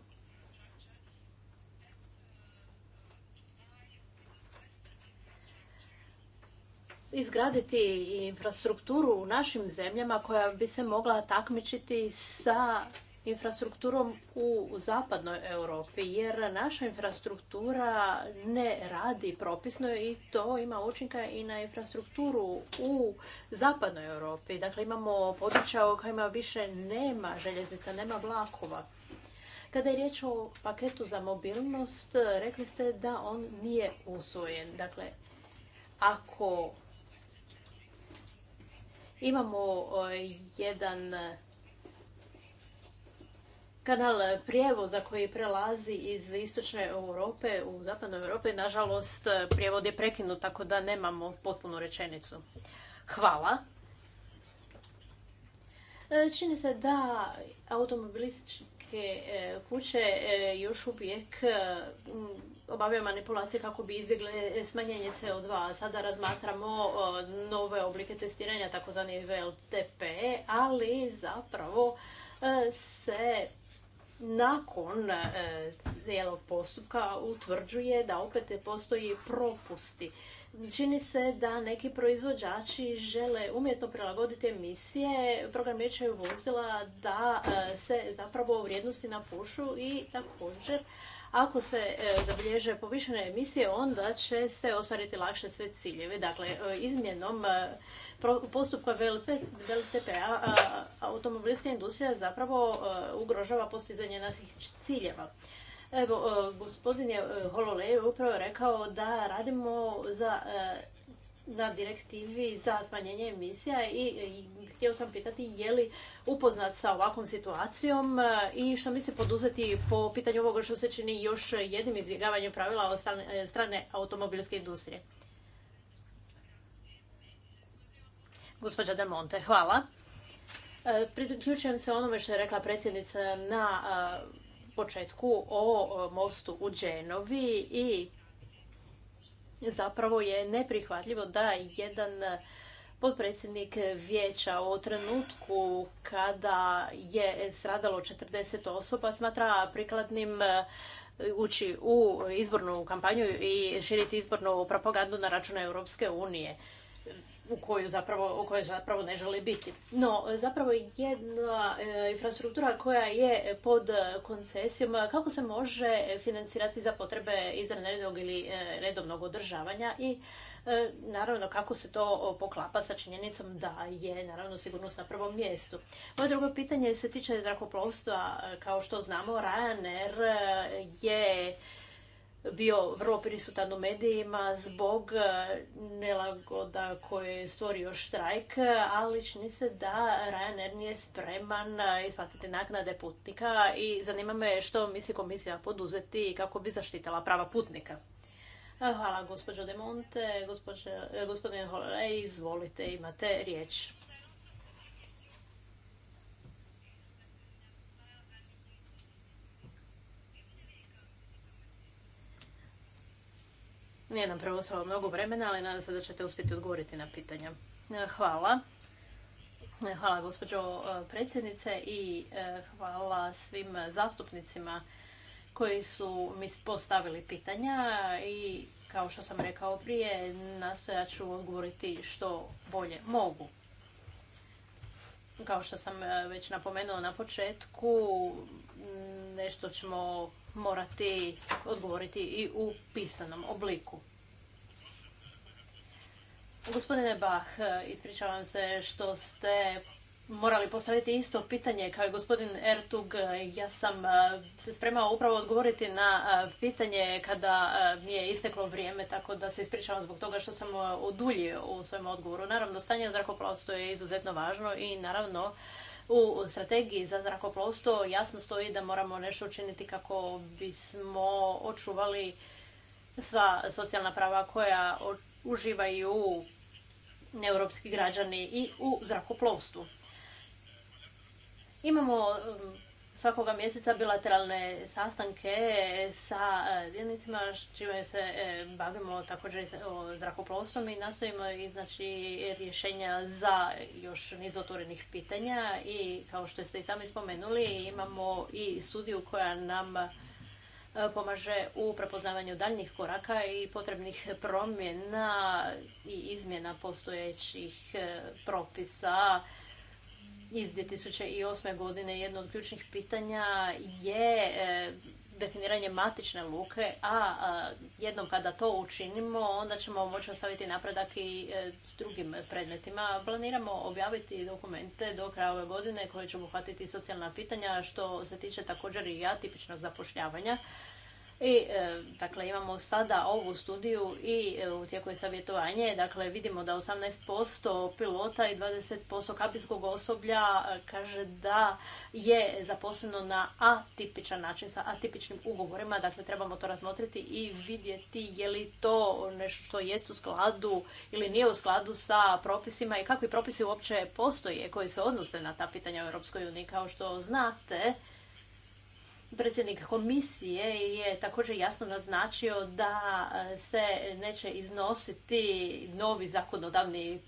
izgraditi infrastrukturu u našim zemljama koja bi se mogla takmičiti sa infrastrukturom u zapadnoj Europi, jer naša infrastruktura ne radi propisno i to ima učinka i na infrastrukturu u zapadnoj Europi. Dakle, imamo područja u kojima više nema željeznica, nema vlakova. Kada je riječ o paketu za mobilnost, rekli ste da on nije usvojen. Dakle, ako imamo e, jedan Kanal prijevoza koji prelazi iz istočne Europe u zapadnoj Europi, nažalost, eh, prijevod je prekinut, tako da nemamo potpunu rečenicu. Hvala. Eh, čini se da automobilističke eh, kuće još uvijek obavljaju manipulacije kako bi izbjegle smanjenje CO2. Sada razmatramo nove oblike testiranja, takozvani VLTP, ali zapravo se nakon e, cijelog postupka utvrđuje da opet postoji propusti. Čini se da neki proizvođači žele umjetno prilagoditi emisije, programiraju vozila da e, se zapravo vrijednosti napušu i također ako se e, zabilježe povišene emisije, onda će se ostvariti lakše sve ciljeve. Dakle, e, izmjenom e, postupka WTP-a automobilska industrija zapravo ugrožava postizanje naših ciljeva. Evo, gospodin je upravo rekao da radimo za na direktivi za smanjenje emisija i, htio sam pitati je li upoznat sa ovakvom situacijom e, i što misli poduzeti po pitanju ovoga što se čini još jednim izbjegavanjem pravila od e, strane automobilske industrije. Gospođa Del Monte, hvala. E, priključujem se onome što je rekla predsjednica na početku o mostu u Dženovi i zapravo je neprihvatljivo da jedan potpredsjednik vijeća u trenutku kada je stradalo 40 osoba smatra prikladnim e, ući u izbornu kampanju i širiti izbornu propagandu na račun Europske unije u koju zapravo, u kojoj zapravo ne želi biti. No, zapravo jedna e, infrastruktura koja je pod koncesijom, kako se može financirati za potrebe izvanrednog ili e, redovnog održavanja i e, naravno kako se to poklapa sa činjenicom da je naravno sigurnost na prvom mjestu. Moje drugo pitanje se tiče zrakoplovstva. Kao što znamo, Ryanair je bio vrlo prisutan u medijima zbog e, nelagoda koje je stvorio štrajk, ali čini se da Ryanair nije spreman e, isplatiti naknade putnika i zanima me što misli komisija poduzeti i kako bi zaštitila prava putnika. E, hvala gospođo De Monte, gospodine Holej, izvolite, imate riječ. Nije nam preostalo mnogo vremena, ali nadam se da ćete uspjeti odgovoriti na pitanja. E, hvala. E, hvala gospođo e, predsjednice i hvala svim zastupnicima koji su mi postavili pitanja i kao što sam rekao prije, nastojat ću odgovoriti što bolje mogu. Kao što sam već napomenula na početku, nešto ćemo morati odgovoriti i u pisanom obliku. Gospodine Bach, ispričavam se što ste morali postaviti isto pitanje kao i gospodin Ertug. Ja sam e, se spremao upravo odgovoriti na e, pitanje kada e, mi je isteklo vrijeme, tako da se ispričavam zbog toga što sam oduljio u svojem odgovoru. Naravno, stanje zrakoplovstva je izuzetno važno i naravno u strategiji za zrakoplovstvo jasno stoji da moramo nešto učiniti kako bismo očuvali sva socijalna prava koja uživaju europski građani i u zrakoplovstvu. Imamo um, svakoga mjeseca bilateralne sastanke e, sa e, djelnicima čime se e, bavimo također i zrakoplovstvom i nastojimo iznaći rješenja za još niz otvorenih pitanja i kao što ste i sami spomenuli imamo i studiju koja nam pomaže u prepoznavanju daljnjih koraka i potrebnih promjena i izmjena postojećih propisa iz 2008. godine jedno od ključnih pitanja je e, definiranje matične luke, a jednom kada to učinimo, onda ćemo moći ostaviti napredak i e, s drugim predmetima. Planiramo objaviti dokumente do kraja ove godine koje će obuhvatiti socijalna pitanja što se tiče također i atipičnog zapošljavanja. I, e, dakle, imamo sada ovu studiju i e, u tijeku je savjetovanje. Dakle, vidimo da 18% pilota i 20% kabinskog osoblja e, kaže da je zaposleno na atipičan način, sa atipičnim ugovorima. Dakle, trebamo to razmotriti i vidjeti je li to nešto što jest u skladu ili nije u skladu sa propisima i kakvi propisi uopće postoje koji se odnose na ta pitanja u Europskoj uniji. Kao što znate, Predsjednik komisije je također jasno naznačio da e, se neće iznositi novi zakonodavni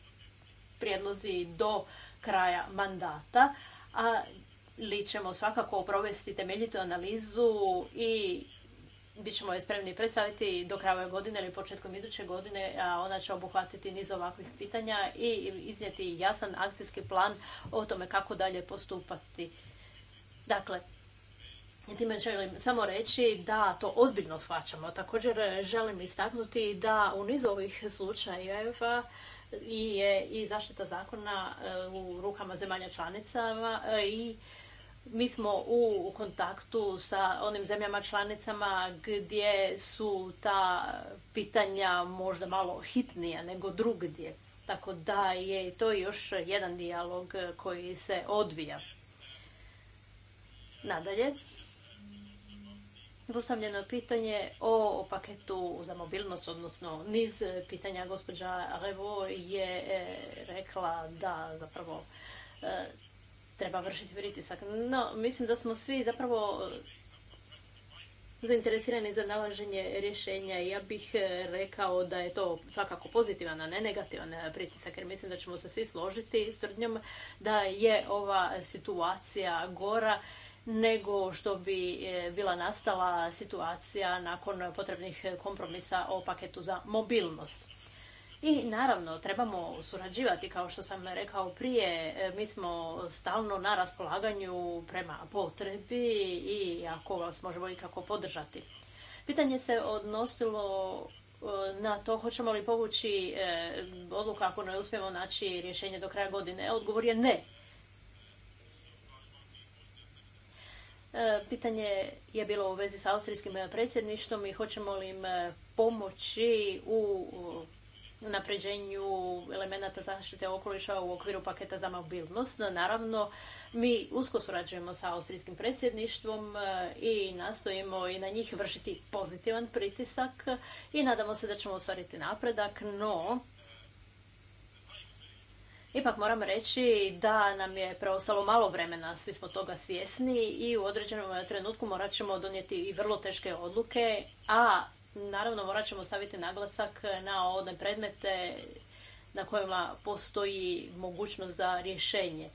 prijedlozi do kraja mandata, ali ćemo svakako provesti temeljitu analizu i bit ćemo je spremni predstaviti do kraja godine ili početkom iduće godine, a ona će obuhvatiti niz ovakvih pitanja i iznijeti jasan akcijski plan o tome kako dalje postupati. Dakle, Time želim samo reći da to ozbiljno shvaćamo. Također e, želim istaknuti da u nizu ovih slučajeva je i zaštita zakona e, u rukama zemalja članicama e, i mi smo u kontaktu sa onim zemljama članicama gdje su ta pitanja možda malo hitnija nego drugdje. Tako da je to još jedan dijalog koji se odvija. Nadalje, postavljeno pitanje o, paketu za mobilnost, odnosno niz pitanja. Gospođa Revo je e, rekla da zapravo e, treba vršiti pritisak. No, mislim da smo svi zapravo e, zainteresirani za nalaženje rješenja. Ja bih rekao da je to svakako pozitivan, a ne negativan pritisak, jer mislim da ćemo se svi složiti s tvrdnjom da je ova situacija gora nego što bi e, bila nastala situacija nakon potrebnih kompromisa o paketu za mobilnost. I naravno, trebamo surađivati, kao što sam rekao prije, e, mi smo stalno na raspolaganju prema potrebi i ako vas možemo ikako podržati. Pitanje se odnosilo e, na to hoćemo li povući odluku ako ne uspijemo naći rješenje do kraja godine. Odgovor je ne. E, pitanje je bilo u vezi sa austrijskim e, predsjedništvom i hoćemo li im e, pomoći u napređenju elemenata zaštite okoliša u okviru paketa za mobilnost. Naravno, mi usko surađujemo sa austrijskim predsjedništvom i nastojimo i na njih vršiti pozitivan pritisak i nadamo se da ćemo ostvariti napredak, no Ipak moram reći da nam je preostalo malo vremena, svi smo toga svjesni i u određenom trenutku morat ćemo donijeti i vrlo teške odluke, a naravno morat ćemo staviti naglasak na one predmete na kojima postoji mogućnost za rješenje.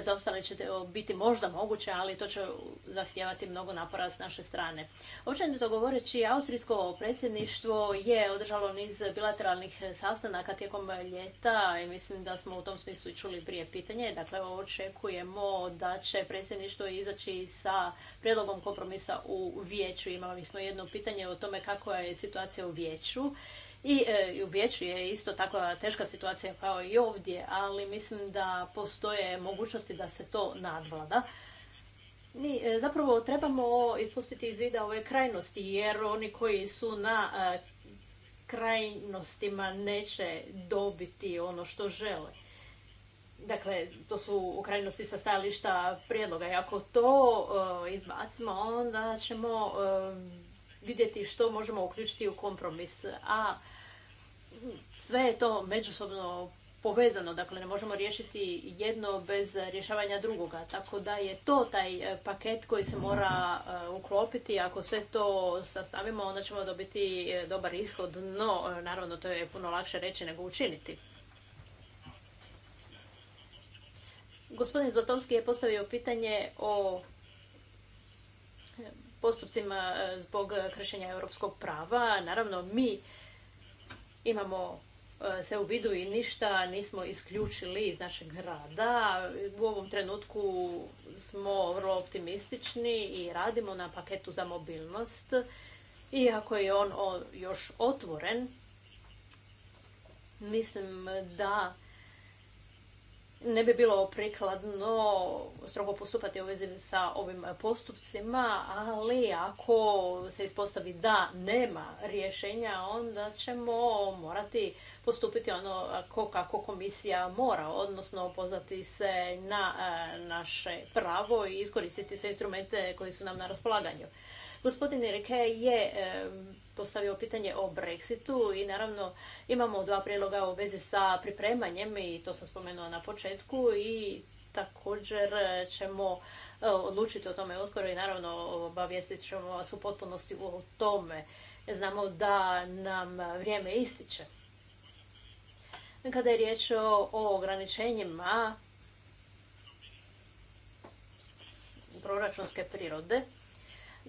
Za ostale će biti možda moguće, ali to će zahtijevati mnogo napora s naše strane. to govoreći, austrijsko predsjedništvo je održalo niz bilateralnih sastanaka tijekom ljeta i mislim da smo u tom smislu čuli prije pitanje. Dakle, očekujemo da će predsjedništvo izaći sa prijedlogom kompromisa u vijeću. Imali smo jedno pitanje o tome kako je situacija u vijeću. E, I u vijeću je isto takva teška situacija kao i ovdje, ali mislim da postoje mogućnosti da se to nadvlada. Mi e, zapravo trebamo ispustiti iz vida ove krajnosti, jer oni koji su na e, krajnostima neće dobiti ono što žele. Dakle, to su u krajnosti sa stajališta prijedloga. I ako to izbacimo, onda ćemo vidjeti što možemo uključiti u kompromis. A sve je to međusobno povezano, dakle ne možemo riješiti jedno bez rješavanja drugoga. Tako da je to taj e, paket koji se mora e, uklopiti. Ako sve to sastavimo, onda ćemo dobiti e, dobar ishod, no naravno to je puno lakše reći nego učiniti. Gospodin Zotovski je postavio pitanje o postupcima e, zbog kršenja europskog prava. Naravno, mi imamo se u vidu i ništa nismo isključili iz našeg rada. U ovom trenutku smo vrlo optimistični i radimo na paketu za mobilnost. Iako je on još otvoren, mislim da ne bi bilo prikladno strogo postupati u vezi sa ovim postupcima, ali ako se ispostavi da nema rješenja, onda ćemo morati postupiti ono kako komisija mora, odnosno pozvati se na e, naše pravo i iskoristiti sve instrumente koji su nam na raspolaganju. Gospodin Rike je postavio pitanje o Brexitu i naravno imamo dva priloga u vezi sa pripremanjem i to sam spomenula na početku i također ćemo e, odlučiti o tome uskoro i naravno obavijestit ćemo vas u potpunosti o tome. Znamo da nam vrijeme ističe. Kada je riječ o ograničenjima proračunske prirode,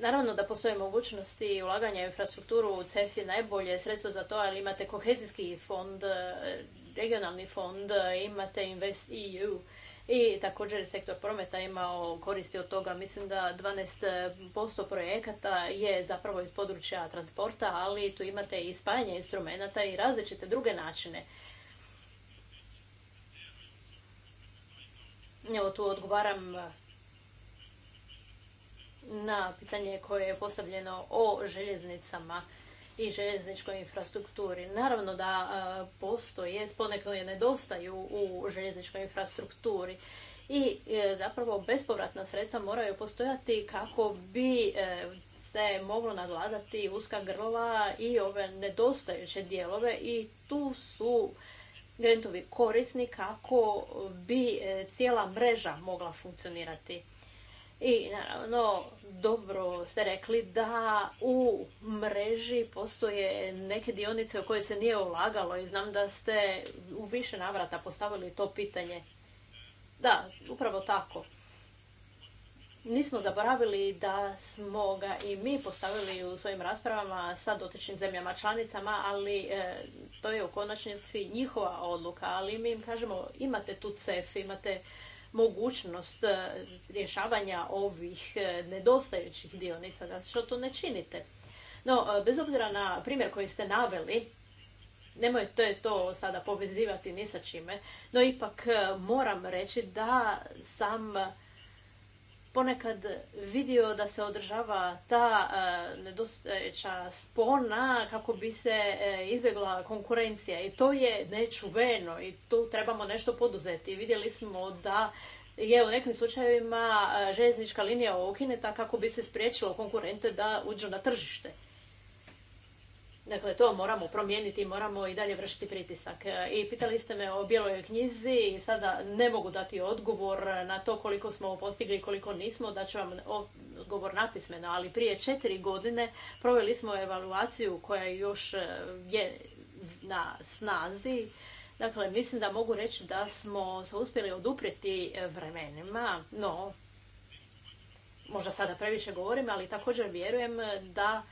Naravno da postoje mogućnosti ulaganja u infrastrukturu, CEF je najbolje sredstvo za to, ali imate kohezijski fond, e, regionalni fond, e, imate Invest EU i također sektor prometa imao koristi od toga. Mislim da 12% projekata je zapravo iz područja transporta, ali tu imate i spajanje instrumenta i različite druge načine. Evo tu odgovaram na pitanje koje je postavljeno o željeznicama i željezničkoj infrastrukturi. Naravno da e, postoje, ponekad je nedostaju u željezničkoj infrastrukturi i e, zapravo bespovratna sredstva moraju postojati kako bi e, se moglo nadladati uska grlova i ove nedostajuće dijelove i tu su grentovi korisni kako bi cijela mreža mogla funkcionirati. I naravno, dobro ste rekli da u mreži postoje neke dionice u koje se nije ulagalo i znam da ste u više navrata postavili to pitanje. Da, upravo tako. Nismo zaboravili da smo ga i mi postavili u svojim raspravama sa dotičnim zemljama članicama, ali e, to je u konačnici njihova odluka. Ali mi im kažemo imate tu CEF, imate mogućnost e, rješavanja ovih e, nedostajućih dionica, da što to ne činite. No, e, bez obzira na primjer koji ste naveli, nemojte to sada povezivati ni sa čime, no ipak moram reći da sam ponekad vidio da se održava ta e, nedostajeća spona kako bi se e, izbjegla konkurencija i to je nečuveno i tu trebamo nešto poduzeti. Vidjeli smo da je u nekim slučajevima e, željeznička linija okineta kako bi se spriječilo konkurente da uđu na tržište. Dakle, to moramo promijeniti, i moramo i dalje vršiti pritisak. E, I pitali ste me o bijeloj knjizi i sada ne mogu dati odgovor na to koliko smo postigli i koliko nismo. ću vam odgovor napismeno, ali prije četiri godine proveli smo evaluaciju koja još e, je na snazi. Dakle, mislim da mogu reći da smo se uspjeli oduprijeti vremenima, no možda sada previše govorim, ali također vjerujem da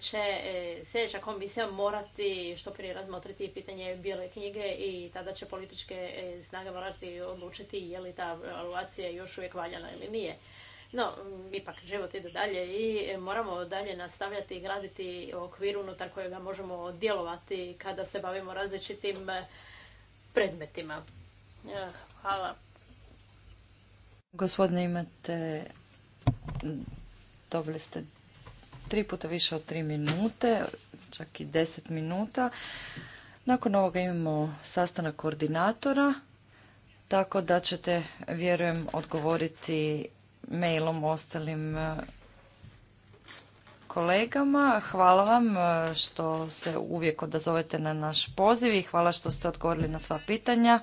će e, sljedeća komisija morati što prije razmotriti pitanje bijele knjige i tada će političke e, snage morati odlučiti je li ta evaluacija još uvijek valjana ili nije. No, mm, ipak život ide dalje i e, moramo dalje nastavljati i graditi okvir unutar kojega možemo djelovati kada se bavimo različitim predmetima. Hvala. Gospodine, imate, dobili ste tri puta više od tri minute, čak i deset minuta. Nakon ovoga imamo sastanak koordinatora, tako da ćete, vjerujem, odgovoriti mailom ostalim e, kolegama. Hvala vam e, što se uvijek odazovete na naš poziv i hvala što ste odgovorili na sva pitanja.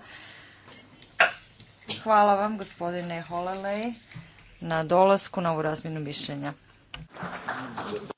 Hvala vam, gospodine Holelej, na dolasku na ovu razmjenu mišljenja elektrani